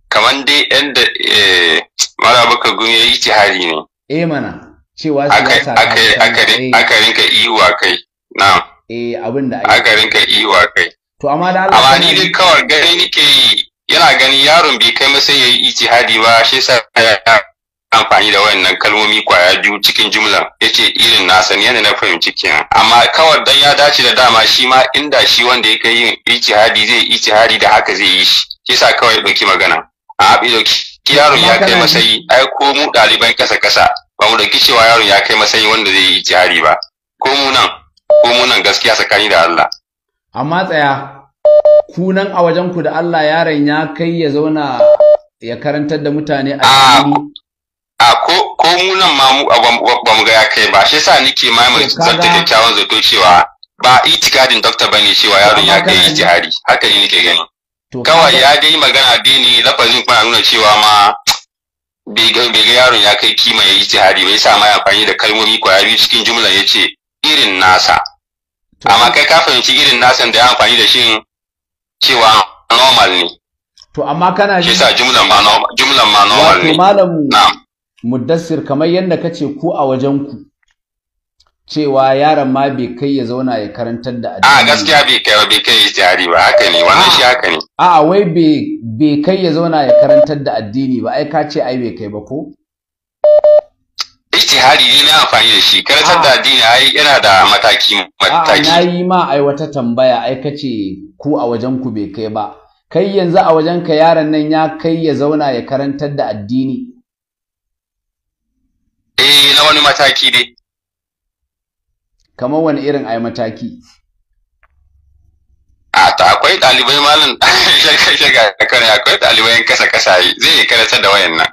kamar dai yadda eh, mala abubakar gumi ya yi ijtihadi ne eh mana cewa siyasa aka aka eh. aka rinka iwa kai na. eh abin da aka rinka iwa kai to amma da Allah amma ni dai kawar gari nike yi yana ganin yaron bai kai masa ya yi ijtihadi ba shi sa ya amfani da wayannan kalmomi kwaya biyu cikin jumlan yace irin nasan yana na fahimci kenan amma kawai dan ya dace da dama shi ma inda shi wanda ya kai yin ijtihadi zai yi ijtihadi da haka zai yi shi shi sa kawai ɗauki magana a abi dauki yaron ya kai masayi ai ko mu ɗaliban kasa kasa ba mu dauki cewa yaron ya kai masayi wanda zai yi ijtihadi ba ko mu nan ko mu nan gaskiya tsakani da Allah amma tsaya kunan a wajen ku da Allah yaron ya kai ya zauna ya karantar da mutane a a ah. ah, ko ko nan ma mu ba ga ya kai ba shi yasa nake ma mu zanta kyakkyawan zato cewa ba itikadin dokta bane cewa yaron ya kai jihari haka ne nake gani kawai ya dai magana dini lafazin kuma nuna cewa ma bai ga yaron ya kai kima ya jihari bai sa ma ya amfani da kalmomi kwaya biyu cikin jumla ya ce irin nasa amma kai ka fahimci irin nasan da ya amfani da shi cewa normal ne to amma kana ji yasa jumlan ma normal jumlan ma normal ne wato malamu Mudassir, kamar yadda kace ku a wajen ku cewa yaron ma bai kai ya zauna ya karantar da addini a gaskiya bai kai bai kai ya tsari ba haka ne wannan shi haka ne a wai bai kai ya zauna ya karantar da addini ba ai ka ce ai bai kai ba ko Hari, ne na amfani da shi karatar da ah. addini ai yana da mataki mataki na yi ma ai wata tambaya ai kace ku a wajen ku bai kai ba kai yanzu a wajen ka yaron nan ya kai ya zauna ya karantar da addini eh na wani mataki ne kamar wani irin ai mataki a ta akwai ɗalibai malin shaga kare akwai ɗalibai kasa kasaye zai karantar da wayannan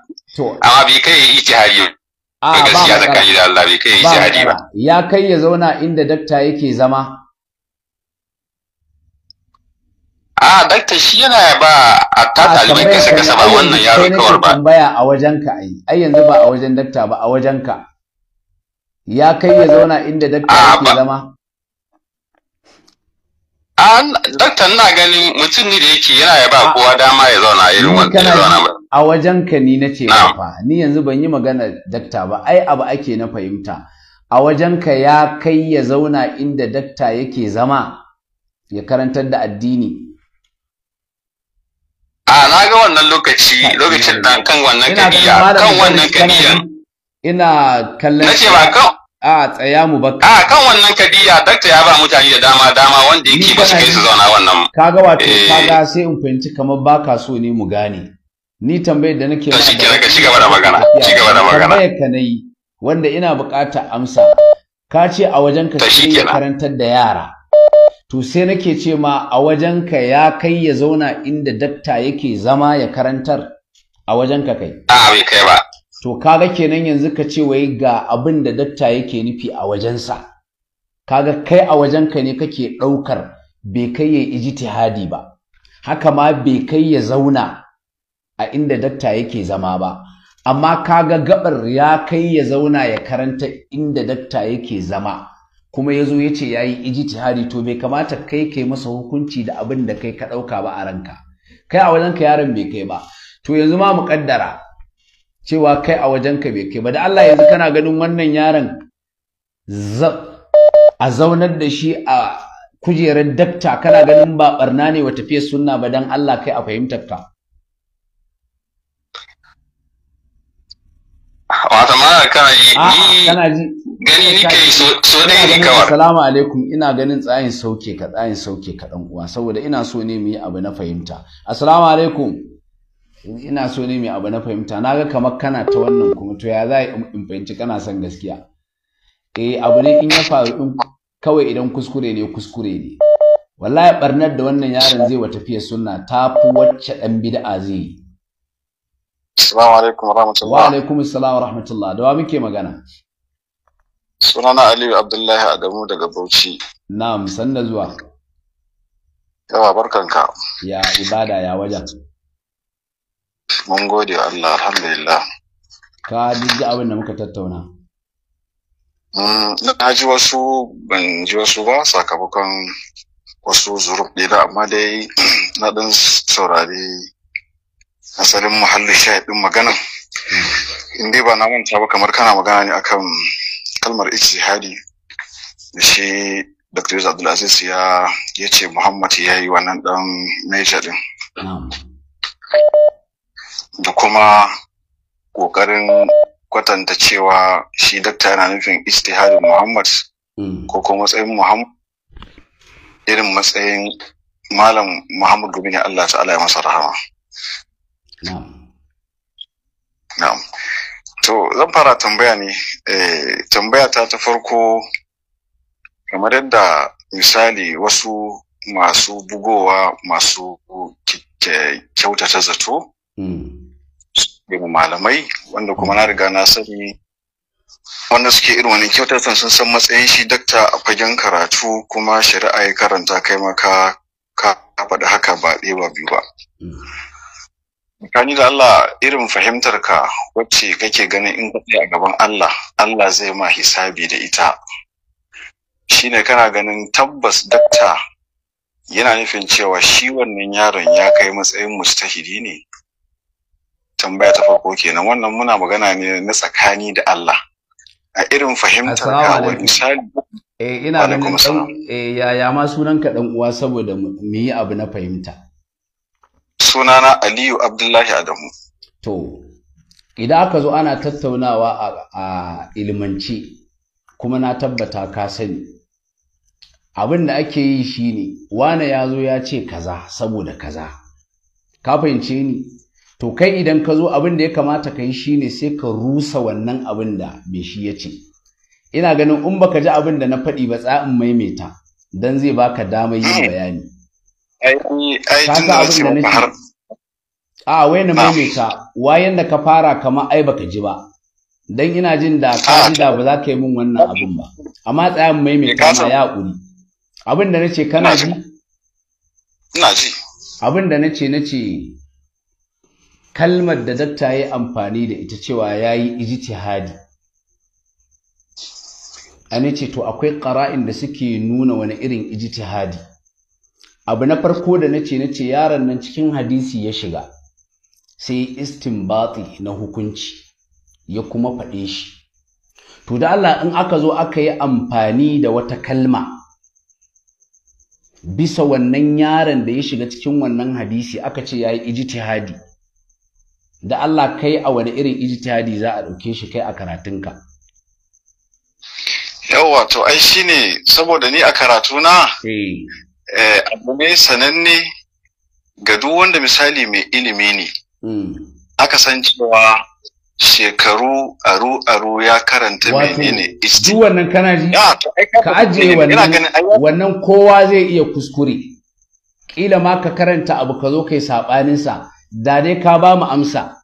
amma bi kai yi ijtihadi a ba gaskiya tsakani da Allah bai kai ya jihadi ba ya kai ya zauna inda dakta yake zama a dakta shi yana ba a ta ɗalibai kasa saka saba wannan yaro kawar ba tambaya a wajenka ai ai yanzu ba a wajen dakta ba a wajenka ya kai ya zauna inda dakta yake zama dakta ina ganin mutum ne da yake yana ya ba ah. kowa dama ya zauna irin wannan ya a wajen ka ni ce fa ni yanzu ban yi magana dakta ba ai abu ake na fahimta a wajen ka ya kai ya zauna inda dakta yake zama ya karantar da addini a na ga wannan lokaci lokacin dan kan wannan kan wannan kadiyan ina kallon ba kan a tsaya mu bakka a kan wannan kadiya dakta ya ba mutane da dama dama wanda yake ba su kai su zauna wannan kaga wato eh. kaga sai in fahimci kamar baka so ne mu gane ni tambayar da nake shi kira ka shiga da magana shiga gaba da magana tambayar ka nayi wanda ina buƙatar amsa ka ce a wajen ka sai karantar da yara to sai nake ce ma a wajen ka ya kai ya zauna inda dakta yake zama ya karantar a wajen ka kai a bai kai ba to kaga kenan yanzu ka ce wai ga abin da dakta yake nufi a wajensa kaga kai a wajenka ne kake ɗaukar bai kai ya ijtihadi ba haka ma bai kai ya zauna a inda dakta yake zama ba amma kaga gabar ya kai ya zauna ya karanta inda dakta yake zama kuma ya zo ya ce ya yi ijtihadi to bai kamata kai kai masa hukunci da abin da kai ka ɗauka ba a ranka kai a wajenka yaron bai kai ba to yanzu ma mu ƙaddara cewa kai a wajenka bai kai ba da Allah yanzu kana ganin wannan yaron a zaunar da shi a kujerar dakta kana ganin ba barna ne wa tafiyar sunna ba dan Allah kai a fahimtar ka wata mara kana yi gani nike so dai ne kawai Salamu alaikum ina ganin tsayin sauke ka tsayin sauke ka dan uwa saboda ina so ne mu yi abu na fahimta assalamu alaikum ina so ne mai abu na fahimta na ga kamar kana ta wannan kuma to ya za in fahimci kana son gaskiya eh abu ne in ya faru in kawai idan kuskure ne kuskure ne wallahi barnar da wannan yaron zai wa tafiyar sunna ta fi wacce dan bid'a zai yi assalamu alaikum warahmatullahi wa alaikum assalam warahmatullahi da wa muke magana sunana aliyu abdullahi adamu daga bauchi na'am sanda zuwa yawa barkanka ya ibada ya wajen mun gode Allah alhamdulillah ka ji abin da muka tattauna mm, na ji wasu ban ji wasu ba sakamakon wasu zurub da amma dai na ɗan saurari asalin muhallin shahidin magana mm. in dai ba na manta ba kamar kana magana ne akan kalmar hadi da shi Dr. Yusuf Abdulaziz ya ce Muhammad ya yi wannan ɗan Niger ɗin da kuma ƙoƙarin kwatanta cewa shi dakta yana nufin istihadin muhammad hmm. ko kuma matsayin muhammad irin matsayin malam muhammad gumi ne allah ta'ala ya masa rahama na'am to zan fara tambaya ne eh, tambaya ta ta farko kamar yadda misali wasu masu bugowa masu kyautata zato hmm. mu malamai wanda kuma na riga na sani wanda suke irin wani kyautatan sun san matsayin shi dakta a fagen karatu kuma shari'a ya karanta kai maka ka faɗi haka ba ɗaya ba biyu ba Kani da Allah irin fahimtar ka wacce kake ganin in ka a gaban Allah Allah zai ma hisabi da ita Shi shine kana ganin tabbas dakta yana nufin cewa shi wannan yaron ya kai matsayin mustahidi ne tambaya ta farko kenan wannan muna magana ne na tsakani da Allah a irin fahimtar kawai misali eh ina ganin dan eh yaya ma sunanka dan uwa saboda mu yi abu na fahimta sunana Aliyu Abdullahi Adamu to idan aka zo ana tattaunawa a ilmanci kuma na tabbata ka sani abin da ake yi shine wane ya zo ya ce kaza saboda kaza ka fahimce ni to kai idan ka zo abin da ya kamata ka yi ne sai ka rusa wannan abin da mai shi ya ce ina ganin in baka ji abin da na faɗi ba tsa'in maimaita don zai baka damar yin hmm. bayani kasa abin da nake a wai na ah. maimaita wayan da ka fara kama ai baka ji ba Don ina jin da ka ji da ba za ka yi min wannan abin ba amma tsayin maimaita ma ya ƙuri abin da nace kana ji ina ji abin da nace nace kalmar da datta ya amfani da ita cewa ya yi ijtihadi an ce to akwai ƙara'in da suke nuna wani irin ijtihadi abu na farko da nace nace yaron nan cikin hadisi ya shiga sai istinbati na hukunci ya kuma faɗe shi to da Allah in aka zo aka yi amfani da wata kalma bisa wannan yaron da ya shiga cikin wannan hadisi aka ce ya yi ijtihadi da Allah kai a wani irin ijtihadi za a ɗauke shi kai a karatunka Yau to ai shi ne saboda ni a karatuna eh. Eh, abu ne sananne ga duk wanda misali mai ilimi ne hmm. aka san cewa shekaru aru aru ya karanta menene duk wannan kana ji ka ajiye wannan wannan kowa zai iya kuskure kila ma ka karanta abu ka zo kai saɓaninsa. sa da dai ka ba mu amsa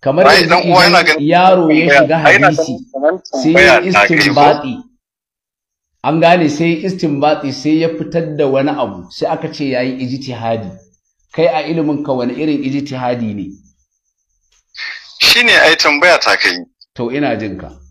kamar yanzu idan yaro ya shiga hadisi sai ya istinbati an gane sai istinbati sai ya fitar da wani abu sai aka ce yayi ijtihadi kai a ilimin ka wani irin ijtihadi ne shine ai tambaya ta kai to ina jinka ka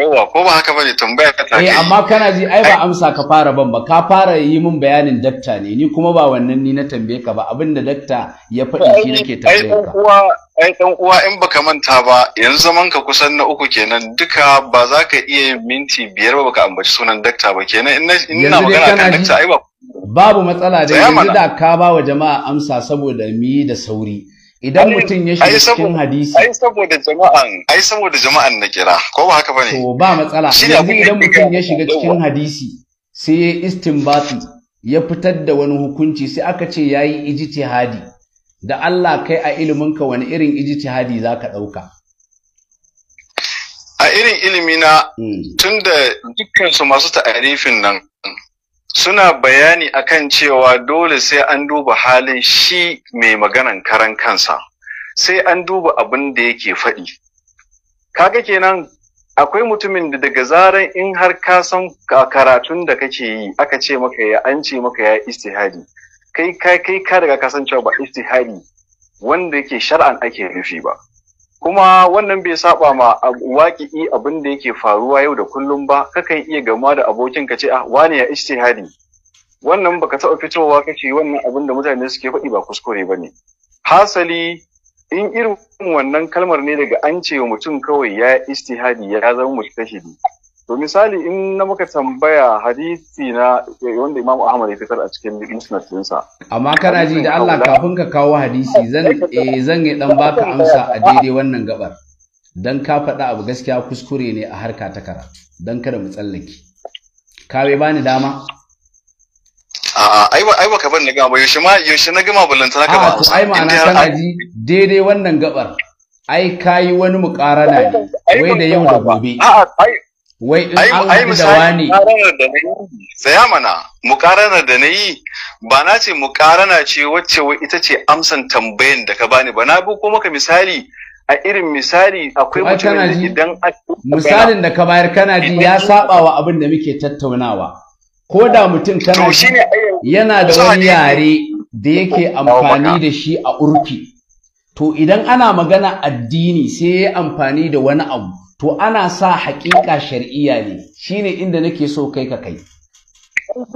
yawa ko ba haka bane tambaya ka ta eh amma kana ji ai ba amsa ka fara ban ba ka fara yi min bayanin dakta ne ni kuma ba wannan ni na tambaye ka ba abinda dakta ya faɗi shi nake tambaye ka ai dan uwa in baka manta ba yanzu zaman ka kusan na uku kenan duka ba za ka iya yin minti biyar ba baka ambaci sunan dakta ba kenan in ina magana kan dakta ai ba babu matsala da yanzu da ka ba wa jama'a amsa saboda mi da sauri idan mutum ya shiga cikin hadisi ai saboda jama'an ai saboda jama'an na kira ko ba haka bane to ba matsala yanzu idan mutum ya shiga cikin hadisi sai ya istinbati ya fitar da wani hukunci sai aka ce yayi ijtihadi da Allah kai a iliminka wani irin ijtihadi zaka dauka a irin ilimina hmm. tunda dukkan su masu ta'arifin nan suna bayani akan cewa dole sai an duba halin shi mai maganan karan kansa sai an duba abin da yake faɗi kaga kenan akwai mutumin da daga zaran in har ka san karatun da kake yi aka ce maka ya an ce maka ya istihadi kai kai kai ka daga kasancewa ba istihadi wanda yake shar'an ake nufi ba kuma wannan bai saba ma waƙi'i abin da yake faruwa yau da kullum ba kakan iya gama da abokin ka ce ah wane ya ijtihadi wannan baka taɓa fitowa kace wannan abin da mutane suke faɗi ba kuskure ba bane hasali in irin wannan kalmar ne daga an ce mutum kawai ya istihadi ya zama mutashidi to misali in na muka tambaya hadisi na eh, wanda Imam Ahmad ya fitar a cikin musnad dinsa amma kana ji da Allah kafin ka kawo hadisi zan eh zan yi dan baka amsa a daidai wannan gabar dan ka faɗa abu gaskiya kuskure ne a harka ta karatu dan kada mu tsallake ka bai bani dama ai ba ai ba kabar ga ba yoshi ma yaushe na gama ballanta na gama to ai ma'ana kana ji daidai wannan gabar ai kayi wani mukarana ne wai da yau da gobe a'a ai wai in an da wani tsaya mana mukarana da na yi ba na ce mukarana ce wacce wai ita ce amsan tambayan da ka bani ba na bi ko maka misali a irin misali akwai mutumin da idan misalin da ka bayar kana ji ya saba wa abin da muke tattaunawa ko da mutum kana yana da wani yare da yake amfani da shi a urfi to idan ana magana addini sai ya amfani da wani abu to ana sa haƙiƙa shari'iya ne shine inda nake so kai ka kai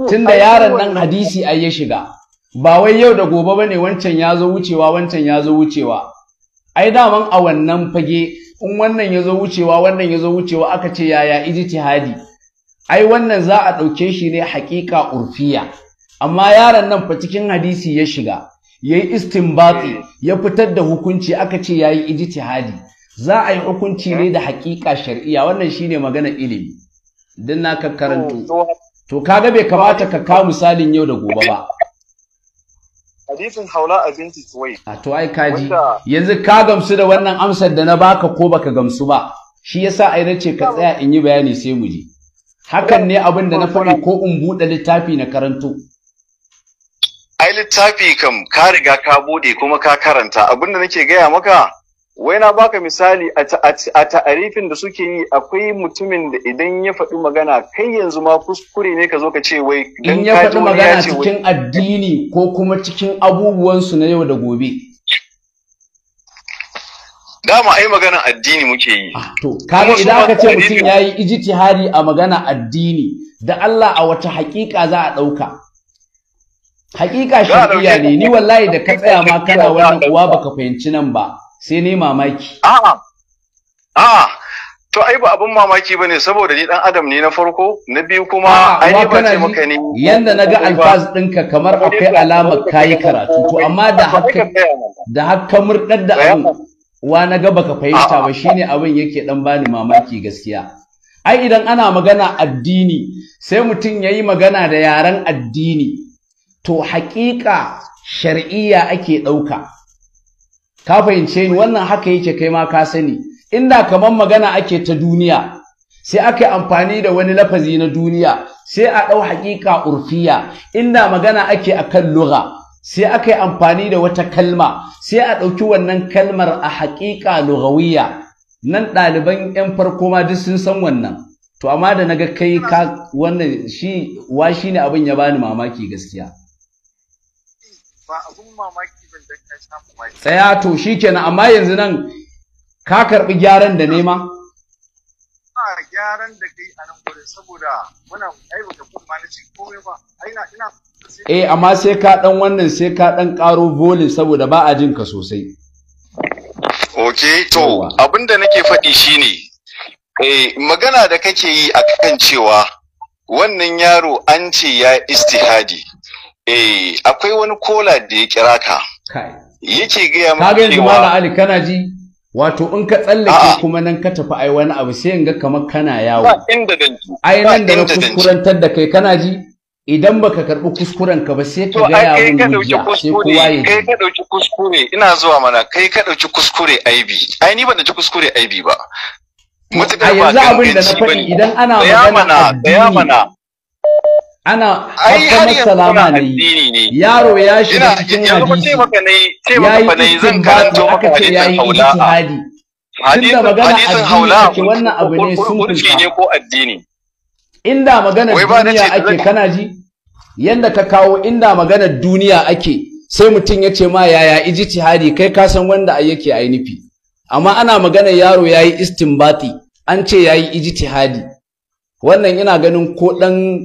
tunda yaron nan hadisi ai ya shiga ba wai yau da gobe bane wancan ya zo wucewa wancan ya zo wucewa ai daman a wannan fage in wannan ya zo wucewa wannan ya zo wucewa aka ce yaya ijtihadi ai wannan za a ɗauke shi ne haƙiƙa urfiya amma yaron nan fa cikin hadisi ya shiga yayi istinbati ya fitar da hukunci aka ce yayi ijtihadi za a yi hukunci ne eh? da haƙiƙa shari'a wannan shine magana ilimi din na oh, ka to kaga bai kamata ka kawo misalin yau da gobe ba a to ai kaji yanzu ka gamsu da wannan amsar da na baka ko baka gamsu ba shi yasa yi nace ka tsaya in yi bayani sai mu je hakan ne abin da na faɗi ko in buɗe littafi na karanto ai littafi kam ka riga ka bude kuma ka karanta abin da nake gaya maka wai na baka misali a ta'arifin da suke yi akwai mutumin da idan ya faɗi magana kai yanzu ma kuskure ne ka zo ka ce wai in ya faɗi magana cikin addini ko kuma cikin abubuwansu na yau da gobe dama ai magana addini muke yi ah, to kaga idan aka ce mutum yayi ijtihadi a magana addini da Allah a wata haƙiƙa za a ɗauka haƙiƙa shi ne ni wallahi da ka tsaya ma kana wannan uwa baka fahimci nan ba sai ne mamaki a'a ah, a'a ah, to ai ba abin mamaki bane saboda ni dan adam ne na farko na biyu kuma ah, ai ba ce maka ne yanda naga alfaz ɗinka kamar akwai alamar kayi karatu to amma da haka da haka murdar da abin wa naga baka fahimta ba shine abin yake dan bani mamaki gaskiya ai idan ana magana addini sai mutum yayi magana da yaren addini to haƙiƙa shar'iyya ake ɗauka ka fahimce ni wannan haka yake kai ma ka sani inda kamar magana ake ta duniya sai aka amfani da wani lafazi na duniya sai a ɗau haƙiƙa urfiya inda magana ake a kan lura, sai aka amfani da wata kalma sai a ɗauki wannan kalmar a haƙiƙa lugawiya. nan ɗaliban 'yan farko ma duk sun san wannan to amma da naga kai ka wannan shi wa shi ne abin ya bani mamaki gaskiya ba abun mamaki tsaya to shi kenan amma yanzu nan ka karɓi gyaran da nema a gyaran da kai a nan saboda muna kuma komai ba eh amma sai ka dan wannan sai ka dan karo volin saboda ba a jin ka sosai Ok to abinda nake faɗi shine eh magana da kake yi a kan cewa wannan yaro an ce ya istihadi eh akwai wani kola da ya kira ka yake gaya ma kaga yanzu mala ali kana ji wato in ka tsallake kuma nan ka tafi ai wani abu sai yanga ga kamar kana yawo ai nan da kuskurantar da kai kana ji idan baka karɓi kuskuren ka ba sai ka ga ya wani wuya sai kowa ya kai ka dauki kuskure ina zuwa mana kai ka dauki kuskure aibi ai ni ban dauki kuskure aibi ba mutaka ba yanzu abin da na faɗi idan ana magana addini ana hakkama salama ne yaro ya shiga cikin hadisi ya yi istinbati aka ce ya yi ijtihadi tunda magana addini ake wannan abu ne sun ko inda magana duniya ake kana ji yanda ka kawo inda magana duniya ake sai mutum ya ce ma yaya ijtihadi kai ka san wanda ai yake ai nufi amma ana magana yaro ya yi istinbati an ce ya yi ijtihadi wannan ina ganin ko dan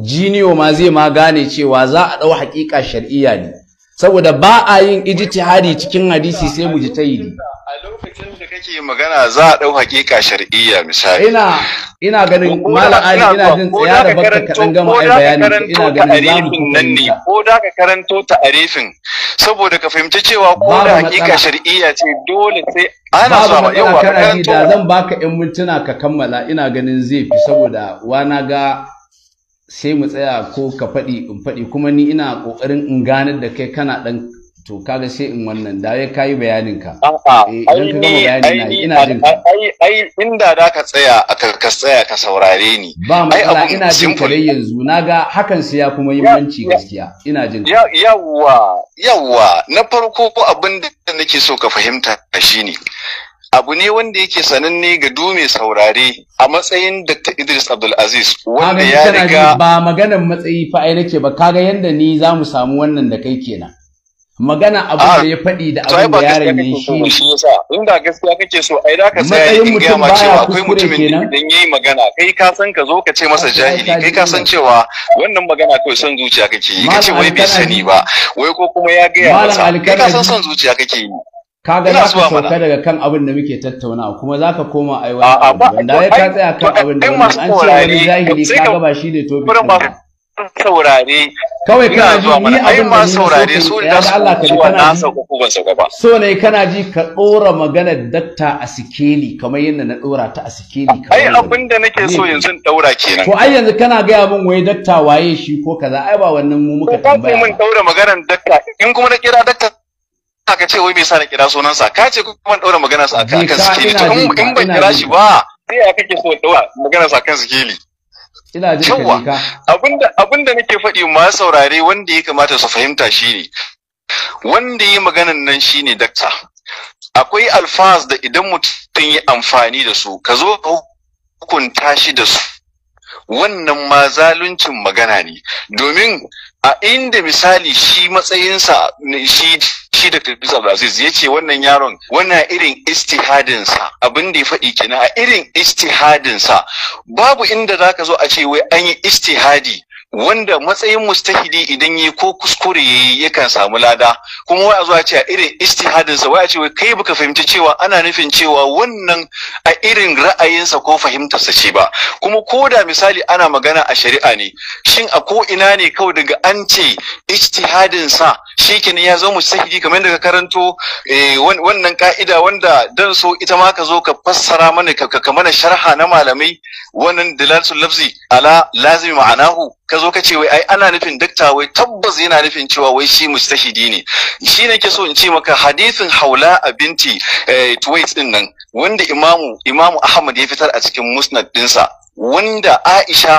jiniyo ma zai ma gane cewa za a ɗau hakika shar'iyya ne saboda ba a yin ijtihadi cikin hadisi sai mu ji ta yi a lokacin da kake magana za a ɗau hakika shar'iyya misali ina ina ganin malam ali ina jin tsaya da baka kaɗan gama ai bayani ina ganin za mu nan ne ko da ka karanto ta'arifin saboda ka fahimci cewa ko da hakika shar'iyya ce dole sai ana so ba yawa ka da zan baka 'yan mintuna ka kammala ina ganin zai fi saboda wa na ga sai mu tsaya ko ka faɗi in faɗi kuma ni ina ƙoƙarin in ganar da kai kana ɗan to kaga sai in wannan da ya kayi bayanin ka eh, idan ka gama ka ai inda da ka tsaya a ka tsaya ka saurare ni ba matsala ina jin ka dai yanzu naga hakan sai ya kuma yi manci gaskiya ina jin ka yawwa yawwa na farko ko abin da nake so ka fahimta shine abu ne wanda yake sananne ga du mai saurare a matsayin Dr. Idris Abdulaziz wanda ya riga ba maganar matsayi fa ai nake ba kaga yanda ni za mu samu wannan da kai kenan magana abu ah, da ya faɗi da abin da yaron ne shi shi yasa inda gaskiya kake so ai da ka sai in ga ma cewa akwai mutumin da idan yayi magana kai ka san ka zo ka ce masa jahili kai ka san cewa wannan magana kai son zuciya kake yi kace wai bai sani ba wai ko kuma ya ga ya masa kai ka san son zuciya kake yi kaga za ka sauka daga kan abin da muke tattauna kuma za ka koma a wani wanda ya ka tsaya kan abin da wani an ce wani zahiri ka gaba shi ne tobi saurare kawai kana ji ni abin da ni saurare su da su Allah ka ji kana ji so ne kana ji ka dora maganar datta a sikeli kamar yadda na dora ta a sikeli ai abin da nake so yanzu in daura kenan ko ai yanzu kana ga abin wai datta waye shi ko kaza ai ba wannan mu muka tambaya ko mun daura maganar datta in kuma na kira datta ka ce wai me yasa na kira sunansa ka ce kuma ɗaura magana sa akan sikeli to in ban kira shi ba sai ya kake so ɗaura magana sa kan sikeli ina ka abinda abinda nake faɗi ma saurare wanda ya kamata su fahimta shine wanda yi maganan nan shine dakta akwai alfaz da idan mutum yi amfani da su ka zo hukunta shi da su wannan ma zaluncin magana ne domin a inda misali shi matsayinsa shi shi da Idris Abdulaziz ya ce wannan yaron wana irin istihadinsa abin da ya faɗi kenan a irin istihadinsa babu inda za ka zo a ce wai an yi istihadi wanda matsayin mustahidi idan yi ko kuskure yayi yakan samu lada kuma wai a zuwa ce a irin istihadinsa wai a ce wai kai baka fahimci cewa ana nufin cewa wannan a irin ra'ayinsa ko fahimtarsa ce ba kuma ko da misali ana magana a shari'a ne shin a ko ina ne kawai daga an ce istihadinsa shikenan ya zama mustahidi kamar yadda ka karanto eh, wannan ka'ida wanda dan so ita ma ka zo ka fassara mana ka mana sharha na malamai wannan dilalatul lafzi ala lazimi ma'anahu ka zo ka ce wai ai ana nufin dakta wai tabbas yana nufin cewa wai shi mustahidi ne shi ne ke so in ce maka hadisin haula a binti eh, tuwait din nan wanda imamu imamu ahmad ya fitar a cikin musnad dinsa wanda aisha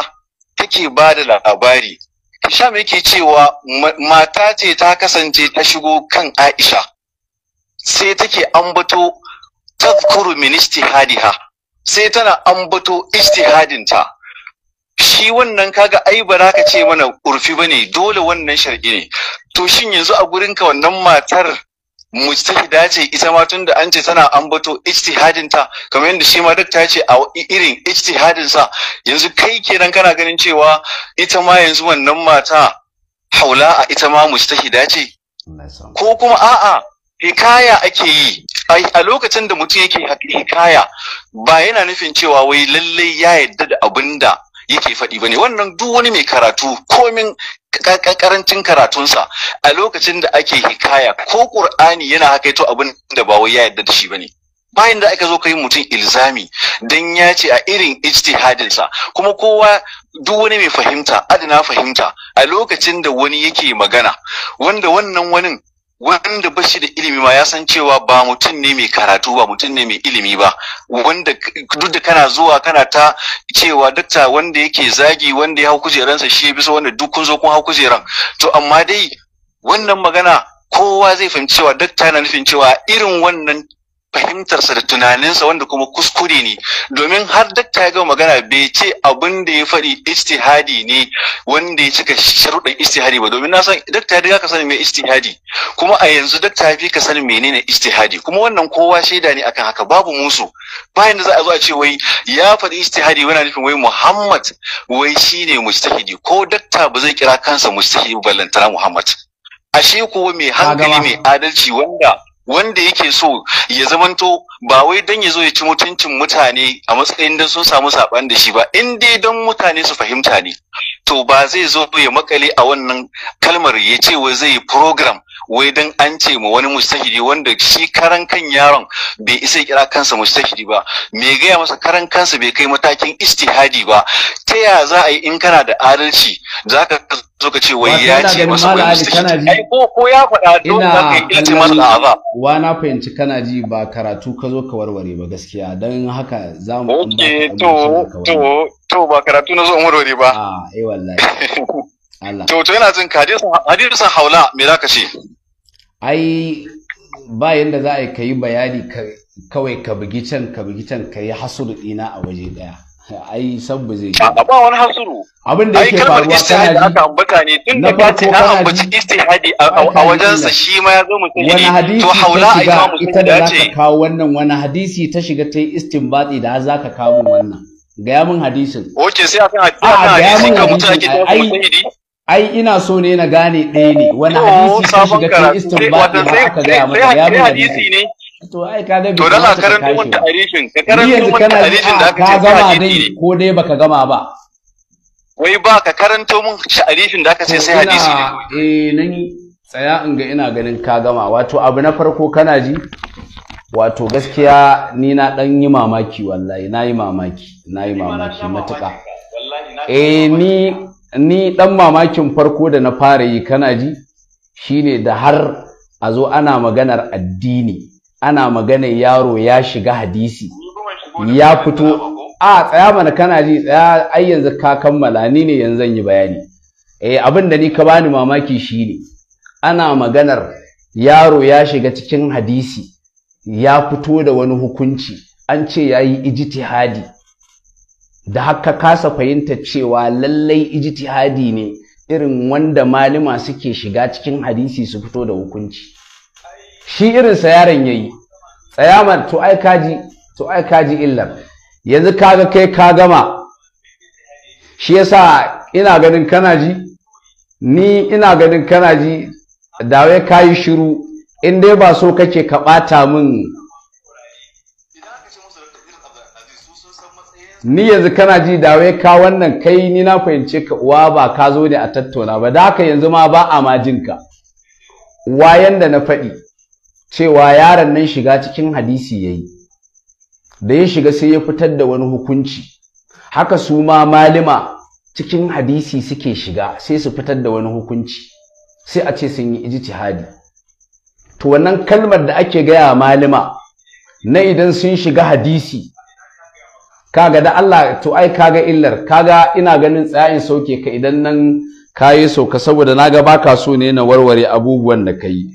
take ba da labari Hisham yake cewa mata ce ta kasance ta shigo kan Aisha sai take ambato tazkuru min ijtihadiha sai tana ambato ta. shi wannan kaga ai ba za ka ce mana urfi ba ne dole wannan shar'i ne to shin yanzu a gurin ka wannan matar mujtahida ce ita ma tun da an ce tana ambato ijtihadin ta kamar yadda shi ma dakta ta ce a irin ijtihadin sa yanzu kai kenan kana ganin cewa ita ma yanzu wannan mata haula a ita ma mujtahida ce ko kuma a'a hikaya ake yi a lokacin da mutum yake hikaya ba yana nufin cewa wai lallai ya yarda da abinda yake faɗi bane wannan duk wani mai karatu komin karancin karatunsa a lokacin da ake hikaya ko ƙur'ani yana yato abin da ba wai ya yadda da shi bane bayan da aka zo kai mutum ilzami dan ya ce a irin ijtihadinsa kuma kowa duk wani mai fahimta adana fahimta a lokacin da wani yake magana wanda wannan wanin wanda ba shi da ilimi ma ya san cewa ba mutum ne mai karatu ba mutum ne mai ilimi ba wanda duk da kana zuwa kana ta cewa dakta wanda yake zagi wanda ya hau kujeransa shi ya bisa wanda duk kun zo kun hau kujeran to amma dai wannan magana kowa zai fahimci cewa dakta na nufin cewa irin wannan fahimtarsa da tunaninsa wanda kuma kuskure ne domin har dakta ya gama magana bai ce abin da ya faɗi istihadi ne wanda ya cika sharuɗin istihadi ba domin na san dakta ya ka sani mai istihadi kuma a yanzu dakta ya fi ka sani menene istihadi kuma wannan kowa shaida ne akan haka babu musu bayan da za a zo a ce wai ya faɗi istihadi wani nufin wai Muhammad wai shi ne mujtahidi ko dakta ba zai kira kansa mujtahidi ballantana Muhammad ashe kuwa mai hankali mai adalci wanda wanda yake so ya zamanto ba wai don ya zo ya ci mutuncin mutane a matsayin da sun samu saɓan da shi ba in dai don mutane su fahimta ne to ba zai zo ya makale a wannan kalmar ya ce wai zai yi program wai don an ce ma wani mustahidi wanda shi karan kan yaron bai isa ya kira kansa mustahidi ba me gaya masa karan kansa bai kai matakin istihadi ba ta ya za a yi in kana da adalci za ka zo ka ce wai ya ce masa wai mustahidi ko ko ya faɗa don ka kai ya ce masa ba wa na fahimci kana ji ba karatu ka zo ka warware ba gaskiya don haka za mu ok to to to ba karatu na zo in warware ba a ah, eh wallahi Allah to to yana jin hadisin hadisin haula me ka ce ai ba yanda za a yi ka yi bayani kawai ka bugi can ka bugi can ka yi hasuru dina a waje daya ai san ba zai yi ba wani hasuru abin da yake faruwa kana ji aka ambata ne tun da ka ce ambaci istihadi a wajensa shi ma ya zo musulmi to haula ai ma musulmi da ce kawo wannan wani hadisi ta shiga ta istinbati da za ka kawo wannan gaya min hadisin oke sai a kan hadisi ka mutu ake da musulmi ai ina so ne na gane ɗaya ne wani hadisi ta shiga ta istinbati da aka gaya mata ya min hadisi ne to ai ka ga to dala karanto mun tarihin ka karanto mun tarihin da aka ce ka gama dai ko dai baka gama ba wai ba ka karanto mun tarihin da aka ce sai hadisi ne eh nan tsaya in ga ina ganin ka gama wato abu na farko kana ji wato gaskiya ni na dan yi mamaki wallahi na yi mamaki na yi mamaki matuƙa eh ni ni dan mamakin farko da na fara yi kana ji shine da har a zo ana maganar addini ana magana yaro ya shiga hadisi ya fito a tsaya mana kana ji tsaya ai yanzu ka kammala ni ne yanzu zan yi bayani eh abin da ni ka bani mamaki shine ana maganar yaro ya shiga cikin hadisi ya fito da wani hukunci an ce yayi ijtihadi da haka kasa fahimta cewa lallai ijtihadi ne irin wanda malima suke shiga cikin hadisi su fito da hukunci shi irin sa yaron yayi tsaya man to ai kaji to ai kaji illar yanzu kaga kai ka gama shi yasa ina ganin kana ji ni ina ganin kana ji dawai kayi shiru in dai ba so kake ka bata min ni yanzu kana ji dawai ka wannan kai ni na fahimce ka uwa ba ka zo ne a tattauna ba da haka yanzu ma ba a majinka wayan da na faɗi cewa yaron nan shiga cikin hadisi ya yi, da ya shiga sai ya fitar da wani hukunci haka su ma malima cikin hadisi suke shiga sai su fitar da wani hukunci sai a ce sun yi ijtihadi to wannan kalmar da ake gaya malima na idan sun shiga hadisi kaga da Allah to ai kaga illar kaga ina ganin tsayin sauke ka idan nan kayi sauka saboda naga baka so ne na warware abubuwan da kayi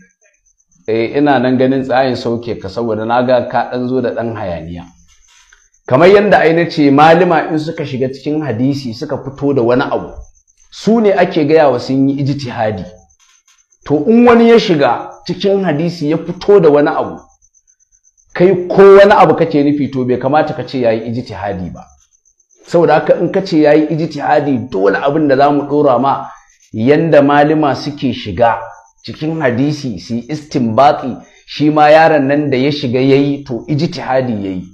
eh ina nan ganin tsayin sauke ka saboda na ga ka ɗan zo da ɗan hayaniya kamar yadda ai ce malima in suka shiga cikin hadisi suka fito da wani abu su ne ake gaya wa sun yi ijtihadi to in wani ya shiga cikin hadisi ya fito da wani abu kai ko wani abu kake nufi to bai kamata ka ce yayi ijtihadi ba saboda haka in kace yayi ijtihadi dole abin da zamu dora ma yanda malima suke shiga cikin hadisi su yi istinbati shi ma yaron nan da ya shiga ya yi to ijtihadi yi.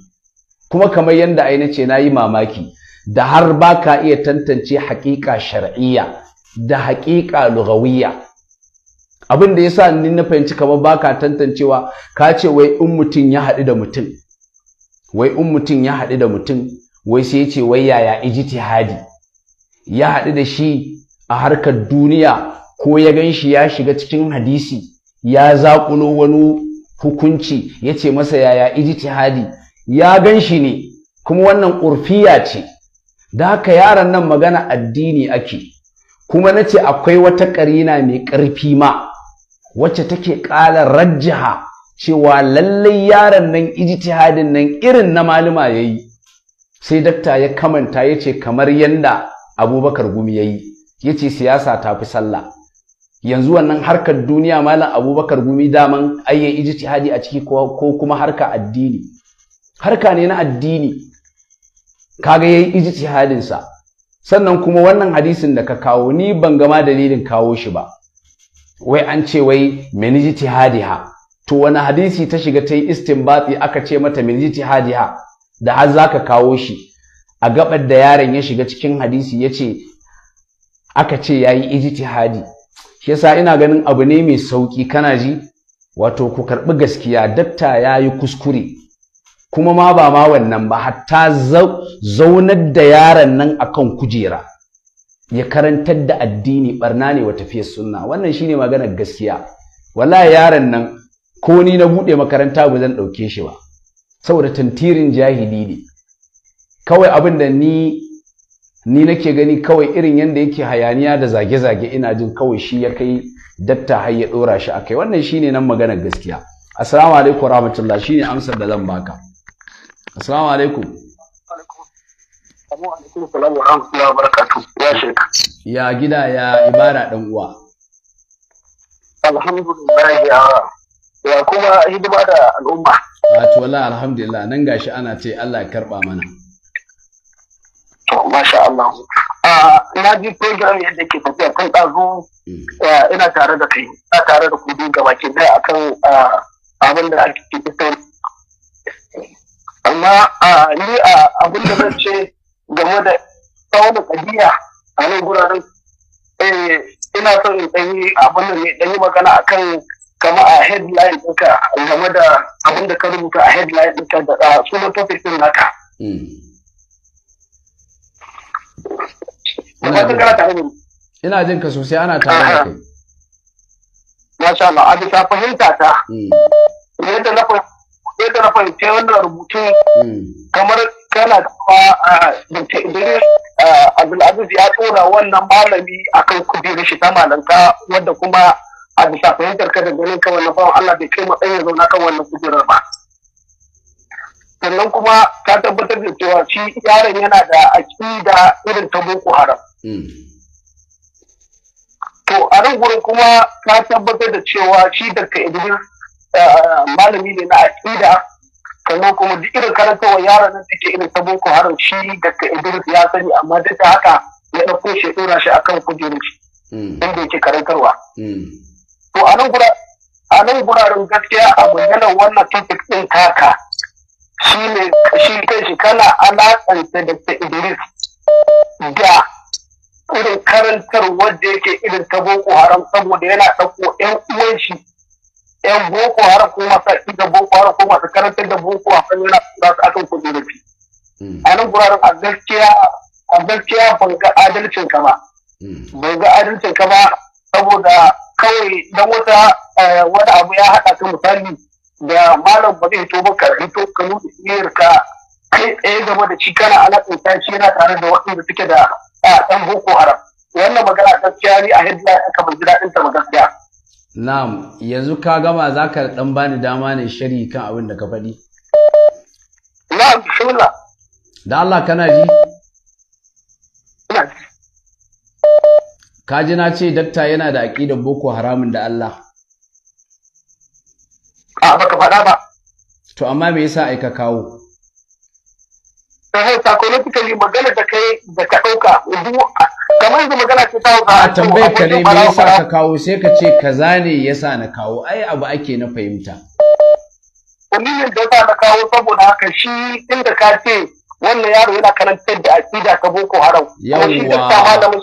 kuma kamar yadda aina ce na yi mamaki da har ba ka iya tantance haƙiƙa shar'iyya da haƙiƙa lugawiyya abin da ya sa ni na fahimci kamar ba ka tantancewa ka ce wai in mutum ya haɗu da mutum wai in mutum ya haɗu da mutum wai sai ya ce wai yaya ijtihadi ya haɗu da shi a harkar duniya ko ya gan shi ya shiga cikin hadisi ya zaƙulo wani hukunci ya ce masa yaya ijtihadi ya gan shi ne kuma wannan ƙurfiya ce da haka yaran nan magana addini ake kuma na ce akwai wata ƙarina mai ƙarfi ma wacce take ƙala rajjaha cewa lallai yaron nan ijtihadin nan irin na malama ya yi sai dakta ya kamanta ya ce kamar yanda abubakar gumi ya yi ya ce siyasa ta fi sallah yanzu wannan harkar duniya malam abubakar gumi daman ayyan ijtihadi a ciki ko kuma harka addini harka ne na addini kaga yayi ijtihadin sa sannan kuma wannan hadisin da ka kawo ni ban gama dalilin kawo shi ba wai an ce wai min ha? to wani hadisi ta shiga ta yi istinbati aka ce mata min ha? da har za ka kawo shi a gabar da yaron ya shiga cikin hadisi yace aka ce yayi ijtihadi shi yasa ina ganin abu ne mai sauki kana ji wato ku karɓi gaskiya datta ya yi kuskure kuma ma ba ma wannan ba hatta zaunar da yaron nan akan kujera ya karantar da addini barna ne wa tafiyar sunna wannan shine maganar gaskiya wallahi yaron nan ko ni na buɗe makaranta ba zan ɗauke shi ba saboda tantirin jahili ne kawai abin da ni ni nake gani kawai irin yadda yake hayaniya da zage-zage ina jin kawai shi ya kai datta har ya ɗora shi akai wannan shine nan maganar gaskiya assalamu alaikum rahmatullah shine amsar da zan baka assalamu alaikum ya gida ya ibara dan uwa alhamdulillah ya kuma hidima da al'umma wato wallahi alhamdulillah nan gashi ana ce Allah ya karba mana to masha Allah ah, na ji program yadda ke tafiya kan ɗazu mm. ah, ina tare da kai ina tare da kudu gaba ke da akan ah, abin da ake fitar amma ni abin da zan ce game da tsawon da kadiya a nan guraren eh, ina son in ɗanyi abin da mai ɗanyi magana akan kama a headline ɗinka game da abin da ka rubuta a headline ɗinka da sunan topic ɗin naka. Mm. ina jin ka sosai ana tare da kai masha Allah a ta fahimta ta hmm. yadda na yadda na fahimci wannan rubutu hmm. kamar kana cewa Dr. Idris Abdulaziz ya tsora wannan malami akan da shi ta malanta wadda kuma a bisa fahimtar ka da ganin ka wannan bawan Allah bai kai matsayin zaune zauna kan wannan kujerar ba. sannan kuma ka tabbatar da cewa shi yaron yana da aƙida irin ta boko haram hmm. to a nan gurin kuma ka tabbatar da cewa shi daga idris eh, malami ne na aƙida sannan kuma duk irin karantarwa yaron nan take irin ta boko haram shi daga idris ya sani amma duk da haka ya ɗauko shi ɗora shi akan kujerun shi hmm. inda yake karantarwa hmm. to a nan guraren gaskiya a yana wannan topic ɗin taka shi ne shi kanshi kana alaƙanta da ta Idris da irin karantar wanda yake irin ta Boko Haram saboda yana ɗauko ƴan uwan shi ƴan Boko Haram ko masu aiki da Boko Haram ko masu karantar da Boko a kan yana tura su akan da rufi. Hmm. A nan guraren a gaskiya a gaskiya ban ga adalcin ka ba. Hmm. Ban ga adalcin ka ba saboda kawai don wata eh, wani abu ya haɗa ta misali da malam ba zai to ba ka rito ka nuna tsiriyar ka kai tsaye game da shi kana alaƙa shi yana tare da waɗanda suke da ɗan boko haram wannan magana gaskiya ne a hidda ya kama ji daɗin ta ba gaskiya. Na'am yanzu ka gama za ka ɗan bani dama ne shari kan abin da ka faɗi. Na'am bismillah. Da Allah kana ji? Ina ji. Ka ji na ce dakta yana da aƙidan boko haramun da Allah. a baka faɗa ba to amma me yasa aika kawo eh, magana da kai da ka kamar a tambayar ka ne me yasa ka kawo sai ka ce kaza ne yasa na kawo ai abu ake na fahimta dalilin da yasa na kawo saboda shi inda ka yaro yana karantar da ta boko haram yawwa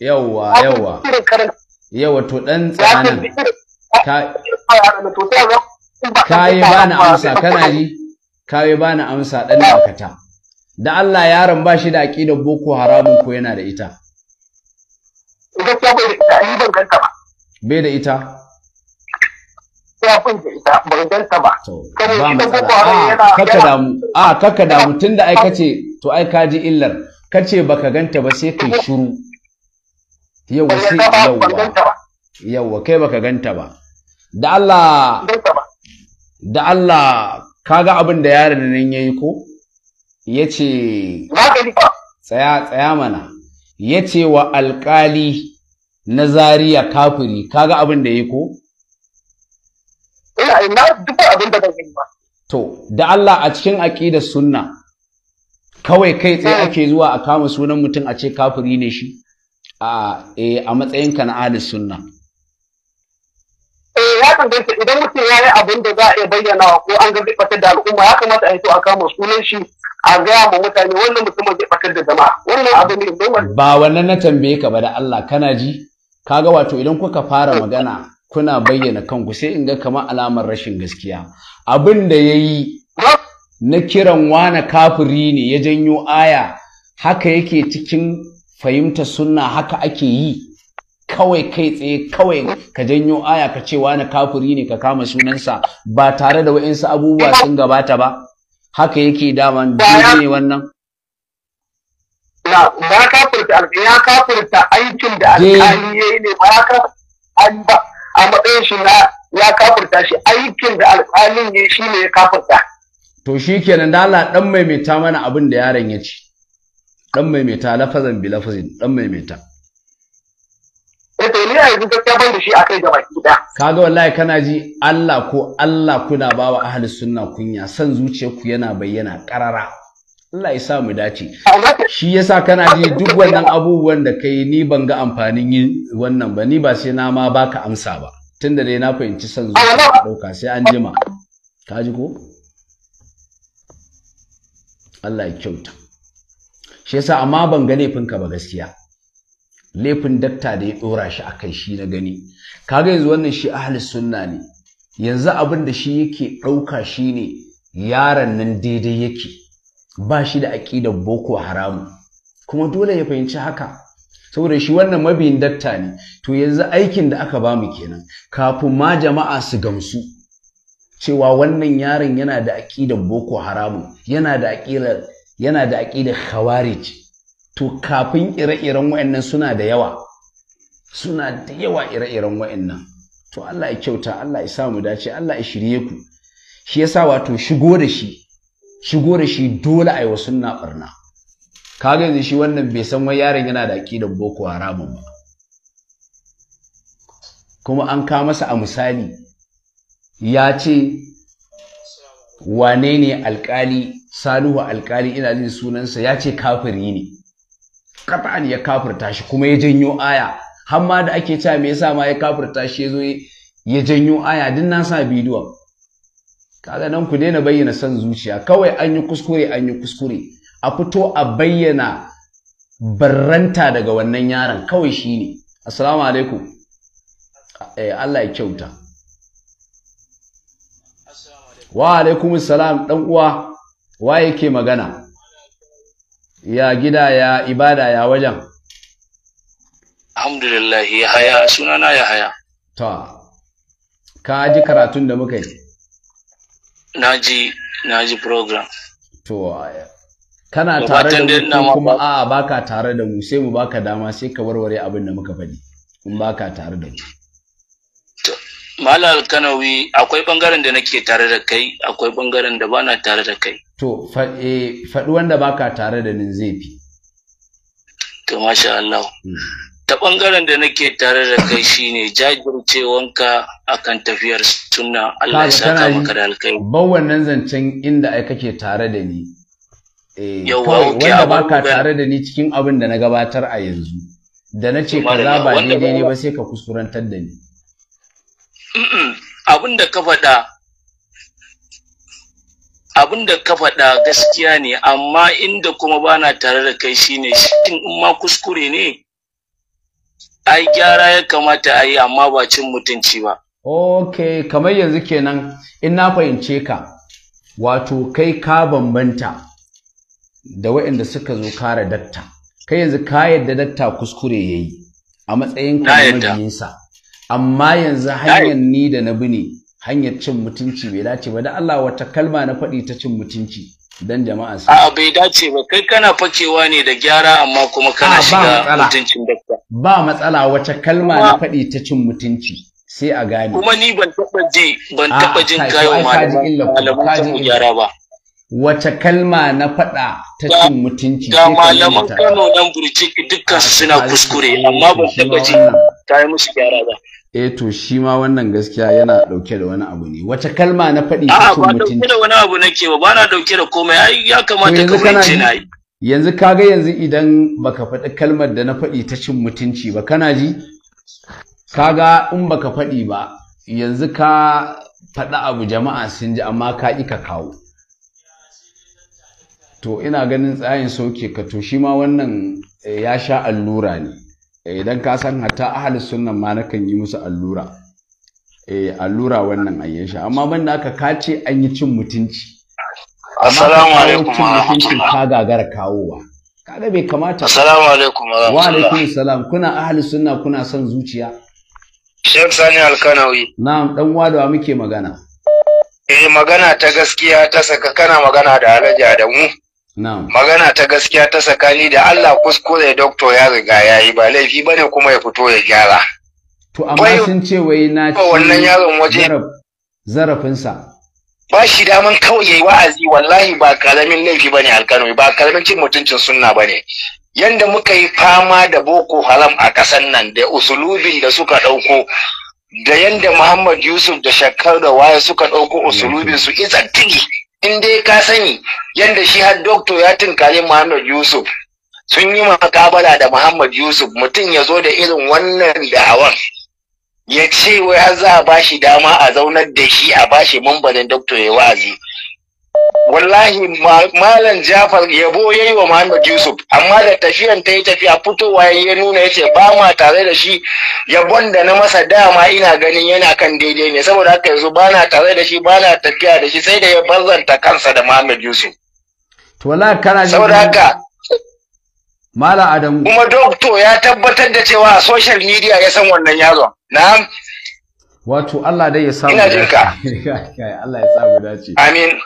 yawwa yawwa to kayi ba na amsa kana ji kayi ba na amsa dan dakata da Allah yaron ba shi da aqidar boko haramun ko yana da ita bai da ita ba. Ah, kakka damu a ah, kaka damu tun da ai kace to ai ka ji illar kace baka ganta ba sai kai shiru yawa sai yawa yawa kai baka ganta ba da Allah da Allah kaga abin da yaron nan yayi ko yace tsaya tsaya mana yace wa alkali na zariya kafiri kaga abin da yayi ko eh, ina ina duk abin da kake ba to da Allah a cikin aqida sunna kawai kai tsaye eh. ake zuwa a kama sunan mutum a ce kafiri ne shi a eh, a matsayinka na ahli sunna ya danganta idan mutum ya yi abin da za a iya bayyana ko an ga zai da al'umma ya kamata a yi to a kama sunan shi a gaya ma mutane wannan mutumin zai fatar da jama'a wannan abu ne ba wannan na tambaye ka ba da Allah kana ji kaga wato idan kuka fara magana kuna bayyana kanku sai in ga kamar alamar rashin gaskiya abin da ya yi na kiran wane kafiri ne ya janyo aya haka yake cikin fahimtar sunna haka ake yi kawai kai tsaye kawai ka janyo aya ka ce wani kafiri ne ka kama sunansa ba tare da wa'insu abubuwa sun gabata ba haka yake daman dole ne wannan ba kafirta ya kafurta aikin da alƙali ya yi ne ba ka an ba a matsayin shi na ya kafurta shi aikin da alƙalin ya shi ne ya kafirta to shi kenan da Allah dan maimaita mana abin da yaron ya ci dan maimaita lafazan bi lafazin dan maimaita sai eh, to ni yanzu gaskiya ban da shi akai ga baki kaga wallahi kana ji Allah ko Allah kuna bawa ahli sunna kunya san zuciyarku yana bayyana karara Allah ya sa mu dace shi yasa kana ji duk wannan abubuwan da kai ni ban ga amfanin yin wannan ba ni ba sai na ma baka amsa ba tunda dai na fahimci san zuciya dauka sai an jima ka ji ko Allah ya kyauta shi yasa amma ban ga laifinka ba gaskiya laifin dakta da ya ɗora shi a kai shi na gani kaga yanzu wannan shi ahli sunna ne yanzu abin da shi yake ɗauka shi ne yaron nan daidai yake ba shi da aƙidar boko haramu kuma dole ya fahimci haka saboda shi wannan mabiyin dakta ne to yanzu aikin da aka bamu kenan kafin ma jama'a su gamsu cewa wannan yaron yana da aƙidar boko haramu yana da aƙidar yana da aƙidar khawarij to kafin ire-iren wa'annan suna da yawa suna da yawa ire-iren wa'annan to Allah ya kyauta Allah ya sa dace Allah ya shirye ku shi yasa wato shigo da shi shigo da shi dole a yi na barna kaga yanzu shi wannan bai san wai yaron yana da aqidar boko haramun ba kuma an ka masa a misali ya ce wane ne alkali saluhu alkali ina jin sunansa ya ce kafiri ne qat'an ya kafirta shi kuma ya janyo aya har da ake cewa me yasa ma ya kafirta shi yazo ya janyo aya din na sa bidiyon kaga nan ku daina bayyana son zuciya kawai an yi kuskure an yi kuskure a fito a bayyana barranta daga wannan yaron kawai shine assalamu alaikum eh Allah ya kyauta wa alaikum salam dan uwa wa yake magana ya gida ya ibada ya wajen alhamdulillah ya haya sunana ya haya To, ka ji karatun da muka yi na ji na ji program to kana tare da mu kuma a'a baka tare da mu sai mu baka dama sai ka warware abin da muka faɗi in baka tare da mu Malal Kanawi akwai bangaren da nake tare da kai akwai bangaren da bana tare da kai. To eh, faɗi wanda baka tare da ni zai fi. To masha Allah. Hmm. Ta bangaren da nake tare da kai shine jajircewanka akan tafiyar sunna Allah ya saka maka da alkai. Ban wannan zancen inda ai kake tare da ni. Eh, kawai wanda baka tare da ni cikin abin da na gabatar a yanzu. Da na ce kaza ba daidai ne ba sai ka kusurantar da ni. abin da ka faɗa abin ka faɗa gaskiya ne amma inda kuma bana tare da kai shine shin in ma kuskure ne ai gyara ya kamata a yi amma ba cin mutunci ba ok kamar yanzu kenan in na fahimce ka wato kai ka bambanta da waɗanda suka zo kare datta kai yanzu ka yadda datta kuskure ya yi, a matsayin ka na amma yanzu hanyar ni da na bi ne hanyar cin mutunci bai dace ba da Allah wata kalma na faɗi ta cin mutunci dan jama'a su a bai dace ba kai kana fakewa ne da gyara amma kuma kana shiga mutuncin dakta ba matsala wata kalma na faɗi ta cin mutunci sai a gane kuma ni ban taɓa ji ban taɓa jin kayo malaman gyara ba wata kalma na faɗa ta cin mutunci ga malaman Kano nan burjik dukkan suna kuskure amma ban taɓa ji kayo musu gyara ba eh to shi ma wannan gaskiya yana dauke da wani abu ne wace kalma na faɗi ta cin mutunci ba dauke da wani abu nake ba bana dauke da komai ai ya kamata ka fahimci na yanzu kaga yanzu idan baka faɗi kalmar da na faɗi ta cin mutunci ba kana ji kaga in baka faɗi ba yanzu ka faɗi abu jama'a sun ji amma ka ƙi ka kawo to ina ganin tsayin sauke ka to shi ma wannan eh, ya sha allura ne Eh, idan ka san hatta ahli sunnan ma nakan yi musu allura eh allura wannan ayyan sha amma ban da aka kace an yi cin mutunci assalamu alaikum wa rahmatullahi ka gagara kawowa kaga bai kamata assalamu alaikum wa alaikum salam kuna ahli sunna kuna son zuciya Sheikh Sani Alkanawi na'am dan wadawa muke magana eh magana ta gaskiya ta saka kana magana da da mu. magana ta gaskiya ta tsakani da Allah kuskure doktor ya riga ya yi ba laifi bane kuma ya fito ya gyara to amma sun ce wai na ci wannan yaron waje zarafinsa ba shi daman kawai yayi wa'azi wallahi ba karamin laifi bane alkano ba karamin cin mutuncin sunna bane yanda muka yi fama da boko haram a ƙasar nan da usulubin da suka ɗauko da yanda Muhammad Yusuf da shakkar da Waya suka ɗauko usulubin su izantigi in dai ka sani yadda shi har doctor ya tinkari Muhammad Yusuf sun yi makabala da Muhammad Yusuf mutum ya zo da irin wannan da'awar ya ce wai har za a ba dama a zaunar da shi a bashi shi mambarin ya wa'azi wallahi malam jafar yabo ya yi wa muhammad yusuf amma da tafiyan ta yi tafiya fitowa ya yi nuna ya ce ba ma tare da shi yabon da na masa dama ina ganin yana kan daidai ne saboda haka yanzu ba na tare da shi ba na tafiya da shi sai da ya barzanta kansa da muhammad yusuf to wallahi kana saboda haka malam kuma Dokto ya tabbatar da cewa a social media ya san wannan yaron na'am wato Allah dai ya samu ina jinka Allah ya samu dace amin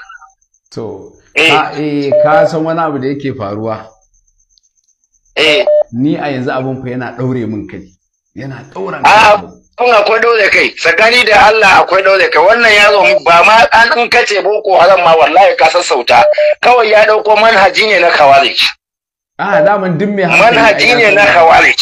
To, eh. Eh, ka san wani abu da yake faruwa. Eh. Ni a yanzu abin fa yana ɗaure min kai. Yana ɗaura ah, kai. Kun akwai ɗaure kai, tsakani da Allah akwai ɗaure kai, wannan zo ba ma an in kace boko haram ma wallahi ka sassauta, kawai ya ɗauko manhaji ne na kawarij. Ah, daman duk mai Manhaji ne na kawarij.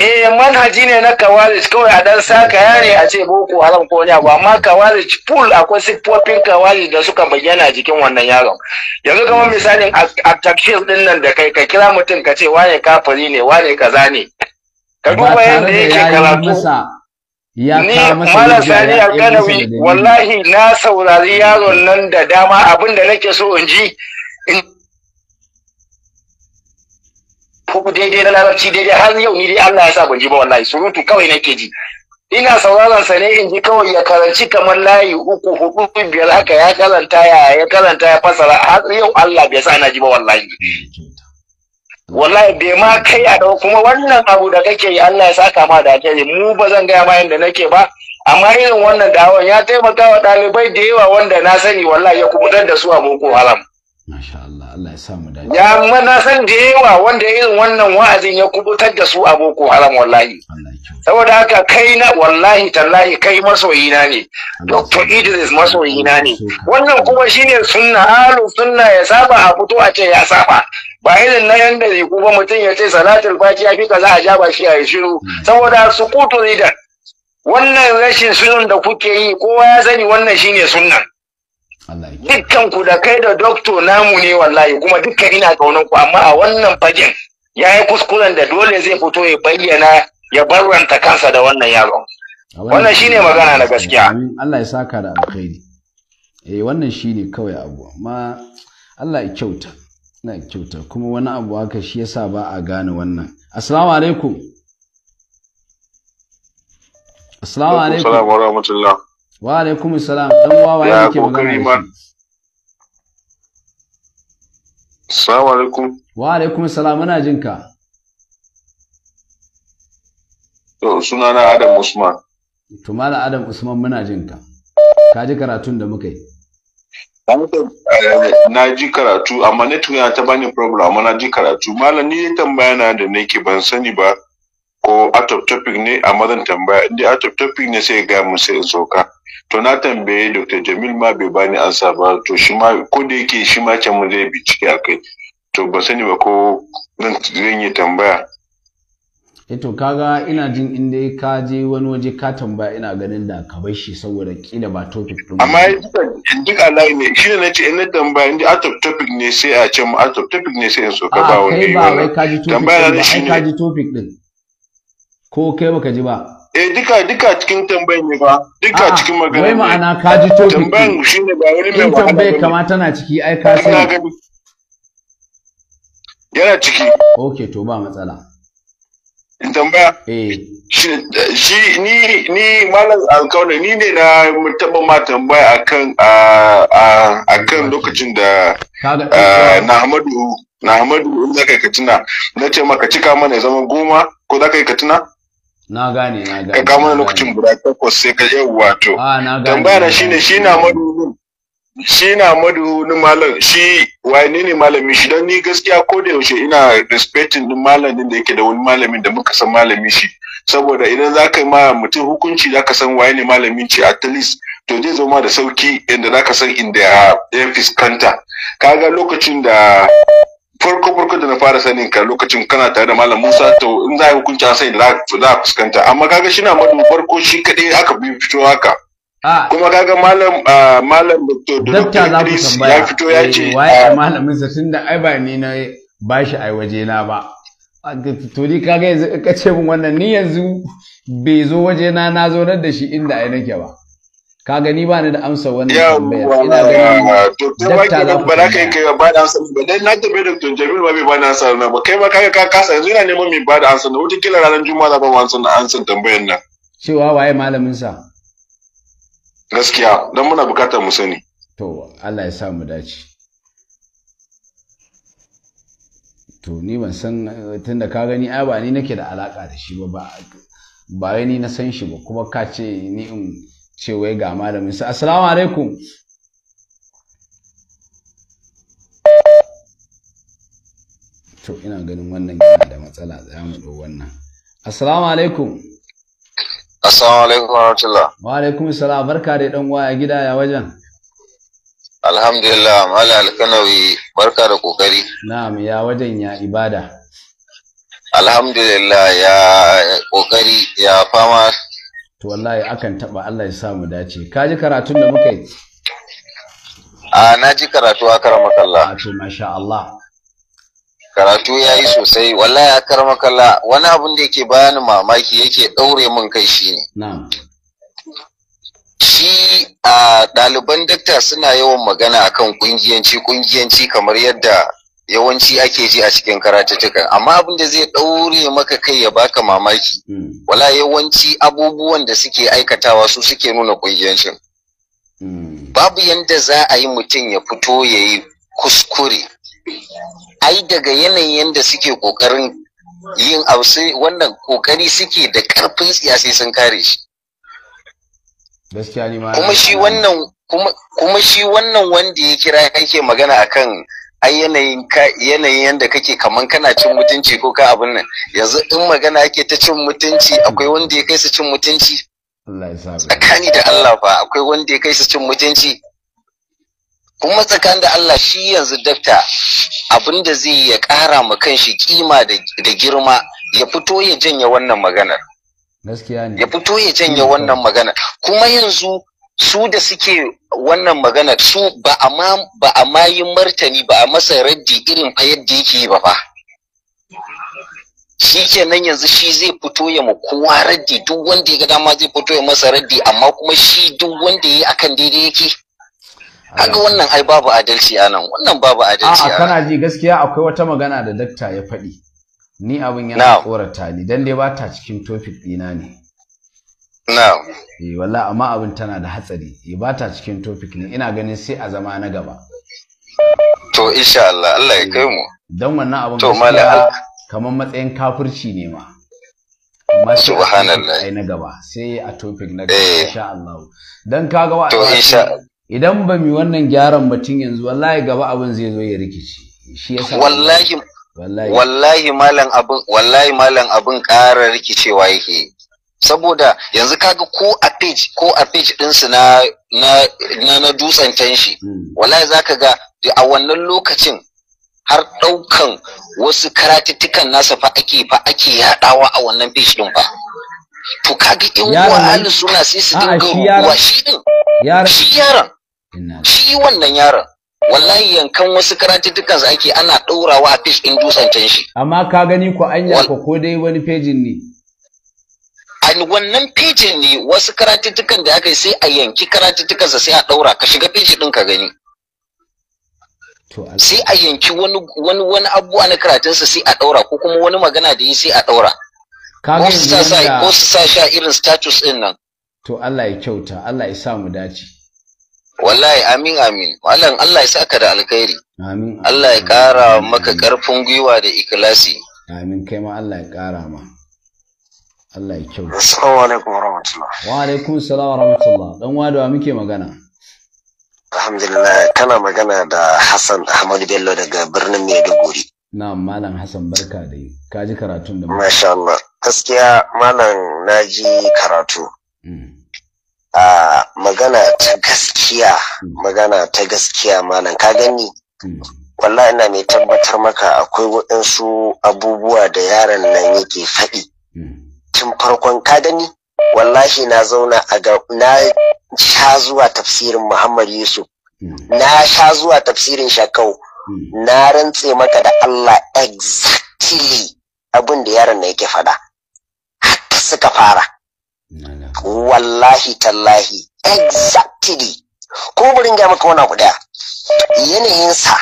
eh manhaji ne na kawarij kawai a dan saka yare a ce boko haram ko wani abu amma kawarij pool akwai siffofin kawarij da suka bayyana jikin wannan yaron yanzu kamar mm. misalin a takfir din nan da kai ka kira mutum ka ce wane kafiri ne wane kaza ne ka duba yadda yake karatu ni malasa ne wallahi na saurari yaron nan da dama abin da nake so in ji ko daidai na larabci daidai har yau ni dai Allah ya sa ban ji ba wallahi surutu kawai nake ji ina sauraron sa ne in ji kawai ya karanci kamar layi uku hudu biyar haka ya karanta ya ya karanta ya fasara har yau Allah bai sa na ji ba wallahi wallahi bai ma kai a dawo kuma wannan abu da kake yi Allah ya saka ma da kai mu ba zan gaya ma yanda nake ba amma irin wannan dawon ya taimaka wa ɗalibai da yawa wanda na sani wallahi ya kubutar da su a boko haram Masha Allah, Allah ya samu dace. Ya mana san da yawa wanda irin wannan wa'azin ya kubutar da su a Boko Haram wallahi. Saboda haka kai na wallahi tallahi kai masoyina ne. Dr. Idris masoyina ne. Wannan kuma shine sunna halu sunna ya saba a fito a ce ya saba. Ba irin na yanda zai kuma mutum ya ce salatul fatiha fi kaza a jaba shi a shiru. Saboda su kutu ridan. Wannan rashin sunan da kuke yi kowa ya sani wannan shine sunnan. dukkan ku da kai da dokto namu ne wallahi kuma duka ina kaunan ku amma a wannan fagen ya yi kuskuren da dole zai fito ya bayyana ya barranta kansa da wannan yaron wannan shine magana na gaskiya Allah ya saka da alkhairi eh wannan shine kawai abu amma Allah ya kyauta na kyauta kuma wani abu haka shi yasa ba a gane wannan assalamu alaikum assalamu alaikum assalamu alaikum wa alaikum salam dan wawa ya ke magana Assalamu alaikum wa alaikum salam muna jinka. ka to suna na Adam Usman to mala Adam Usman muna jinka. ka ji karatun da muka yi eh, na ji karatu amma ne yana ta bani problem amma na ji karatu malam ni tambaya na da nake ban sani ba ko out of topic ne amma zan tambaya inda out of topic ne sai ga mu sai in soka to na tambaye dr jamil ma bai bani ansa ba to shi ma ko da yake shi ma can mu zai bincike a kai to ba sani ba ko zan yi tambaya eh to kaga ina jin inda ka je wani waje ka tambaya ina ganin da ka bar shi saboda kila ba topic din amma duk alai ne shi ne ce in tambaya inda out of topic ne sai a ce mu out of topic ne sai in so ka ba wani tambaya ne shi ne ka ji topic din ko kai baka ji ba eh duka duka cikin tambayin ne ba duka cikin magana wai ma'ana ka ji topic tambayin ne ba wani mai wahala tambayar kama tana ciki ai ka sani yana ciki okay to ba matsala in tambaya eh shi ni ni malam alkauna ni ne na taba ma tambaya akan a a akan lokacin da eh, na Ahmadu na Ahmadu in zaka yi katina na ce maka cika mana ya zama goma ko zaka yi katina na gane na gane ka kama lokacin guda takwas sai ka yau wato ah, tambaya shine shi na madunin shi na madunin malam shi wani ne malami shi don ni gaskiya ko da yaushe ina respecting din malamin da yake da wani malamin da muka san malami shi saboda idan za ka yi ma mutum hukunci za ka san waye ne malamin ci at least to zai zama da sauki inda za ka san inda ya fuskanta ga lokacin da farko farko da na fara sanin ka lokacin kana tare da malam Musa to in za a hukunci a sai za a fuskanta amma kaga shi na madu farko shi kadai aka bi fito haka ah. kuma kaga malam ah, malam doctor doctor ya fito ya ce eh, waye ah, malamin sa tunda ai ba ni na bashi ai waje na ba to ni kaga yanzu ka ce min wannan ni yanzu bai zo waje na na zo da shi inda ai nake ba ka gani ba ni da amsa wannan tambaya ina ga dakta za ku ba za ka kai ba da amsa ba dai na tambaye da Jamil ba bai ba da amsa na ba kai ma ka ka kasa yanzu ina neman mi ba da amsa na wutin kila ranar juma'a za ba mu amsa amsa tambayar nan cewa waye malamin sa gaskiya dan muna bukatar mu sani to Allah ya sa mu dace to ni ban san tunda ka gani ai ba ni nake da alaka da shi ba ba ni na san shi ba kuma ka ce ni in ce wai ga malamin sa assalamu alaikum to ina ganin wannan yana da matsala za mu ɗau wannan assalamu alaikum assalamu alaikum warahmatullah wa alaikum assalam barka da dan waya gida ya wajen alhamdulillah mala alkanawi barka da kokari na'am ya wajen ya ibada alhamdulillah ya kokari ya fama to wallahi akan taba Allah ya sa mu dace ka ji karatun da muka yi a na ji karatu a karamakalla a to masha Allah karatu ya yi sosai wallahi a karamakalla wani abun da yake bayani mamaki yake ɗaure min kai shi na'am shi a ɗaliban dakta suna yawan magana akan kungiyanci kungiyanci kamar yadda yawanci ake ji a cikin karatuttukan amma abin da zai ɗaure maka kai ya baka mamaki hmm. wala yawanci abubuwan da suke aikatawa su suke nuna ƙungiyancin hmm. babu yadda za a yi mutum ya fito ya yi kuskure ai daga yanayin yadda suke ƙoƙarin yin abu wannan ƙoƙari suke da ƙarfin siyasai sun kare shi kuma shi wannan wanda ya kira yake magana akan ai yanayin ka yanayin yanda kake kaman kana cin mutunci ko ka abin nan yanzu in magana ake ta cin mutunci akwai wanda ya kai su cin mutunci tsakani da Allah fa akwai wanda ya kai su cin mutunci kuma tsakanin da Allah shi yanzu dafta abin da zai ya ƙara ma kanshi kima da girma ya fito ya janye wannan maganar ya fito ya janye wannan maganar kuma yanzu su da suke wannan magana su ba a ma yi martani ba a masa raddi irin fa yadda yake yi ba fa shi kenan yanzu shi zai fito ya ma kowa raddi duk wanda ya ga dama zai fito ya masa raddi amma kuma shi duk wanda ya yi akan daidai yake haka wannan ai babu adalci anan wannan babu adalci a kana ji gaskiya akwai wata magana da dakta ya faɗi ni abin yana korata ni dan dai ba ta cikin topic ɗina ne na'am eh wallahi amma abin tana da hatsari eh ba ta cikin topic ne ina ganin sai a zama na gaba to insha Allah Allah ya kai mu dan wannan abin to mallam kamar matsayin kafirci ne ma amma subhanallah ai na gaba sai a topic na gaba eh. insha Allah dan kaga wa to insha idan ba mi wannan gyaran batun yanzu wallahi gaba abin zai zo ya rikici shi yasa wallahi wallahi malam abin wallahi malam abin ƙara rikicewa yake saboda yanzu kaga ko a page ko a page ɗinsu na na na, na dutsen tanshi hmm. wallahi zaka ga a wannan lokacin har daukan wasu karatuttukan nasa fa ake fa ake yadawa a wannan page ɗin fa to kaga in wa suna sai su dinga ruwa shi din shi yaron shi wannan yaron wallahi yankan wasu karatuttukan ake ana ɗaurawa a page ɗin dutsen tanshi amma ka gani ko anya ko dai wani pejin ne a wannan fejin ne wasu karatuttukan da aka yi sai a yanki karatuttukansa sai a ɗaura ka shiga feji ɗin ka gani sai a yanki wani wani wani abubuwa na karatunsa sai a ɗaura ko kuma wani magana da yi sai a ɗaura ko su sa sha irin status ɗin nan to Allah ya kyauta Allah ya sa mu dace wallahi amin amin malam Allah ya saka da alkhairi amin Allah ya kara maka karfin gwiwa da ikilasi amin kai ma Allah ya kara ma Allah ya kyau. Assalamu alaikum wa rahmatullah. Wa alaikum salam wa rahmatullah. Dan wadawa muke magana. Alhamdulillah kana magana da Hassan Ahmad Bello daga birnin Maiduguri. Na'am Malam Hassan barka dai. Ka ji karatun da mu. Masha Allah. Gaskiya Malam na ji karatu. Mm. A magana ta gaskiya, mm. magana ta gaskiya Malam ka gani. Mm. Wallahi ina mai tabbatar maka akwai waɗansu abubuwa da yaron nan yake faɗi. tun farkon ka gani wallahi na zauna a ga na sha zuwa tafsirin Muhammad Yusuf hmm. na sha zuwa tafsirin Shakau hmm. na rantse maka da Allah exactly abin da yaron na yake faɗa haka suka fara wallahi tallahi exactly ko burin ga maka wani abu yanayinsa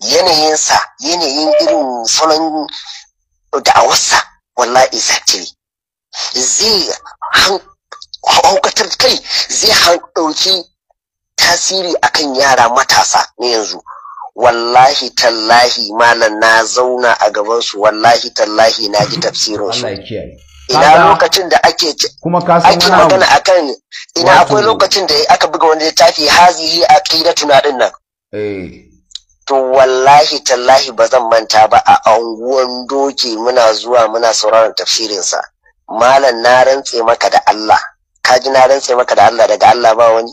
yanayinsa yanayin irin salon wasa, wallahi exactly zai haukatar kai zai ɗauki tasiri akan yara matasa na yanzu wallahi tallahi malam na zauna a gabansu wallahi tallahi na ji tafsirinsu ina lokacin da ake ake magana akan ina akwai lokacin da aka buga wani littafi hazihi na din nan eh to wallahi tallahi ba zan manta ba a anguwan doki muna zuwa muna sauraron tafsirinsa malam na rantse maka da Allah ka ji na rantse maka da Allah daga Allah ba wani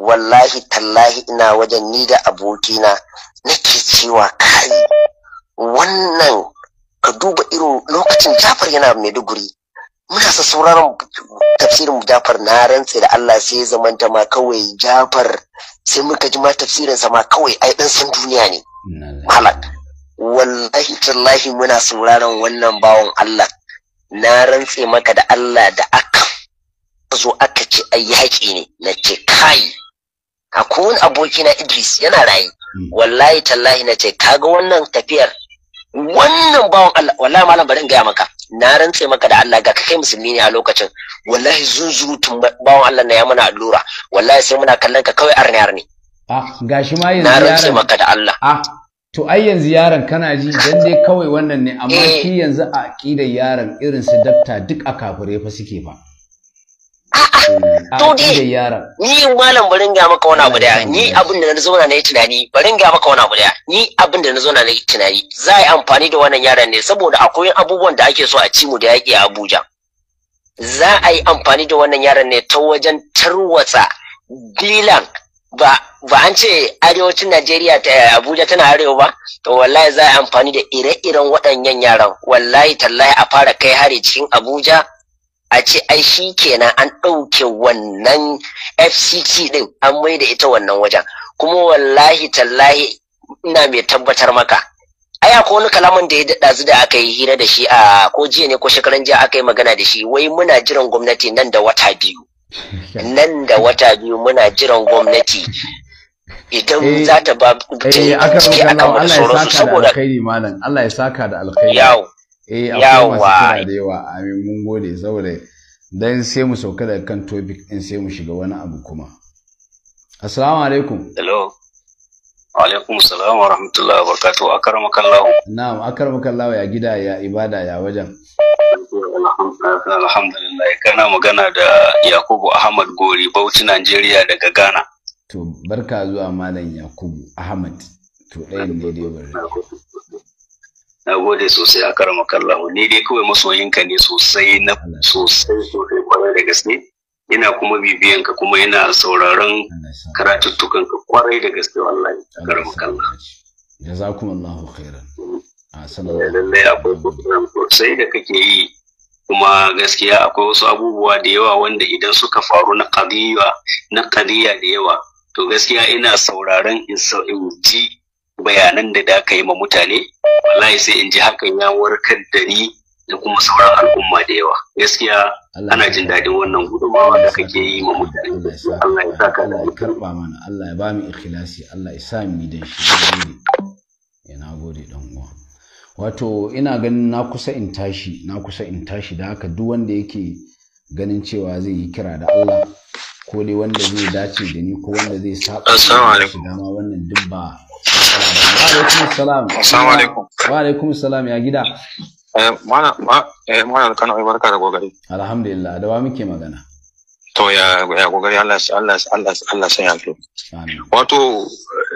wallahi tallahi ina wajen ni da abokina nake cewa kai wannan ka duba irin lokacin Jafar yana Maiduguri muna sa sauraron tafsirin Jafar na rantse da Allah sai ya zamanta ma kawai Jafar sai muka ji ma tafsirin sa ma kawai ai dan san duniya ne malam wallahi tallahi muna sauraron wannan bawon Allah na rantse maka da Allah da aka zo aka ce ai haƙi ne na ce kai akwai wani aboki na Idris yana rayu hmm. wallahi tallahi na ce kaga wannan tafiyar wannan bawan Allah wallahi malam bari in gaya maka na rantse maka da Allah ga kai musulmi ne a lokacin wallahi zunzurutun bawan Allah na ya mana allura wallahi sai muna kallon ka kawai arne arne ah gashi ma yanzu na rantse maka da Allah ah to ai yanzu yaron kana ji dan dai kawai wannan ne amma eh. shi yanzu a aqidar yaron irin su dafta duk a kafure fa suke fa eh, to dai ni malam barin ga maka wani abu daya ni abin da na zauna na yi tunani barin ga maka wani abu daya ni abin da na zauna na yi tunani za a yi amfani da wannan yaron ne saboda akwai abubuwan da ake so a ci mu da yaƙi a Abuja za a yi amfani da wannan yaron ne ta wajen tarwatsa dilan ba ba an ce arewacin Najeriya ta eh, Abuja tana arewa ba to wallahi za a amfani da ire-iren waɗannan yaran wallahi tallahi a fara kai hari cikin Abuja a ce ai shi kenan an ɗauke wannan FCT ɗin an mai da ita wannan wajen kuma wallahi tallahi ina mai tabbatar maka ai akwai wani kalaman da ya daɗa da aka yi hira da shi a ko jiya ne ko shekaran jiya aka yi magana da shi wai muna jiran gwamnati nan da wata biyu nan da wata biyu muna jiran gwamnati idan eh, za ta ba ciki akan wani sauransu saboda alkhairi malam Allah ya saka da alkhairi yawo eh akwai masu da yawa amin mun gode saboda dan sai mu sauka daga kan topic din sai mu shiga wani abu kuma assalamu alaikum hello alaikum salam wa rahmatullahi wa barakatuhu akaramaka Allah na'am akaramaka Allah ya gida ya ibada ya wajen alhamdulillah kana magana da Yakubu Ahmad Gori Bauchi Najeriya daga Ghana To barka zuwa Malam Yakubu Ahmad to ɗayan ne dai bari. Na gode sosai a karama kallahu ni dai kawai masoyinka ne sosai na sosai sosai kwarai da gaske. Ina kuma bibiyan ka kuma ina sauraron karatuttukan ka kwarai da gaske wallahi karama kallahu. Jazakumullahu khairan. Eh, lallai akwai sosai da kake yi kuma gaskiya akwai wasu abubuwa da yawa wanda idan suka faru na kadiyya da yawa to gaskiya ina sauraron in ji bayanan da da ka yi ma mutane wallahi sai in ji hakan ya warkar da ni da kuma sauran al'umma da yawa gaskiya ana jin daɗin wannan gudunmawa da kake yi ma mutane Allah ya saka da karba mana Allah ya ba mu ikhlasi Allah ya sa mu da shi yana gode eh, dan uwa wato ina ganin na kusa in tashi na kusa in tashi da haka duk wanda yake ganin cewa zai yi kira da Allah ko dai wanda zai dace da ni ko wanda zai saba assalamu alaikum dama wannan dubba. wa alaikum salam assalamu alaikum wa alaikum salam ya gida eh mana eh mana kana ai barka da gogari alhamdulillah da wa muke magana to ya ya gogari Allah Allah Allah Allah sai ya amin wato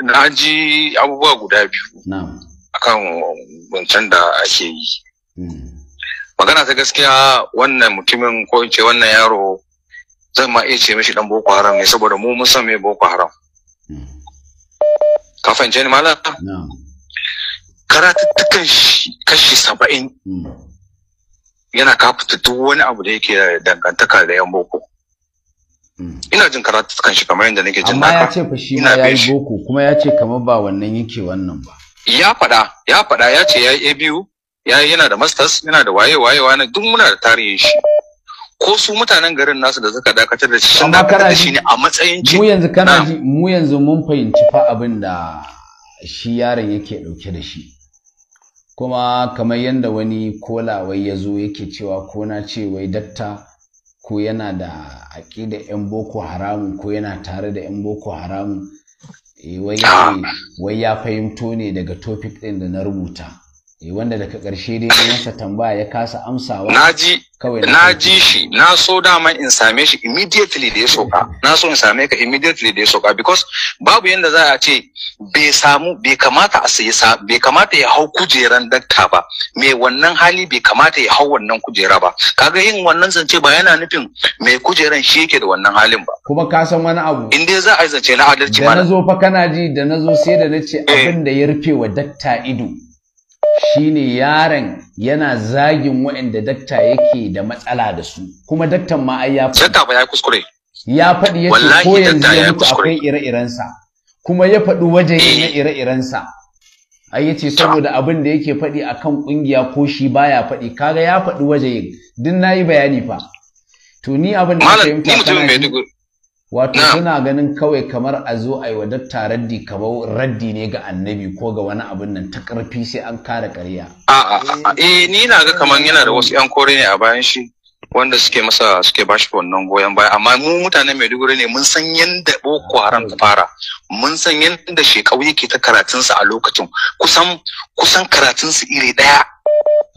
na ji abubuwa guda biyu na'am akan wancan da ake yi hmm. magana ta gaskiya wannan mutumin ko in ce wannan yaro zan ma iya ce mishi dan boko haram ne saboda mu mun san me boko haram ka fahimce ni malam karatuttukan shi kashi saba'in hmm. yana kafuta duk wani abu da yake dangantaka da yan boko hmm. ina jin karatuttukan shi kamar yadda nake jin naka amma ya ce fa shi ma ya yi boko kuma ya ce kamar ba wannan yake wannan ba ya fada ya fada ya ce ya yi a biyu yana da masters yana da waye waye wani duk muna da tarihin shi ko su mutanen garin nasu da suka dakatar da shi sun dakatar da shi ne a matsayin mu yanzu kana ji mu yanzu mun fahimci fa abin da shi yaron yake dauke da shi kuma kamar yadda wani kolawai ya zo yake cewa ko na ce wai datta ko yana da aƙida 'yan boko haramu ko yana tare da 'yan boko haramu eh, wai ya fahimto ne daga topic ɗin da na rubuta Eh, wanda daga ƙarshe dai masa tambaya ya kasa amsawa naji kawai na shi na so dama in same shi immediately da ya soka na so in same ka immediately da ya soka because babu yanda za a ce bai samu bai kamata a sa bai kamata ya hau kujeran dakta ba mai wannan hali bai kamata ya hau wannan kujera ba kaga yin wannan zance ba yana nufin mai kujeran shi yake da wannan halin ba kuma ka san wani abu in dai za a yi zance na adalci ma da na zo fa kana ji da na zo sai da na ce eh. abin da ya rufe wa dakta ido shine yaron yana zagin waɗanda dakta yake da matsala da su kuma daktan ma ai ya faɗi ba ya kuskure ya faɗi yace ko yanzu ya mutu akwai ire iren sa, kuma ya faɗi waje eh. na ire iren sa. ai yace saboda abin da yake faɗi akan kungiya ko shi baya faɗi kaga ya faɗi waje din nayi bayani fa to ni abin da mutum fahimta kana wato suna ganin kawai kamar a zo a yi wa datta raddi kamar raddi ne ga annabi ko ga wani abin nan ta karfi sai an kare karya a a eh ni na ga kamar yana da wasu yan kore ne a bayan shi wanda suke masa suke bashi wannan goyon baya amma mu mutanen Maiduguri ne mun san yanda Boko Haram ta fara mun san yanda shekau yake ta karatunsa a lokacin kusan kusan karatunsa iri daya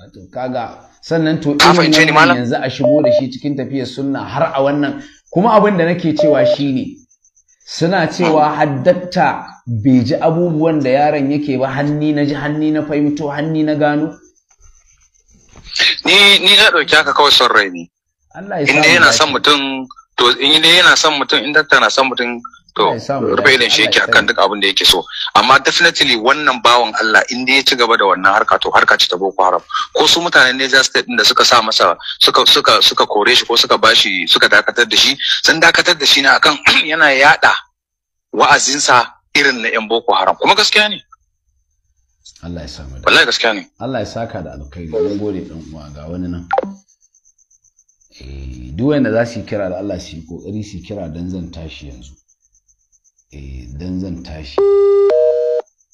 Wato kaga sannan to irin yanzu a shigo da shi cikin tafiyar sunna har a wannan kuma abin da nake cewa shine suna cewa haddatta bai ji abubuwan da yaron yake ba hanni na ji hanni na fahimto hanni na gano ni ni na ɗauki haka kawai son rai ne inda yana son mutum to inda yana son mutum inda tana son mutum to rufe shi yake akan duk abin da yake so amma definitely wannan bawan Allah in dai ya ci gaba da wannan harka to harka ce ta Boko Haram ko su mutanen Niger State din da suka sa masa suka suka suka kore shi ko suka bashi suka dakatar da shi sun dakatar da shi ne akan yana yada wa'azinsa irin na yan Boko Haram kuma gaskiya ne Allah ya sa mu wallahi gaskiya ne Allah ya saka da alkhairi mun gode dan uwa ga wani nan eh duk wanda za su kira da Allah su yi kokari su kira dan zan tashi yanzu Eh, idan zan tashi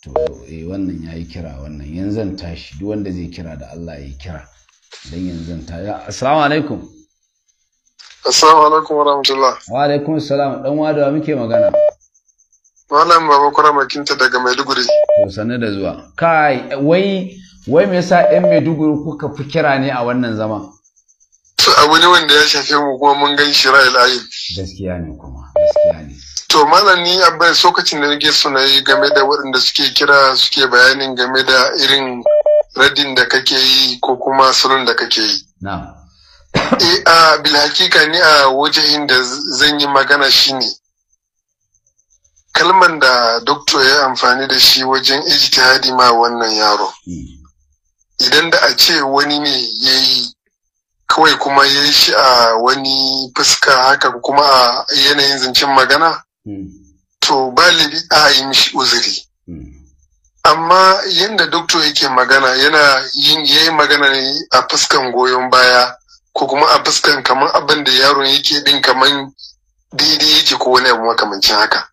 to eh, wannan ya yi kira wannan yanzu zan tashi duk wanda zai kira da Allah ya yi kira dan yanzu zan tashi assalamu alaikum assalamu alaikum wa wa alaikum assalam dan wa muke magana malam baba kura makinta daga maiduguri to sanne da zuwa kai wai wai me yasa ɗan maiduguri kuka fi kira ne a wannan zaman abu ne wanda ya shafe mu kuma mun gan shi ra'ayi gaskiya ne kuma gaskiya ne To malam ni abin sokacin da nake suna yi game da waɗanda suke kira suke bayanin game da irin radin da kake yi ko kuma salon da kake yi. E a bilhakika ni a wajen da zan yi magana shine kalman da doktor ya amfani da shi wajen ijtihadi ma wannan yaro. Hmm. Idan da a ce wani ne ya yi kawai kuma ya yi shi a wani fuska haka kuma a yanayin zancen magana to galibi a yi mishi uzuri amma yadda doktor yake magana yana yin yayi magana ne a fuskan goyon baya ko kuma a fuskan kamar abin da yaron yake din kamar daidai yake ko wani abu makamancin haka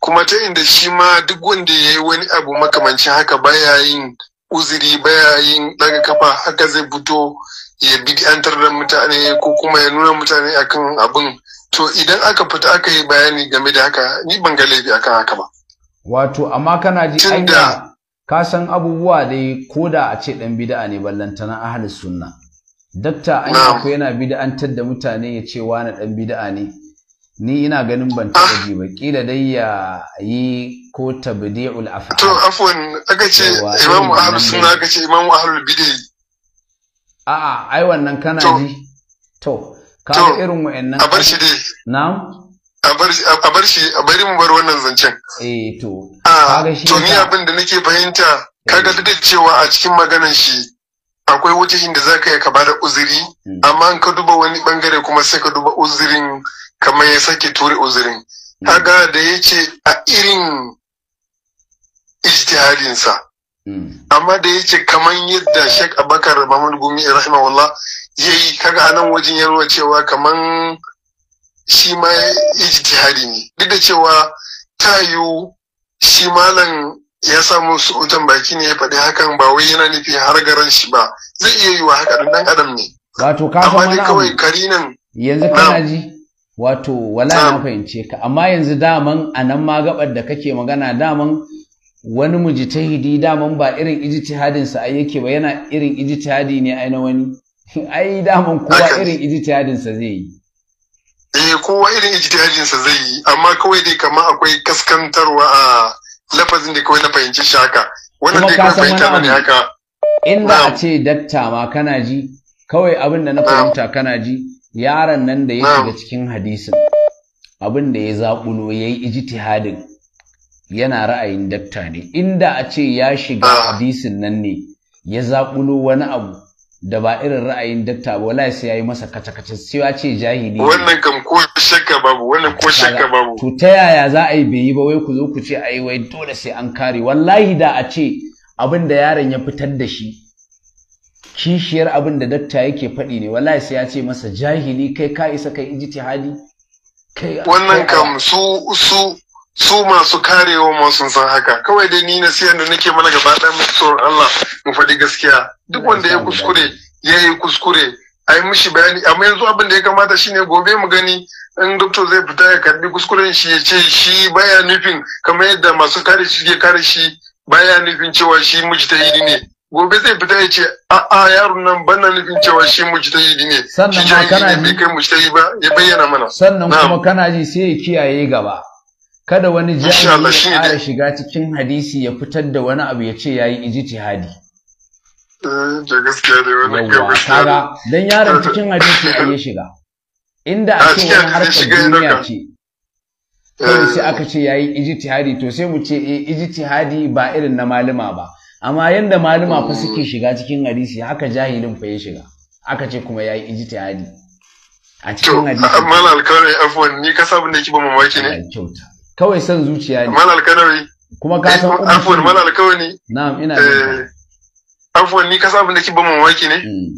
kuma ta inda shi ma duk wanda ya yi wani abu makamancin haka baya yin uzuri baya yin daga kafa haka zai fito ya bid'antar da mutane ko kuma ya nuna mutane akan abin to idan aka fita aka yi bayani game da haka ni ban ga laifi akan haka ba wato amma kana ji anya ka san abubuwa dai ko da a ce dan bid'a ne ballantana ahli sunna dakta yi ko yana bid'antar da mutane ya ce wani dan bid'a ne ni ina ganin ban taɓa ah. ji ba kila dai ya yi ko tabdi'ul afa. to afwan aka ce imam ahlus sunna aka ce imam ahlul bid'a a'a ai wannan kana ji to ka irin wa'annan a shi dai na'am a bar shi a bari mu bar wannan zancen eh to ah, kaga to ni abin da nake fahimta kaga duk cewa a cikin maganar shi akwai wujihin da zaka yi ka da uzuri hmm. amma in ka duba wani bangare kuma sai ka duba uzurin kamar ya sake ture uzurin hmm. kaga da yace a irin ijtihadinsa hmm. amma da yace kamar yadda shek Abakar Mahmud Gumi rahimahullah ya yi kaga nan wajen ya nuna cewa kaman shi ma ijtihadi ne duk da cewa ta yiwu shi malam ya samu su'utan baki ne ya faɗi hakan ba wai yana nufi har garan shi ba zai iya yiwa haka dan dan adam ne wato ka san wani kawai karinan yanzu kana ji wato wala na fahimce ka amma yanzu daman anan ma gabar da kake magana daman wani mujtahidi daman ba irin ijtihadin sa ai yake ba yana irin ijtihadi ne ai na wani ai daman kowa irin ijtihadinsa zai yi eh kowa irin ijtihadinsa zai yi amma kawai dai kamar akwai kaskantarwa a lafazin da kawai na fahimci shi haka wannan dai kuma fahimta ne haka inda a ce datta ma kana ji kawai abin da na fahimta kana ji yaron nan da ya shiga cikin hadisin abin da ya zaƙulo ya yi ijtihadin yana ra'ayin datta ne inda a ce ya shiga ah. hadisin nan ne ya zaƙulo wani abu da ba irin ra'ayin dakta ba wallahi sai yayi masa kace sai ya ce jahili wannan kam ko shakka babu wannan ko shakka babu to ta yaya za a yi bai yi ba wai ku zo ku ce ai wai dole sai an kare wallahi da a ce abin da yaron ya fitar da shi kishiyar abin da dakta yake faɗi ne wallahi sai ya ce masa jahili kai ka isa kai ijtihadi kai wannan kam su su su masu karewa ma sun san haka kawai dai ni na siyan da nake mana gaba ɗaya mu tsoron Allah mu faɗi gaskiya duk wanda ya kuskure ya yi kuskure a yi mishi bayani amma yanzu abin da ya kamata shine gobe mu gani in doktor zai fita ya karbi kuskuren shi ya ce shi baya nufin kamar yadda masu kare shi ke kare shi baya nufin cewa shi mujtahidi ne gobe zai fita ya ce a'a yaron nan bana nufin cewa shi mujtahidi ne shi jahili ne bai kai mujtahidi ba ya bayyana mana sannan kuma kana ji sai ya kiyaye gaba kada wani jami'i ya shiga cikin hadisi ya fitar da wani abu ya ce ya yi ijtihadi eh, yawwa kaga don yaron cikin hadisi ya shiga inda a ce wani harkar duniya ce kawai sai aka eh. ce ya yi ijtihadi to sai mu ce eh ijtihadi ba irin na malama ba amma yanda malama fa hmm. suke shiga cikin hadisi haka jahilin fa ya shiga aka ce kuma ya yi ijtihadi a cikin hadisi to amma alƙawarin afwan ni ka sabu ne ki ba mamaki ne kyauta kawai son zuciya ne mal alkanari kuma ka san eh, afwan mal alkawani na'am ina eh Afuwan ni ka abin da ke ban mamaki ne hmm.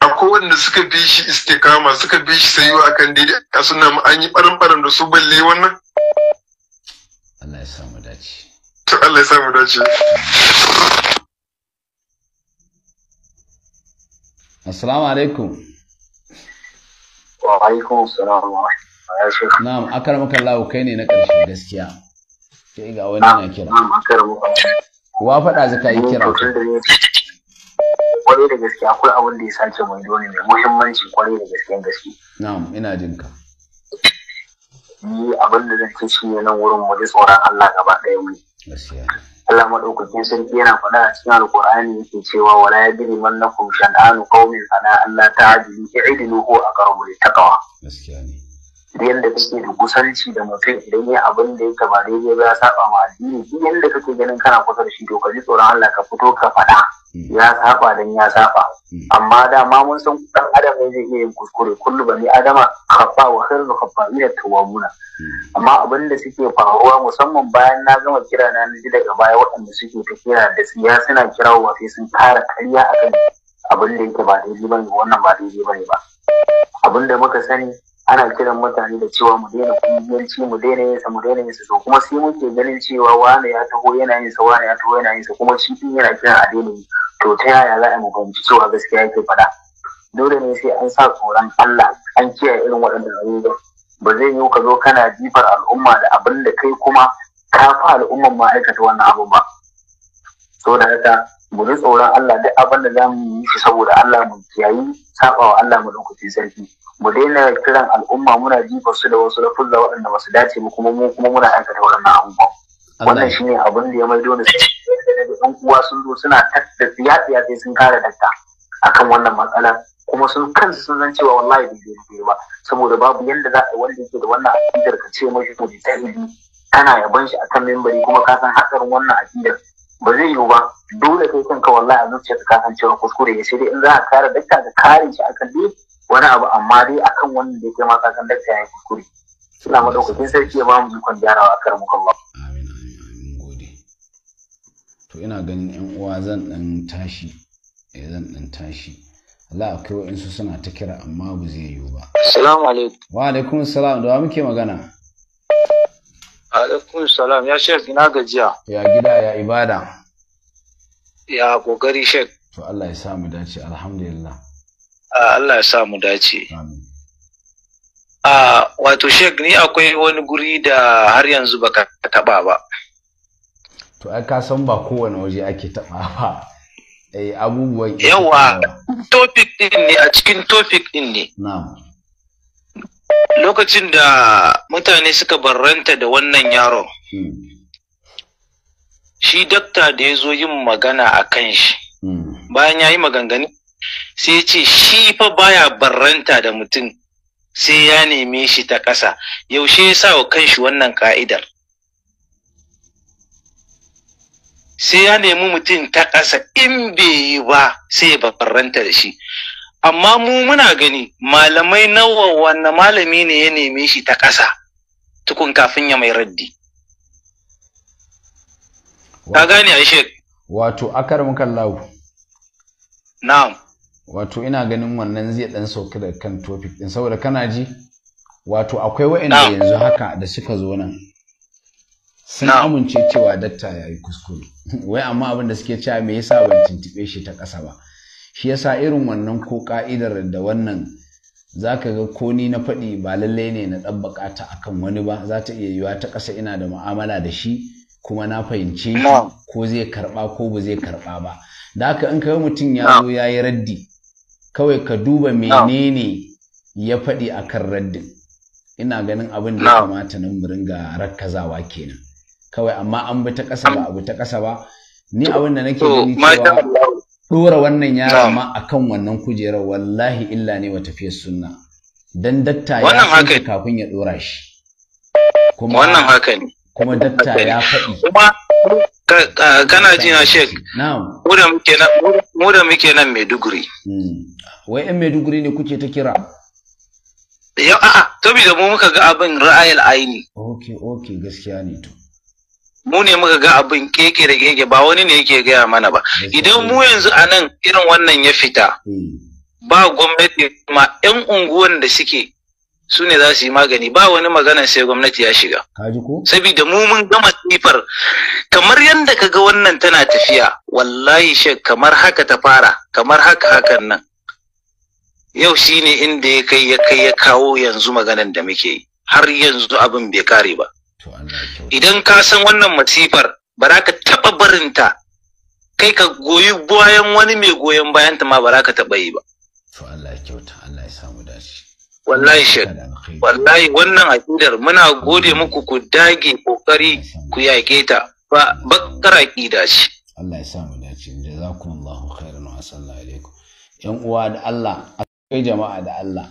akwai wanda suka bi shi istikama suka bi shi a kan daidai a suna an yi ɓaran-ɓaran da su balle wannan Allah ya samu dace to Allah ya samu dace assalamu alaikum wa alaikum assalam wa rahmatullahi na'am akramaka Allah kai ne na ƙarshe gaskiya kai ga wani na kira wa faɗa zaka yi kira kwarai da gaske akwai abin da ya sace mai dole mai muhimmanci kwarai da gaske gaske na'am ina jin ka ni abin da zan ce shi ne nan wurin mu da tsoron Allah gaba ɗaya mu Allah madaukakin sarki yana faɗa a cikin alƙur'ani yake cewa wala yadri man nakum shan'anu qaumin fana Allah ta'dilu i'dilu huwa aqrabu littaqwa gaskiya ne da yadda kake da kusanci da mutum idan ya abin da yake ba daidai ba ya saba ma addini duk yadda kake ganin kana kusa da shi to ka ji tsoron Allah ka fito ka faɗa hmm. ya saba dan ya saba hmm. amma dama mun san dan adam zai iya yin kuskure kullu bani adama khaffa wa khairu khaffa da at amma abin da suke faruwa musamman bayan na gama kira na ji daga baya waɗanda suke ta kira da siya suna kirawa sai sun kara karya akan abin da yake ba daidai bane wannan ba daidai bane ba abin da muka sani ana kiran mutane da cewa mu daina kungiyanci mu daina yin sa mu daina yin sa to kuma sai muke ganin cewa wani ya taho yana yin sa wani ya taho yana yin sa kuma shi din yana kiran a daina yi to ta yaya za a mu fahimci cewa gaskiya yake faɗa dole ne sai an sa tsoron Allah an kiyaye irin waɗanda abubuwan ba zai yiwu ka zo kana jifar al'umma da abin da kai kuma ka fa al'umman ma aikata wannan abin ba da haka mu ji tsoron Allah duk abin da za mu yi shi saboda Allah mu kiyayi saɓawa Allah mu lokacin sarki mu daina kiran al'umma muna jifar su da wasu da waɗanda ba su dace ba kuma mu kuma muna aikata waɗannan abubuwan wannan shine abin da ya maido da ɗan uwa sun zo suna da tsiya sai sun kare dakta akan wannan matsala kuma sun kansu sun san cewa wallahi bai daidai ba saboda babu yadda za a wanda yake da wannan akidar ka ce mashi to jahili kana yaban shi akan membari kuma ka san hatsarin wannan akidar ba zai yiwu ba dole kai kanka wallahi a zuciyarka ka san cewa kuskure ya sai dai in za a kare dakta ka kare shi akan duk wani abu amma dai akan wannan da ya kai kan dakta ya kuskure suna madaukakin sarki ya ba mu ikon jarawa a karamu kallon. amin amin amin gode to ina ganin yan uwa zan dan tashi eh zan dan tashi Allah akwai wa'insu suna ta kira amma ba zai yiwu ba. Salamu alaikum. Wa alaikum salam da wa muke magana? Alaikun salam ya shek ina gajiya. Ya gida ya ibada. Ya kokari shek. To Allah ya samu dace alhamdulillah. Allah ya sa mu dace a wato shek ni akwai wani guri da har yanzu baka taba ba to ai ka san ba kowane waje ake taba ba eh abubuwan yawa topic din ne a cikin topic din ne lokacin da mutane suka barranta da wannan yaro hmm. shi dakta da ya zo yin magana a kan shi hmm. bayan ya yi maganganu sai ya ce shi fa baya barranta da mutum sai ya neme shi ta ƙasa yaushe ya sa wa kanshi wannan ka'idar sai ya nemi mutum ta ƙasa in bai yi ba sai ya barranta da shi amma mu muna gani malamai nawa wanne malami ne ya neme shi ta ƙasa tukun kafin ya mai raddi ka gane a shek wato akar mukan lawu na'am wato ina ganin wannan zai dan sauka da kan topic din saboda kana ji wato akwai wa'anda yanzu haka da suka zo nan sun amince cewa datta ya yi kuskure wai amma abin da suke cewa me yasa ban tuntube shi ta ƙasa ba shi yasa irin wannan ko ka'idar da wannan zaka ga ko ni na faɗi ba lallai ne na ɗabbaƙa ta akan wani ba za ta iya yiwa ta ƙasa ina da mu'amala da shi kuma na fahimce shi ko zai karɓa ko ba zai karɓa ba da haka in kai mutum ya zo ya yi raddi kawai ka duba menene ya faɗi a kan raddin ina ganin abin da ya kamata nan mu ringa rakkazawa kenan kawai amma an bi ta ƙasa ba abu ta ƙasa ba ni abin da nake gani cewa ɗora wannan yara ma akan wannan kujerar wallahi illa ne wa tafiyar sunna dan datta ya shi kafin ya ɗora shi kuma wannan haka ne kuma datta ya faɗi kana ji shek mu da muke nan maiduguri hmm. wai yan maiduguri ne kuke ta kira a'a to da mu muka ga abin ra'ayil aini ok ok gaskiya ne to mu ne muka ga abin keke da keke ba wani ne yake gaya mana ba idan mu yanzu a nan irin wannan ya fita eh. ba gwamnati ma 'yan unguwan da suke su ne za su yi magani ba wani magana sai gwamnati ya shiga. Sabida mu mun gama sifar kamar yadda ka ga wannan tana tafiya wallahi shek kamar haka ta fara kamar haka hakan nan yau shi ne inda ya kai ya kai ya kawo yanzu maganan da muke yi har yanzu abin bai kare ba idan ka san wannan masifar ba za ka taɓa barinta kai ka goyi bayan wani mai goyon bayanta ma ba za ka taɓa yi ba wallahi shek wallahi wannan aƙidar muna gode muku ku dage kokari ku yaƙe ta ba bakkar ƙida ce Allah ya samu dace jazakumullahu khairan wa sallallahu alaikum yan uwa da Allah kai jama'a da Allah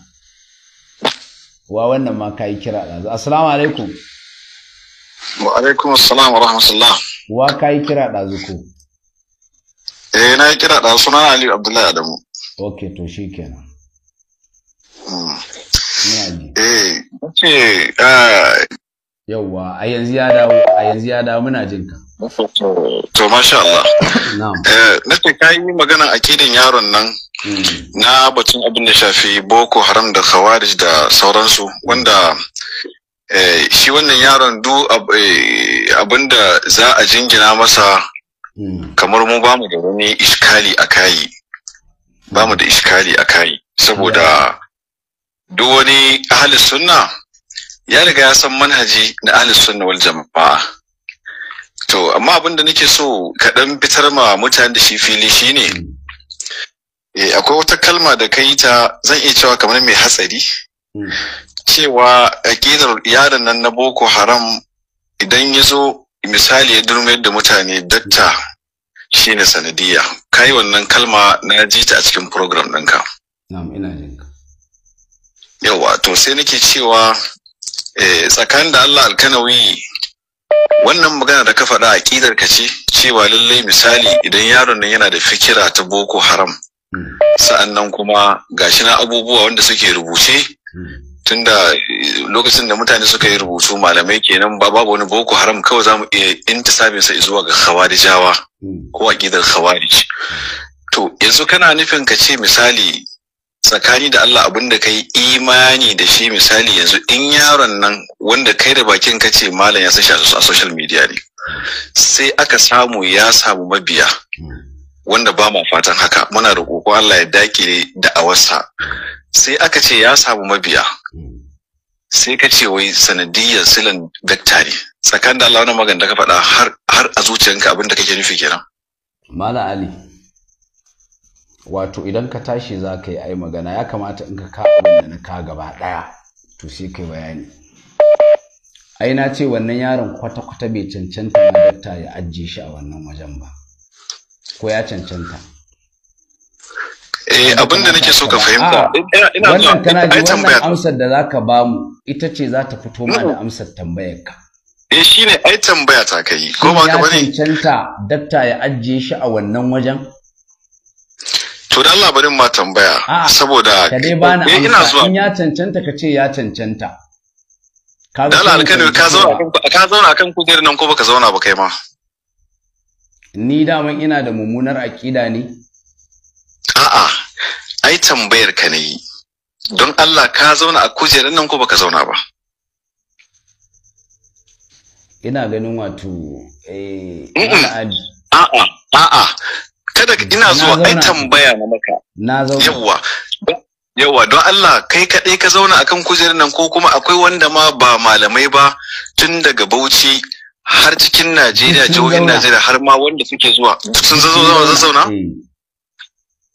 wa wannan ma kai kira da zu assalamu alaikum wa alaikum assalam wa rahmatullah wa kai kira da zu ko eh na kira da suna Ali Abdullahi Adamu okay to shikenan hmm. eh ce eh, yawa a yanzu ya dawo a yanzu ya dawo muna jin ka to masha Allah na'am eh nake kai magana akidan yaron nan na batun abin da shafi boko haram da khawarij da sauransu wanda eh, shi wannan yaron du eh, abin da za a jingina masa kamar mu ba mu da wani iskali a kayi ba mu da iskali a kayi saboda duk wani ahalis sunna ya riga ya san manhaji na ahalis sunna wal jama'a to amma abin da nake so kaɗan fitar ma mutane da shi fili shine eh akwai wata kalma da ka ta zan iya cewa kamar mai hatsari hmm. cewa a eh, aƙidar yaron nan na boko haram idan yazo zo misali ya durmayar da mutane datta shine sanadiyya kai wannan kalma na ji ta a cikin program ɗinka. Na'am ina Yawa to sai nake cewa eh, tsakanin da Allah alkanawi wannan magana da ka faɗa a ƙidar ka ce cewa lallai misali idan yaron nan yana da fikira ta boko haram sa'annan kuma gashi na abubuwa wanda suke rubuce tunda lokacin da mutane suka yi rubutu malamai kenan ba babu wani boko haram kawai za mu iya sabin sa zuwa ga khawarijawa ko a gidan khawarij to yanzu kana nufin ka ce misali tsakani da Allah abinda da kai imani da shi misali yanzu in yaron nan wanda kai da bakin ka ce malam ya sashi a social media ne sai aka samu ya samu mabiya wanda ba mu fatan haka muna da Allah ya dakile da'awarsa sai aka ce ya samu mabiya sai ka ce wai sanadiyyar silan dakta ne tsakanin da Allah wani magan da ka faɗa har a zuciyarka abin da kake nufi kenan mala ali wato idan ka tashi za ka yi ai magana ya kamata in ka kawo da na ka gaba ɗaya to sai kai bayani ai na ce wannan yaron kwata-kwata bai cancanta na datta ya ajiye shi a wannan wajen ba ko ya cancanta eh abin da nake so ka fahimta wannan kana ji wannan amsar da zaka bamu ita ce za ta fito ma da amsar tambayar ka eh ne, ai tambaya ta yi. ko ba ka bane cancanta dakta ya ajiye shi a wannan wajen to da Allah bari ma tambaya saboda ka dai bani eh, amsa in ya cancanta ka ce ya cancanta Dala ka zauna akan kujerar nan ko baka zauna ba kai ma. ni daman ina da mummunar aƙida ne a'a ai tambayar ka ne don Allah ka zauna a kujerar nan ko baka zauna ba ina ganin wato eh a'a a'a kada ina zuwa ai tambaya na maka na zauna yawa yawa don Allah kai kadai ka zauna akan kujerar nan ko kuma akwai wanda ma ba malamai ba tun daga Bauchi har cikin Najeriya jihohin Najeriya har ma wanda suke zuwa sun zazzauna zazzauna hmm.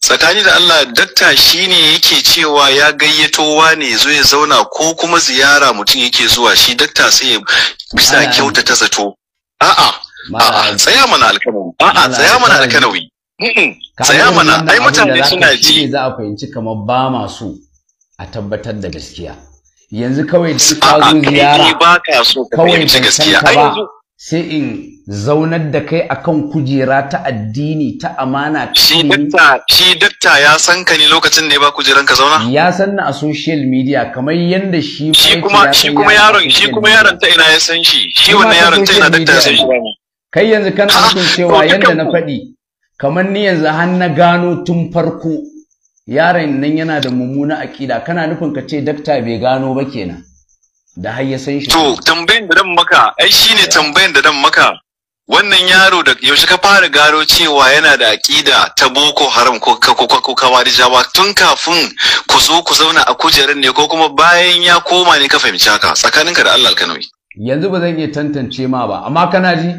tsakani da Allah dakta shine yake cewa ya gayyatowa ne zo ya zauna ko kuma ziyara mutum yake zuwa shi dakta sai ya bisa kyauta ta zato a'a a'a tsaya mana alkanawi a'a tsaya mana alkanawi tsaya mana ai mutane suna ji za a fahimci kamar ba masu a tabbatar da gaskiya yanzu kawai ka zo ziyara kawai ban san ka yanzu. sai in zaunar da kai akan kujera ta addini ta amana shi dakta shi dakta ya san ka ne lokacin da ya ba kujeran ka zauna ya san na a social media kamar yadda shi shi kuma shi kuma yaron shi kuma yaron ta ina ya san shi shi wannan yaron ta ina dakta ya san shi kai yanzu kana ah, nufin cewa yanda na faɗi kamar ni yanzu har na gano tun farko yaron nan yana da mummuna aƙida. kana nufin ka ce dakta bai gano ba kenan da har ya san shi to tambayin da dan maka ai shine tambayin da dan maka wannan yaro da yaushe ka fara gano cewa yana da aƙida ta boko haram ko ko kawarijawa tun kafin ku zo ku zauna a kujerar ne ko kuma bayan ya koma ne ka fahimci haka tsakaninka da Allah alkanawi yanzu ba zan iya tantance ma ba amma kana ji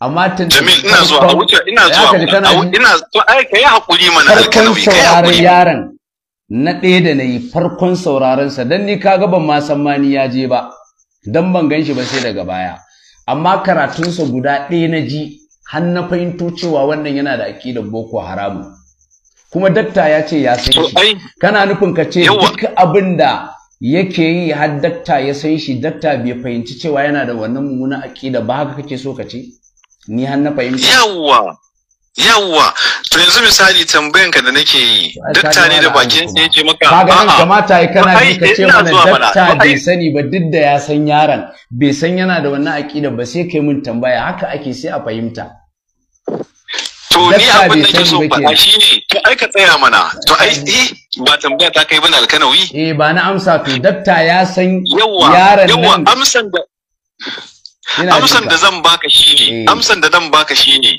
amma tantance Jamil ina zuwa a wuce ina zuwa ina zuwa, ai kai hakuri mana alkanawi kai hakuri yaron na ɗaya da na yi farkon saurarensa don ni kaga ban ma san ya je ba don ban gan shi ba sai daga baya amma karatunsa guda ɗaya na ji har na fahimto cewa wannan yana da aƙidar boko haramu kuma dakta ya ce ya san shi kana nufin ka ce duk abin da yake yi har dakta ya san shi dakta bai fahimci cewa yana da wannan mummunan aƙida ba haka kake so ka ce ni har na fahimta yawwa yawwa to yanzu misali tambayan ka da nake yi dakta ne da bakin sai yake maka ba ka kamata ai kana ji ka ce mana dakta bai sani ba duk da ya san yaron bai san yana da wannan aqida ba sai kai mun tambaya haka ake sai a fahimta to ni abin da ke so faɗa shine to ai ka tsaya mana to ai eh ba tambaya ta kai bane alkanawi eh ba na amsa to dakta ya san yaron nan yawa amsan da amsan da zan baka shine eh. amsan da zan baka shine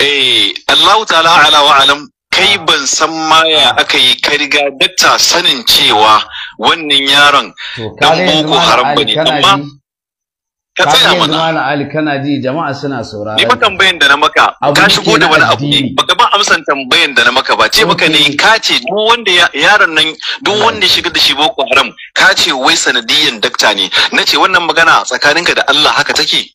eh Allah ta'ala ala wa alam kai ah. ban san maya ah. aka yi ka riga dakta sanin cewa wannan yaron dan boko haram bane amma ka tsaya mana ka na ali kana ji jama'a suna saurara ni tambayan da na maka ka shigo da wani abu ne baka ba amsan tambayan da na maka ba ce baka ne ka ce duk wanda yaron nan duk wanda shiga da shi boko haram ka ce wai sanadiyan dakta ne Na ce wannan magana tsakaninka da Allah haka take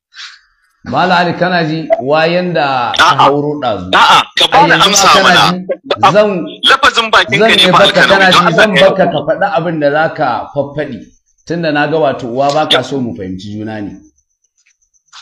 Mala Ali kana ji wayan da ka hauro ɗazu. A'a, ka ba da amsa mana. Zan lafazin bakin ka ne ba alkalami don Zan baka ka faɗi abin da za ka faffaɗi. Tunda na ga wato uwa ba ka so mu fahimci juna ne.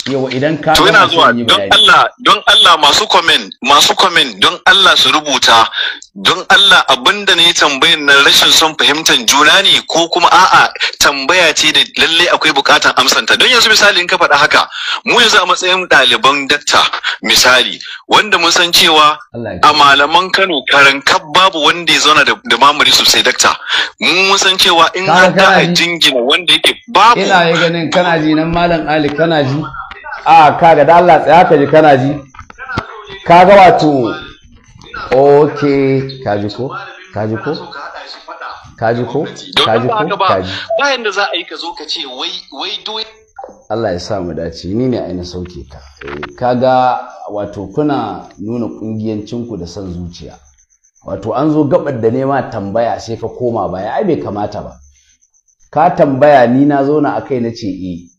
yawa idan ka to ina zuwa don Allah don Allah masu comment masu comment don Allah su rubuta don Allah abinda ne tambayar na rashin son fahimtar juna ne ko kuma a'a tambaya ce da lalle akwai bukatar amsanta don yanzu misali in ka faɗa haka mu yanzu a matsayin ɗaliban dakta misali wanda mun san cewa a malaman Kano karan kab babu wanda ya zauna da mamari sosai dakta mun san cewa in har da a jingina wanda yake babu ina ganin kana ji nan malam Ali kana ji a kaga da Allah tsaya ka ji kana ji kaga wato okay kaji ko kaji ko kaji ko kaji ko kaji bayan da za a yi ka zo ka ce wai doye Allah ya sa mu dace ni ne aina sauke ka eh, kaga wato kuna nuna kungiyancinku da son zuciya wato an zo gabar da nema tambaya sai ka koma baya ai bai kamata ba ka tambaya ni na zo na akai na ce eh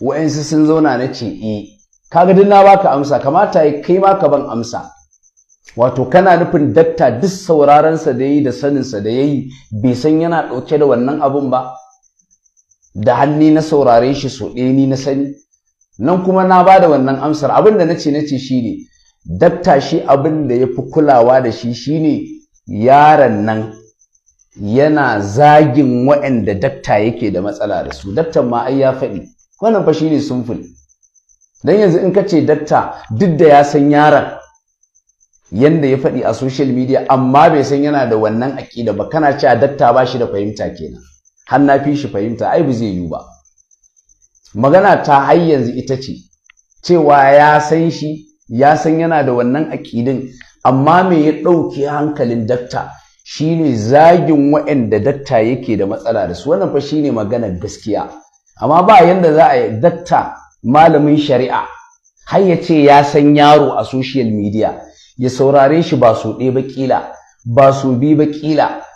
wa'yansu sun zauna na ce e kaga duk na baka amsa kamata ya kai ma ka ban amsa wato kana nufin dakta duk saurarensa da yi da saninsa da yayi bai san yana ɗauke da wannan abun ba da hannu na saurare shi so ɗaya ni na sani nan kuma na ba da wannan amsar abin da na ce na ce shi ne dakta shi abin da ya fi kulawa da shi shine yaron nan yana zagin wa'yanda dakta yake da matsala da su daktar ma ai ya faɗi wannan fa shine sunful dan yanzu in ka ce dakta duk da ya san yaran, yanda ya faɗi a social media amma bai san yana da wannan aƙida ba kana cewa datta ba shi da fahimta kenan har na fi shi fahimta ai ba zai yiwu ba magana ta har yanzu ita ce cewa ya san shi ya san yana da wannan aƙidin amma me ya ɗauke hankalin dakta shine zagin wa'anda datta yake da matsala da su wannan fa shi ne maganar gaskiya amma ba yanda za a yi datta malamin shari'a har ya ce ya san yaro a social media ya saurare shi ba su ɗaya ba ba su bi ba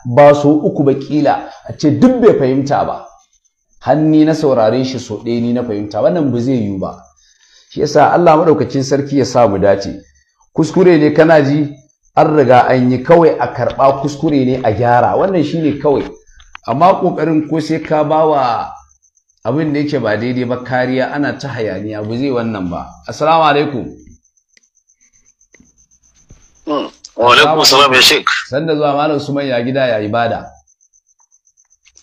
ba su uku ba a ce duk bai fahimta ba hanni na saurare shi so ɗaya ni na fahimta wannan ba zai yiwu ba shi yasa Allah maɗaukacin sarki ya sa dace kuskure ne kana ji an riga an yi kawai a karɓa kuskure ne a gyara wannan shine kawai amma ƙoƙarin ko sai ka bawa abin da yake ba daidai ba kariya ana ta hayaniya ba zai wannan ba assalamu alaikum Wa alaikum salam ya shek sanda zuwa malam suman ya gida ya ibada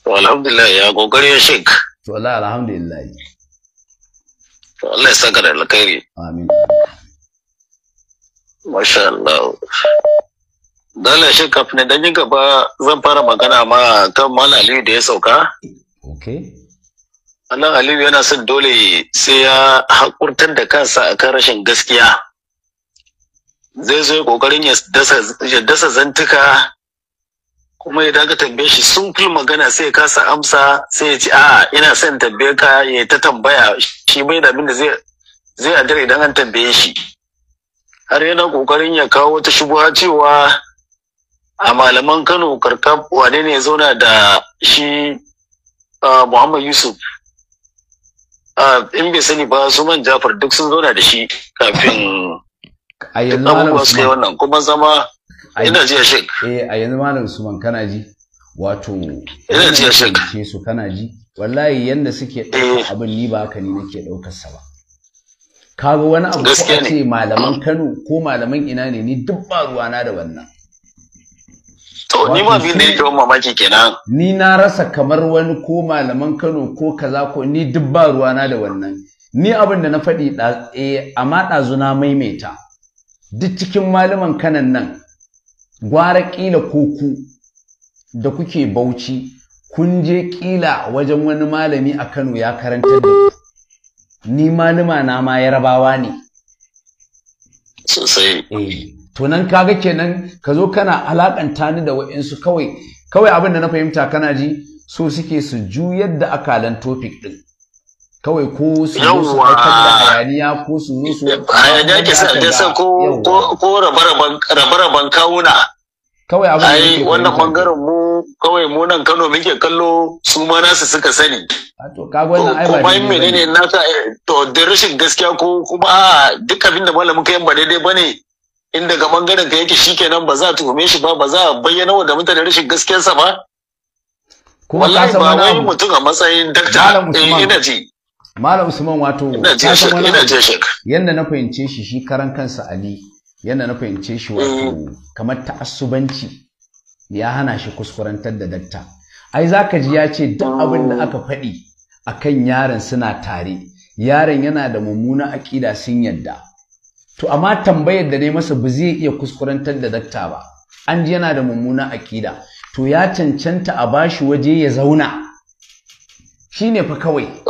alhamdulillah ya kokari ya shek to wallahi alhamdulillah to Allah ya saka da alkhairi amin masha Allah dole shi kafin dan gaba zan fara magana ma kan malali da ya sauka okay Sannan Aliyu yana son dole sai ya haƙurtar da kansa akan rashin gaskiya. Zai zo ƙoƙarin ya dasa zantuka kuma ya daga tambaye shi sun fil magana sai ya kasa amsa sai ya ce a ina son tambaye ka ya ta tambaya shi bai da abin da zai zai idan an tambaye shi. Har yana kokarin ya kawo wata shubuha cewa a malaman Kano karkab wane ne zauna da shi ah, Muhammad Yusuf in bai sani ba su man jafar duk sun zauna da shi kafin abubuwa su wannan kuma zama ina ji a eh a yanzu malam man kana ji wato ina ji a shek ke su kana ji wallahi yanda suke eh. abin ni ba haka ni nake daukar sa ba kaga wani abu ko ce malaman Kano ko malaman ina ne ni duk ba ruwana da wannan to ni ma abin da yake mamaki kenan ni na rasa kamar wani ko malaman Kano ko kaza ko ni duk ba ruwana da wannan ni abin da na faɗi da eh amma ɗazuna maimaita duk cikin malaman kanan nan gwara ƙila ko ku da kuke bauchi kun je ƙila wajen wani malami a Kano ya karantar da ni malama na ma yarabawa ne sosai eh. to nan kaga kenan ka zo kana alakanta ni da wa'insu kawai kawai abin da na fahimta kana ji so suke su juyar da akalan topic din kawai ko su yi su aikata da hayaniya ko su yi su sa ko rabe-raben kawuna kawai abin da wannan bangaren mu kawai mu nan Kano muke kallo su ma nasu suka sani to kaga wannan ai ba kuma menene naka eh, to da rashin gaskiya ko kuma duk abin da malamin kai ba daidai bane in daga ɓangaren ka yake shikenan ba za a tuhume shi ba ba za a bayyana wa da mutane rashin gaskiyarsa ba wallahi ba wai mutum a matsayin dakta eh, ina ji malam usman wato ka san yanda na fahimce shi shi karan kansa ali yanda na fahimce shi wato mm. kamar ta'assubanci ya hana shi kuskurantar da dakta ai zaka ji ya ce duk abin da aka faɗi akan yaron suna tare yaron yana da mummuna aƙida sun yadda to amma tambayar da dai masa ba zai iya kuskurantar da dakta ba an ji yana da mummuna akida to ya cancanta a bashi waje ya zauna Shi ne fa kawai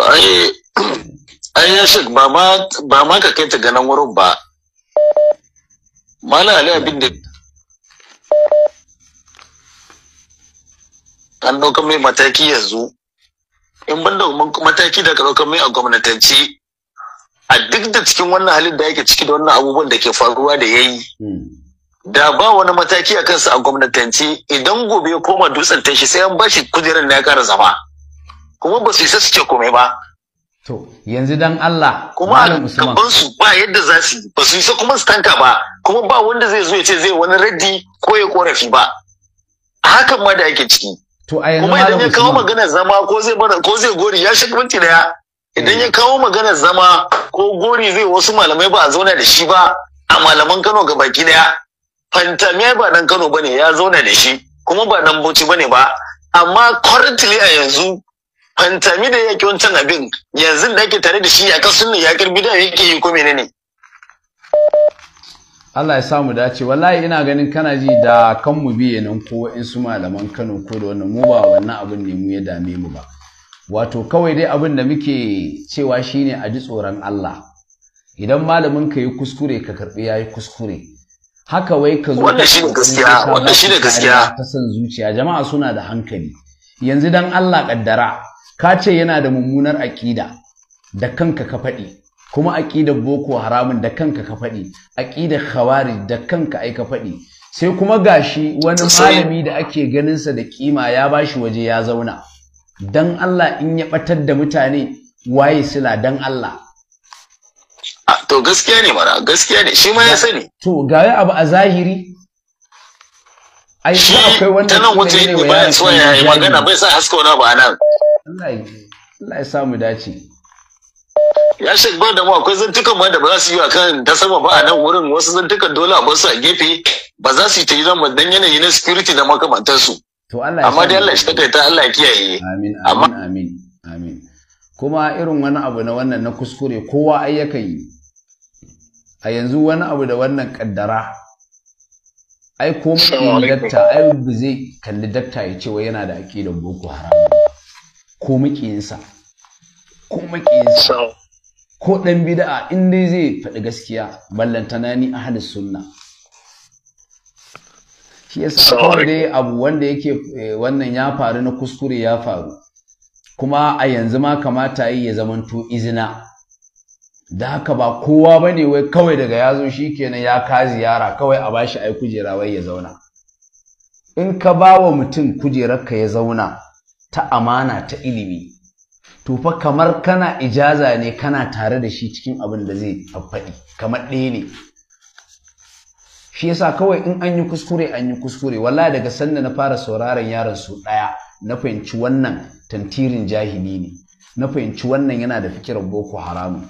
ai ya shi ba ma ka kai ta ganin wurin ba mana ali abin da an ɗauka mai mataki yanzu in ban da mataki da ka ɗauka mai a gwamnatanci a duk da cikin wannan halin da yake ciki da wannan abubuwan da ke faruwa da ya yi hmm. da ba wani mataki a kansa a gwamnatanci idan gobe ya koma dutsen tashi sai an ba shi kujerar na ya kara zama kuma ba su isa su ce komai ba to yanzu dan Allah kuma gaban su ba yadda za su ba su isa kuma su tanka ba kuma ba wanda zai zo ya ce zai wani raddi ko ya korafi ba hakan ma da yake ciki to a yanzu kuma idan ya kawo magana zama ko zai ko gori ya shi minti daya idan eh. ya kawo maganar zama ko gori zai wasu malamai ba a zauna da shi ba a malaman Kano ga baki daya fantamiya ba nan Kano bane ya zauna da shi kuma ba nan Bauchi bane ba amma currently a yanzu fantami da yake wancan abin yanzu da ake tare da shi ya kasu ne ya karbi da yake yi ko menene Allah ya samu dace wallahi ina ganin kana ji da kan mu biye nan ko in su malaman Kano ko da wannan mu ba wannan abin ne mu ya dame mu ba wato kawai dai abin da muke cewa shine a ji tsoron Allah idan malamin ka yi kuskure ka karɓi yayi kuskure haka wai ka zo wannan shine gaskiya wannan shine gaskiya san zuciya jama'a suna da hankali yanzu dan Allah kaddara ka ce yana da mummunar aƙida da kanka ka faɗi kuma aƙidar boko haramun da kanka ka faɗi aƙidar khawari da kanka ai ka faɗi sai kuma gashi wani malami da ake ganinsa da kima ya bashi waje ya zauna dan Allah in ya batar da mutane waye sila dan Allah to gaskiya ne mara gaskiya ne shi ma ya sani to ga abu a zahiri ai shi akwai wanda tanan wuce ne bayan so ya yi magana bai sa haska wani ba nan Allah ya samu dace ya shi ba da mu akwai zantukan ma da ba za su yi a kan ta sama ba a nan wurin wasu zantukan dole a basu a gefe ba za su yi ta yi zama dan yanayi na security da makamantarsu to Allah amma dai Allah shi kai ta Allah kiyaye amin amin amin amin kuma irin wani abu na wannan na kuskure kowa ai yake yi a yanzu wani abu da wannan kaddara ai ko mutum dakta ai ba zai kalli dakta ya ce wai yana da aqidar boko haram ko sa. ko sa. ko dan bid'a in dai zai faɗi gaskiya ballantana ni ahlus sunna shi yasa kawai dai abu wanda yake eh, wannan ya faru na kuskure ya faru kuma a yanzu ma kamata yi ya zamanto izina da haka ba kowa ba ne wai kawai daga ya zo shi kenan ya ka ziyara kawai a bashi ai kujera wai ya zauna in ka ba wa mutum kujerarka ya zauna ta amana ta ilimi to fa kamar kana ijaza ne kana tare da shi cikin abin da zai faɗi kamar ɗaya ne shi yasa kawai in an yi kuskure an yi kuskure wallahi daga sanda na fara sauraron yaron su ɗaya na fahimci wannan tantirin jahili ne na fahimci wannan yana da fikirar boko haramu.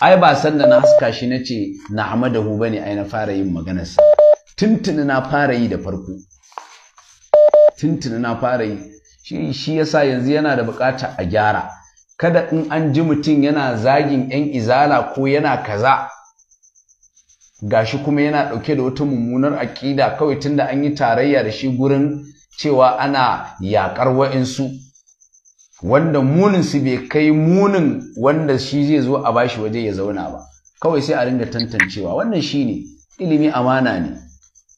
ai ba sanda na haska shi na ce na hamadahu ba ne ai na fara yin maganarsa tuntuni na fara yi da farko tuntuni na fara yi shi shi yasa yanzu yana da bukata a gyara kada in an ji mutum yana zagin yan izala ko yana kaza gashi kuma yana ɗauke da wata mummunar aƙida kawai tunda an yi tarayya da shi gurin cewa ana yaƙar wa'insu wanda munin su bai kai munin wanda shi zai zo a bashi waje ya zauna ba kawai sai a ringa tantancewa wannan shi ne ilimi amana ne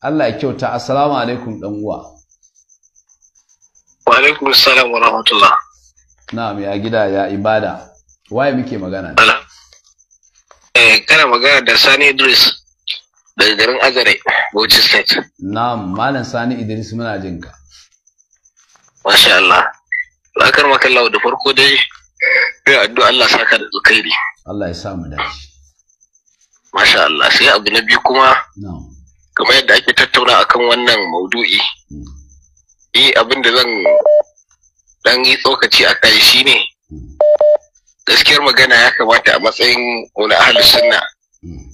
Allah ya kyauta assalamu alaikum ɗan uwa wa alaikum assalam wa rahmatullah na'am ya gida ya ibada waye muke magana ne eh, kana magana da Sani Idris daga garin azare bauchi state na'am malam sani idris muna jin ka masha Allah lakar makalla da farko dai ya addu'a Allah saka da alkhairi Allah ya sa mu dace masha Allah sai abu na biyu kuma kamar yadda ake tattauna akan wannan maudu'i eh abin da zan dan yi tsokaci a kai shine hmm. gaskiyar magana ya kamata a matsayin wani ahlus sunna hmm.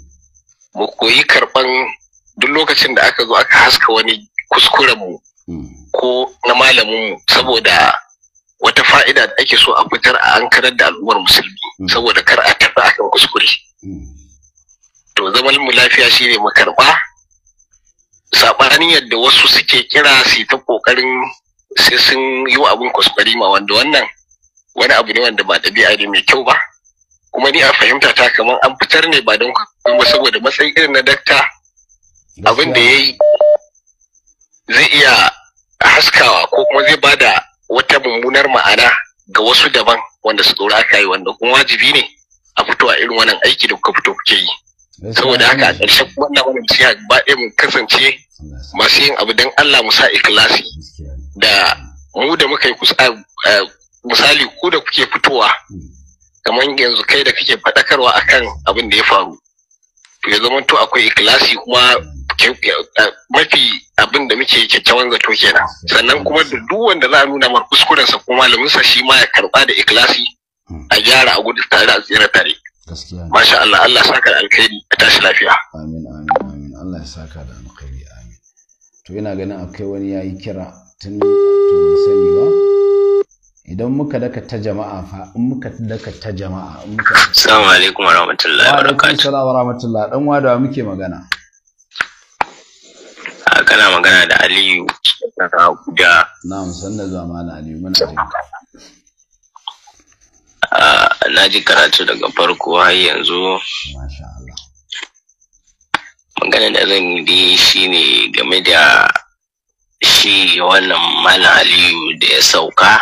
mu koyi karɓan duk lokacin da aka zo aka haska wani kuskuren mu hmm. ko na malamin mu saboda wata fa'ida da ake so a fitar a ankarar da al'ummar musulmi hmm. saboda kar a tafi akan kuskure hmm. to zaman mu lafiya shine mu karɓa saɓanin yadda wasu suke kira su ta ƙoƙarin sai sun yi wa abin kuskure ma wanda wannan wani abu ne wanda ba ɗabi'a ne mai kyau ba kuma ni a fahimta ta kamar an fitar ne ba don kuma saboda matsayi irin na dakta abin da ya yi zai iya haskawa ko kuma zai bada wata mummunar ma'ana ga wasu daban wanda su tsoro aka yi wanda kuma wajibi ne a fito a irin wannan aiki da kuka fito kuke yi saboda haka a ƙarshen wannan wannan siya ba ɗaya mu kasance masu yin abu don Allah mu sa ikilasi da mu da muka yi eh, misali ku da kuke fitowa hmm. kamar yanzu kai da kake faɗakarwa akan abin da ya faru to ya zama to akwai ikilasi kuma mafi abin da muke kyakkyawan zato kenan sannan kuma da duk wanda za a nuna mar kuskurensa ko malaminsa shi ma ya karba da ikilasi hmm. a gyara a gudu tare a tsira tare masha Allah Allah saka da alkhairi a tashi lafiya amin amin amin Allah ya saka da alkhairi amin to ina ganin akwai wani yayi kira tun to sani ba idan muka dakata ta jama'a fa in muka dakata ta jama'a in muka assalamu alaikum warahmatullahi wabarakatuh assalamu warahmatullahi dan wadawa muke magana a kana magana da Aliyu na Abuja na'am sanna zamana Aliyu muna da na ji karatu daga farko har yanzu masha Allah magana da zan yi dai shine game da shi wannan malam Aliyu da ya sauka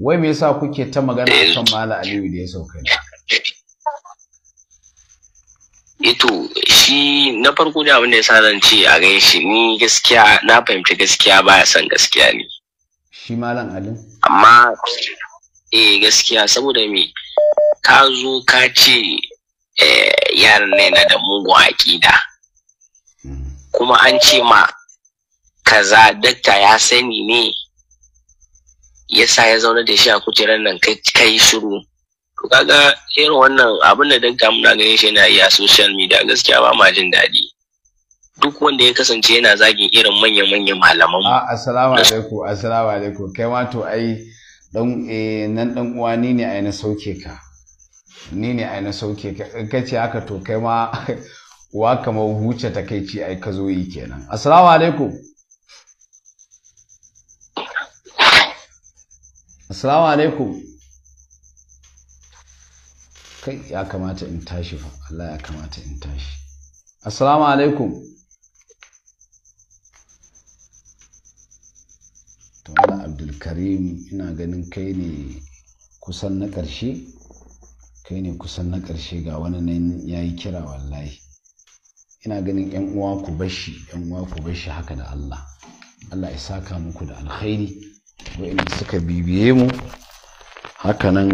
wai me yasa kuke ta magana akan Malam aliyu da ya sauka ne ito shi na farko da abin da ya sa zan ce a gan shi ni gaskiya na fahimci gaskiya baya son gaskiya ne shi malam ali amma eh gaskiya saboda me ka zo ka ce eh yaran ne na da mugun aƙida hmm. kuma an ce ma kaza dakta ya sani ne yasa ya zauna da shi a kujerar nan kai shiru to kaga irin wannan abin da dinka muna ganin shi yana iya social media gaskiya ba ma jin daɗi duk wanda ya kasance yana zagin irin manya-manyan malaman a ah, assalamu alaikum assalamu alaikum kai ma to ai dan eh, nan dan uwa ni ne ai na sauke ka ni ne ai na sauke ka in kace haka to kai ma wa kamar huce ci ai ka zo yi kenan assalamu alaikum assalamu alaikum kai ya kamata in tashi fa Allah ya kamata in tashi assalamu alaikum to abdulkarim ina ganin kai ne kusan na ƙarshe kai ne kusan na ƙarshe ga wani nan ya yi kira wallahi ina ganin yan uwa ku bashi yan uwa ku bashi haka da Allah Allah ya saka muku da alkhairi wa'inda suka bibiye mu hakanan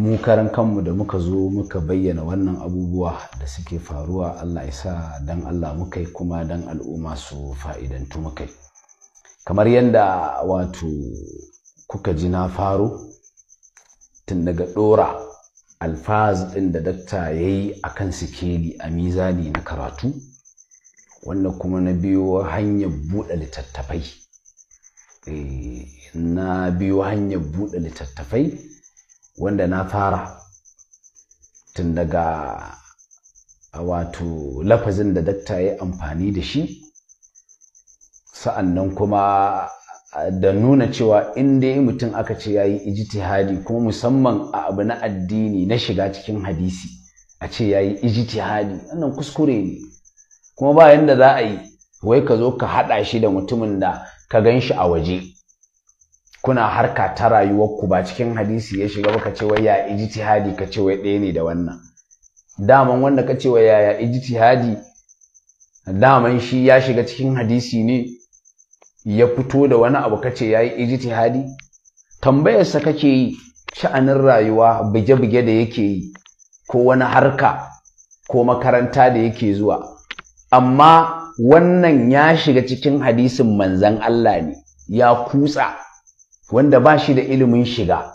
mu karan kanmu da muka zo muka bayyana wannan abubuwa da suke faruwa allah ya don allah muka yi kuma don al'umma su fa'idantu muka yi kamar yadda wato kuka ji na faro tun daga ɗora alfaz ɗin da dakta ya yi a kan sikeli a mizani na karatu wanda kuma na biyo hanyar buɗe littattafai eh, na biyo hanyar buɗe littattafai wanda na fara tun daga wato lafazin da dakta ya amfani da shi sa'annan kuma da nuna cewa inda ya mutum aka ce ya yi ijtihadi kuma musamman a abu na addini na shiga cikin hadisi a ce ya yi ijtihadi wannan kuskure ne kuma ba yadda za a yi wai ka zo ka haɗa shi da mutumin da ka gan shi a waje kuna harka ta rayuwarku ba cikin hadisi ya shiga ba ka ce wai ya ijtihadi ka ce wai ɗaya ne da wannan daman wanda ka ce wai ya ijtihadi daman shi ya shiga cikin hadisi ne ya fito da wani abu ka ce ya yi ijtihadi tambayarsa kake yi sha'anin rayuwa buge-buge da yake yi ko wani harka ko makaranta da yake zuwa amma wannan ya shiga cikin hadisin manzan Allah ne ya kutsa wanda ba shi da ilimin shiga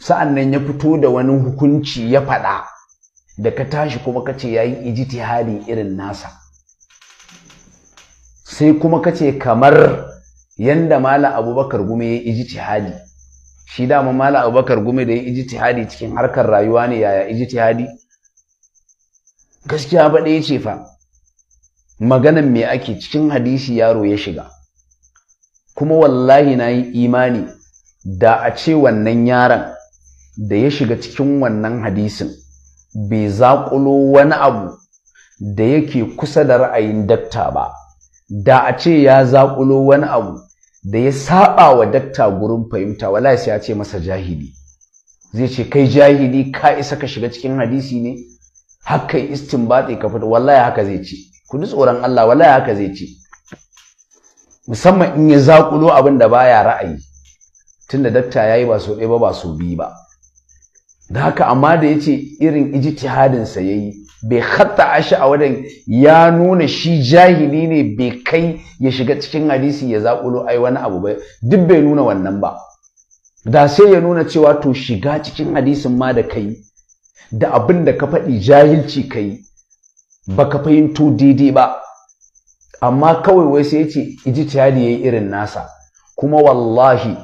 sa'an nan ya fito da wani hukunci ya faɗa da ka tashi kuma ka ce ya yi ijtihadin irin nasa sai kuma ka ce kamar yanda mala abubakar gume ya yi ijtihadi shi dama mala abubakar gume da ya yi ijtihadi cikin harkar rayuwa ne yaya ijtihadi gaskiya ba ɗaya ce fa maganan me ake cikin hadisi yaro ya shiga kuma wallahi na yi imani da a ce wannan yaron da ya shiga cikin wannan hadisin bai zaƙulo wani abu da yake kusa da ra'ayin dakta ba da a ce ya zaƙulo wani abu da ya saɓa wa dakta gurin fahimta wala sai ya ce masa jahili zai ce kai jahili ka isa ka shiga cikin hadisi ne hakka istin ka fita wallahi haka zai ce ku ji tsoron Allah wala haka zai ce musamman in ya zakulo abin da baya ra'ayi tunda dakta yayi ba so ɗaya ba ba so biyu ba da haka amma da yace irin ijtihadin sa yayi bai hatta ashi a wadan ya nuna shi jahili ne bai kai ya shiga cikin hadisi ya zakulo ai wani abu ba duk bai nuna wannan ba da sai ya nuna cewa to shiga cikin hadisin ma da kai da abin da ka faɗi jahilci kai baka fahimtu daidai ba amma kawai wai sai yace ijtihadi yayi irin nasa kuma wallahi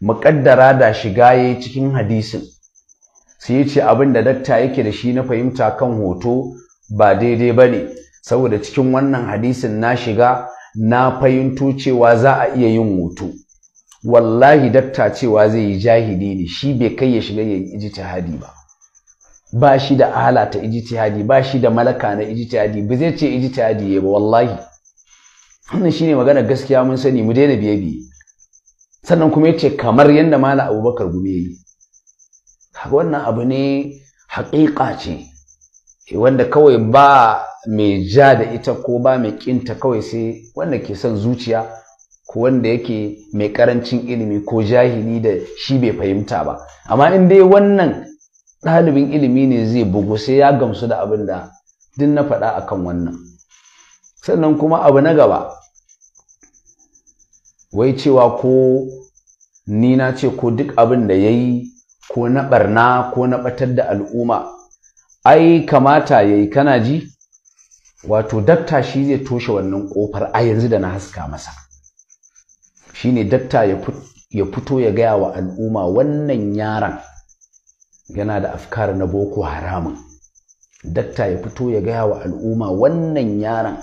muqaddara da shiga yayi cikin hadisin sai yace abinda dakta yake da shi na fahimta kan hoto ba daidai bane saboda cikin wannan hadisin na shiga na fahimto cewa za a iya yin hoto wallahi dakta cewa zai yi jahili ne shi bai kai ya shiga yayi ijtihadi ba ba shi da ala ta ijtihadi ba shi da malaka na ijtihadi ba zai ce ijtihadi ya ba wallahi wannan shine magana gaskiya mun sani mu daina biye biye sannan kuma yace kamar yadda mala abubakar gume yi wannan abu ne haƙiƙa ce e, wanda kawai ba mai ja da ita ko ba mai kinta kawai sai wanda ke son zuciya ko wanda yake mai ƙarancin ilimi ko jahili da shi bai fahimta ba amma in dai wannan ɗalibin ilimi ne zai bugu sai ya gamsu da abin da duk na faɗa a kan wannan sannan kuma abu na gaba wai cewa ko ni na ce ko duk abin da ya yi ko na ɓarna ko na ɓatar da al'umma ai kamata ya yi kana ji wato dakta shi zai toshe wannan ƙofar a yanzu da na haska masa Shi ne dakta ya fito ya gaya wa al'umma wannan yaran yana da afkar na boko haramun dakta ya fito ya gaya wa al'umma wannan yaran.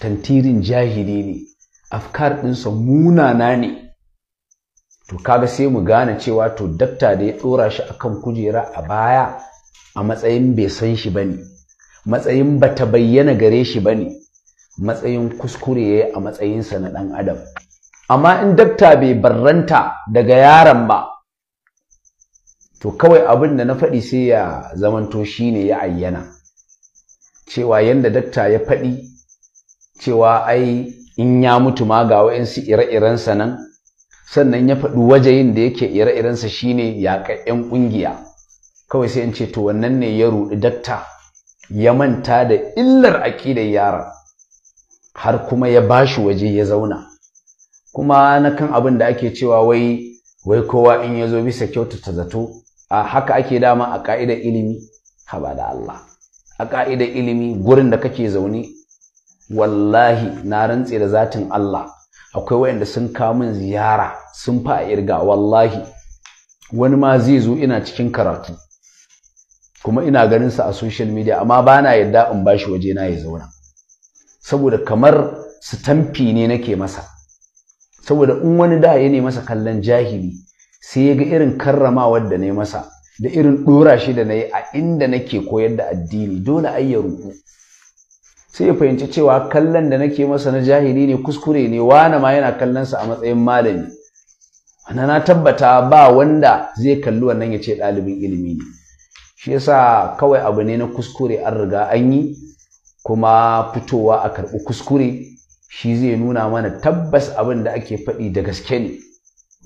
tantirin jahili ne afkar ɗinsa munana ne to kaga sai mu gane cewa to dakta da ya ɗora shi akan kujera a baya a matsayin bai san shi ba ne matsayin ba ta bayyana gare shi ba ne matsayin kuskure ya yi a matsayinsa na ɗan adam amma in dakta bai barranta daga yaron ba to kawai abin da na faɗi sai ya zamanto shi ne ya ayyana cewa yadda dakta ya faɗi cewa ai in ya mutu ma ga wa'insu ire-irensa nan sannan ya faɗi wajayin da yake ire-irensa shine yaƙa 'yan ƙungiya kawai sai in ce to wannan ne ya ruɗi dakta ya manta da illar aƙidar yara har kuma ya bashi waje ya zauna kuma na kan abin da ake cewa wai wai kowa in ya zo bisa kyautata zato a haka ake dama a ka'idar ilimi haba da Allah a ka'idar ilimi gurin da kake zaune wallahi na rantse da zatin Allah akwai wayanda sun kawo min ziyara sun fa irga wallahi wani ma zai zo ina cikin karatu kuma ina ganin sa a social media amma bana yadda in bashi waje na ya zauna saboda kamar su tamfi ne nake masa saboda in wani da ya ne masa kallon jahili sai ya ga irin karramawar da na yi masa da irin ɗora shi da na yi a inda nake koyar da addini dole ai ya ruku sai ya fahimci cewa kallon da nake masa na jahili ne kuskure ne wane ma yana kallonsa a matsayin malami ana na tabbata ba wanda zai kalli wannan ya ce ɗalibin ilimi ne shi yasa kawai abu ne na kuskure an riga an yi kuma fitowa a karɓi kuskure shi zai nuna mana tabbas abin da ake faɗi da gaske ne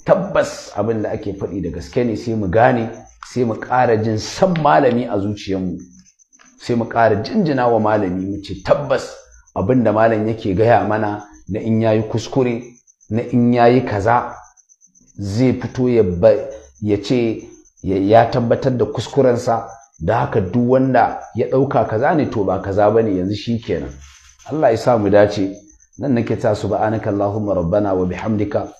tabbas abin da ake faɗi da gaske ne sai mu gane sai mu ƙara jin san malami a zuciyarmu sai mu ƙara jinjina wa malami mu ce tabbas abin da malam yake gaya mana na in yayi kuskure na in yayi kaza zai fito ya ce ya tabbatar da kuskurensa da haka duk wanda ya ɗauka kaza ne to ba kaza ba ne yanzu shi kenan Allah ya sa mu dace nan nake ta subhanaka Allahumma rabbana wa bihamdika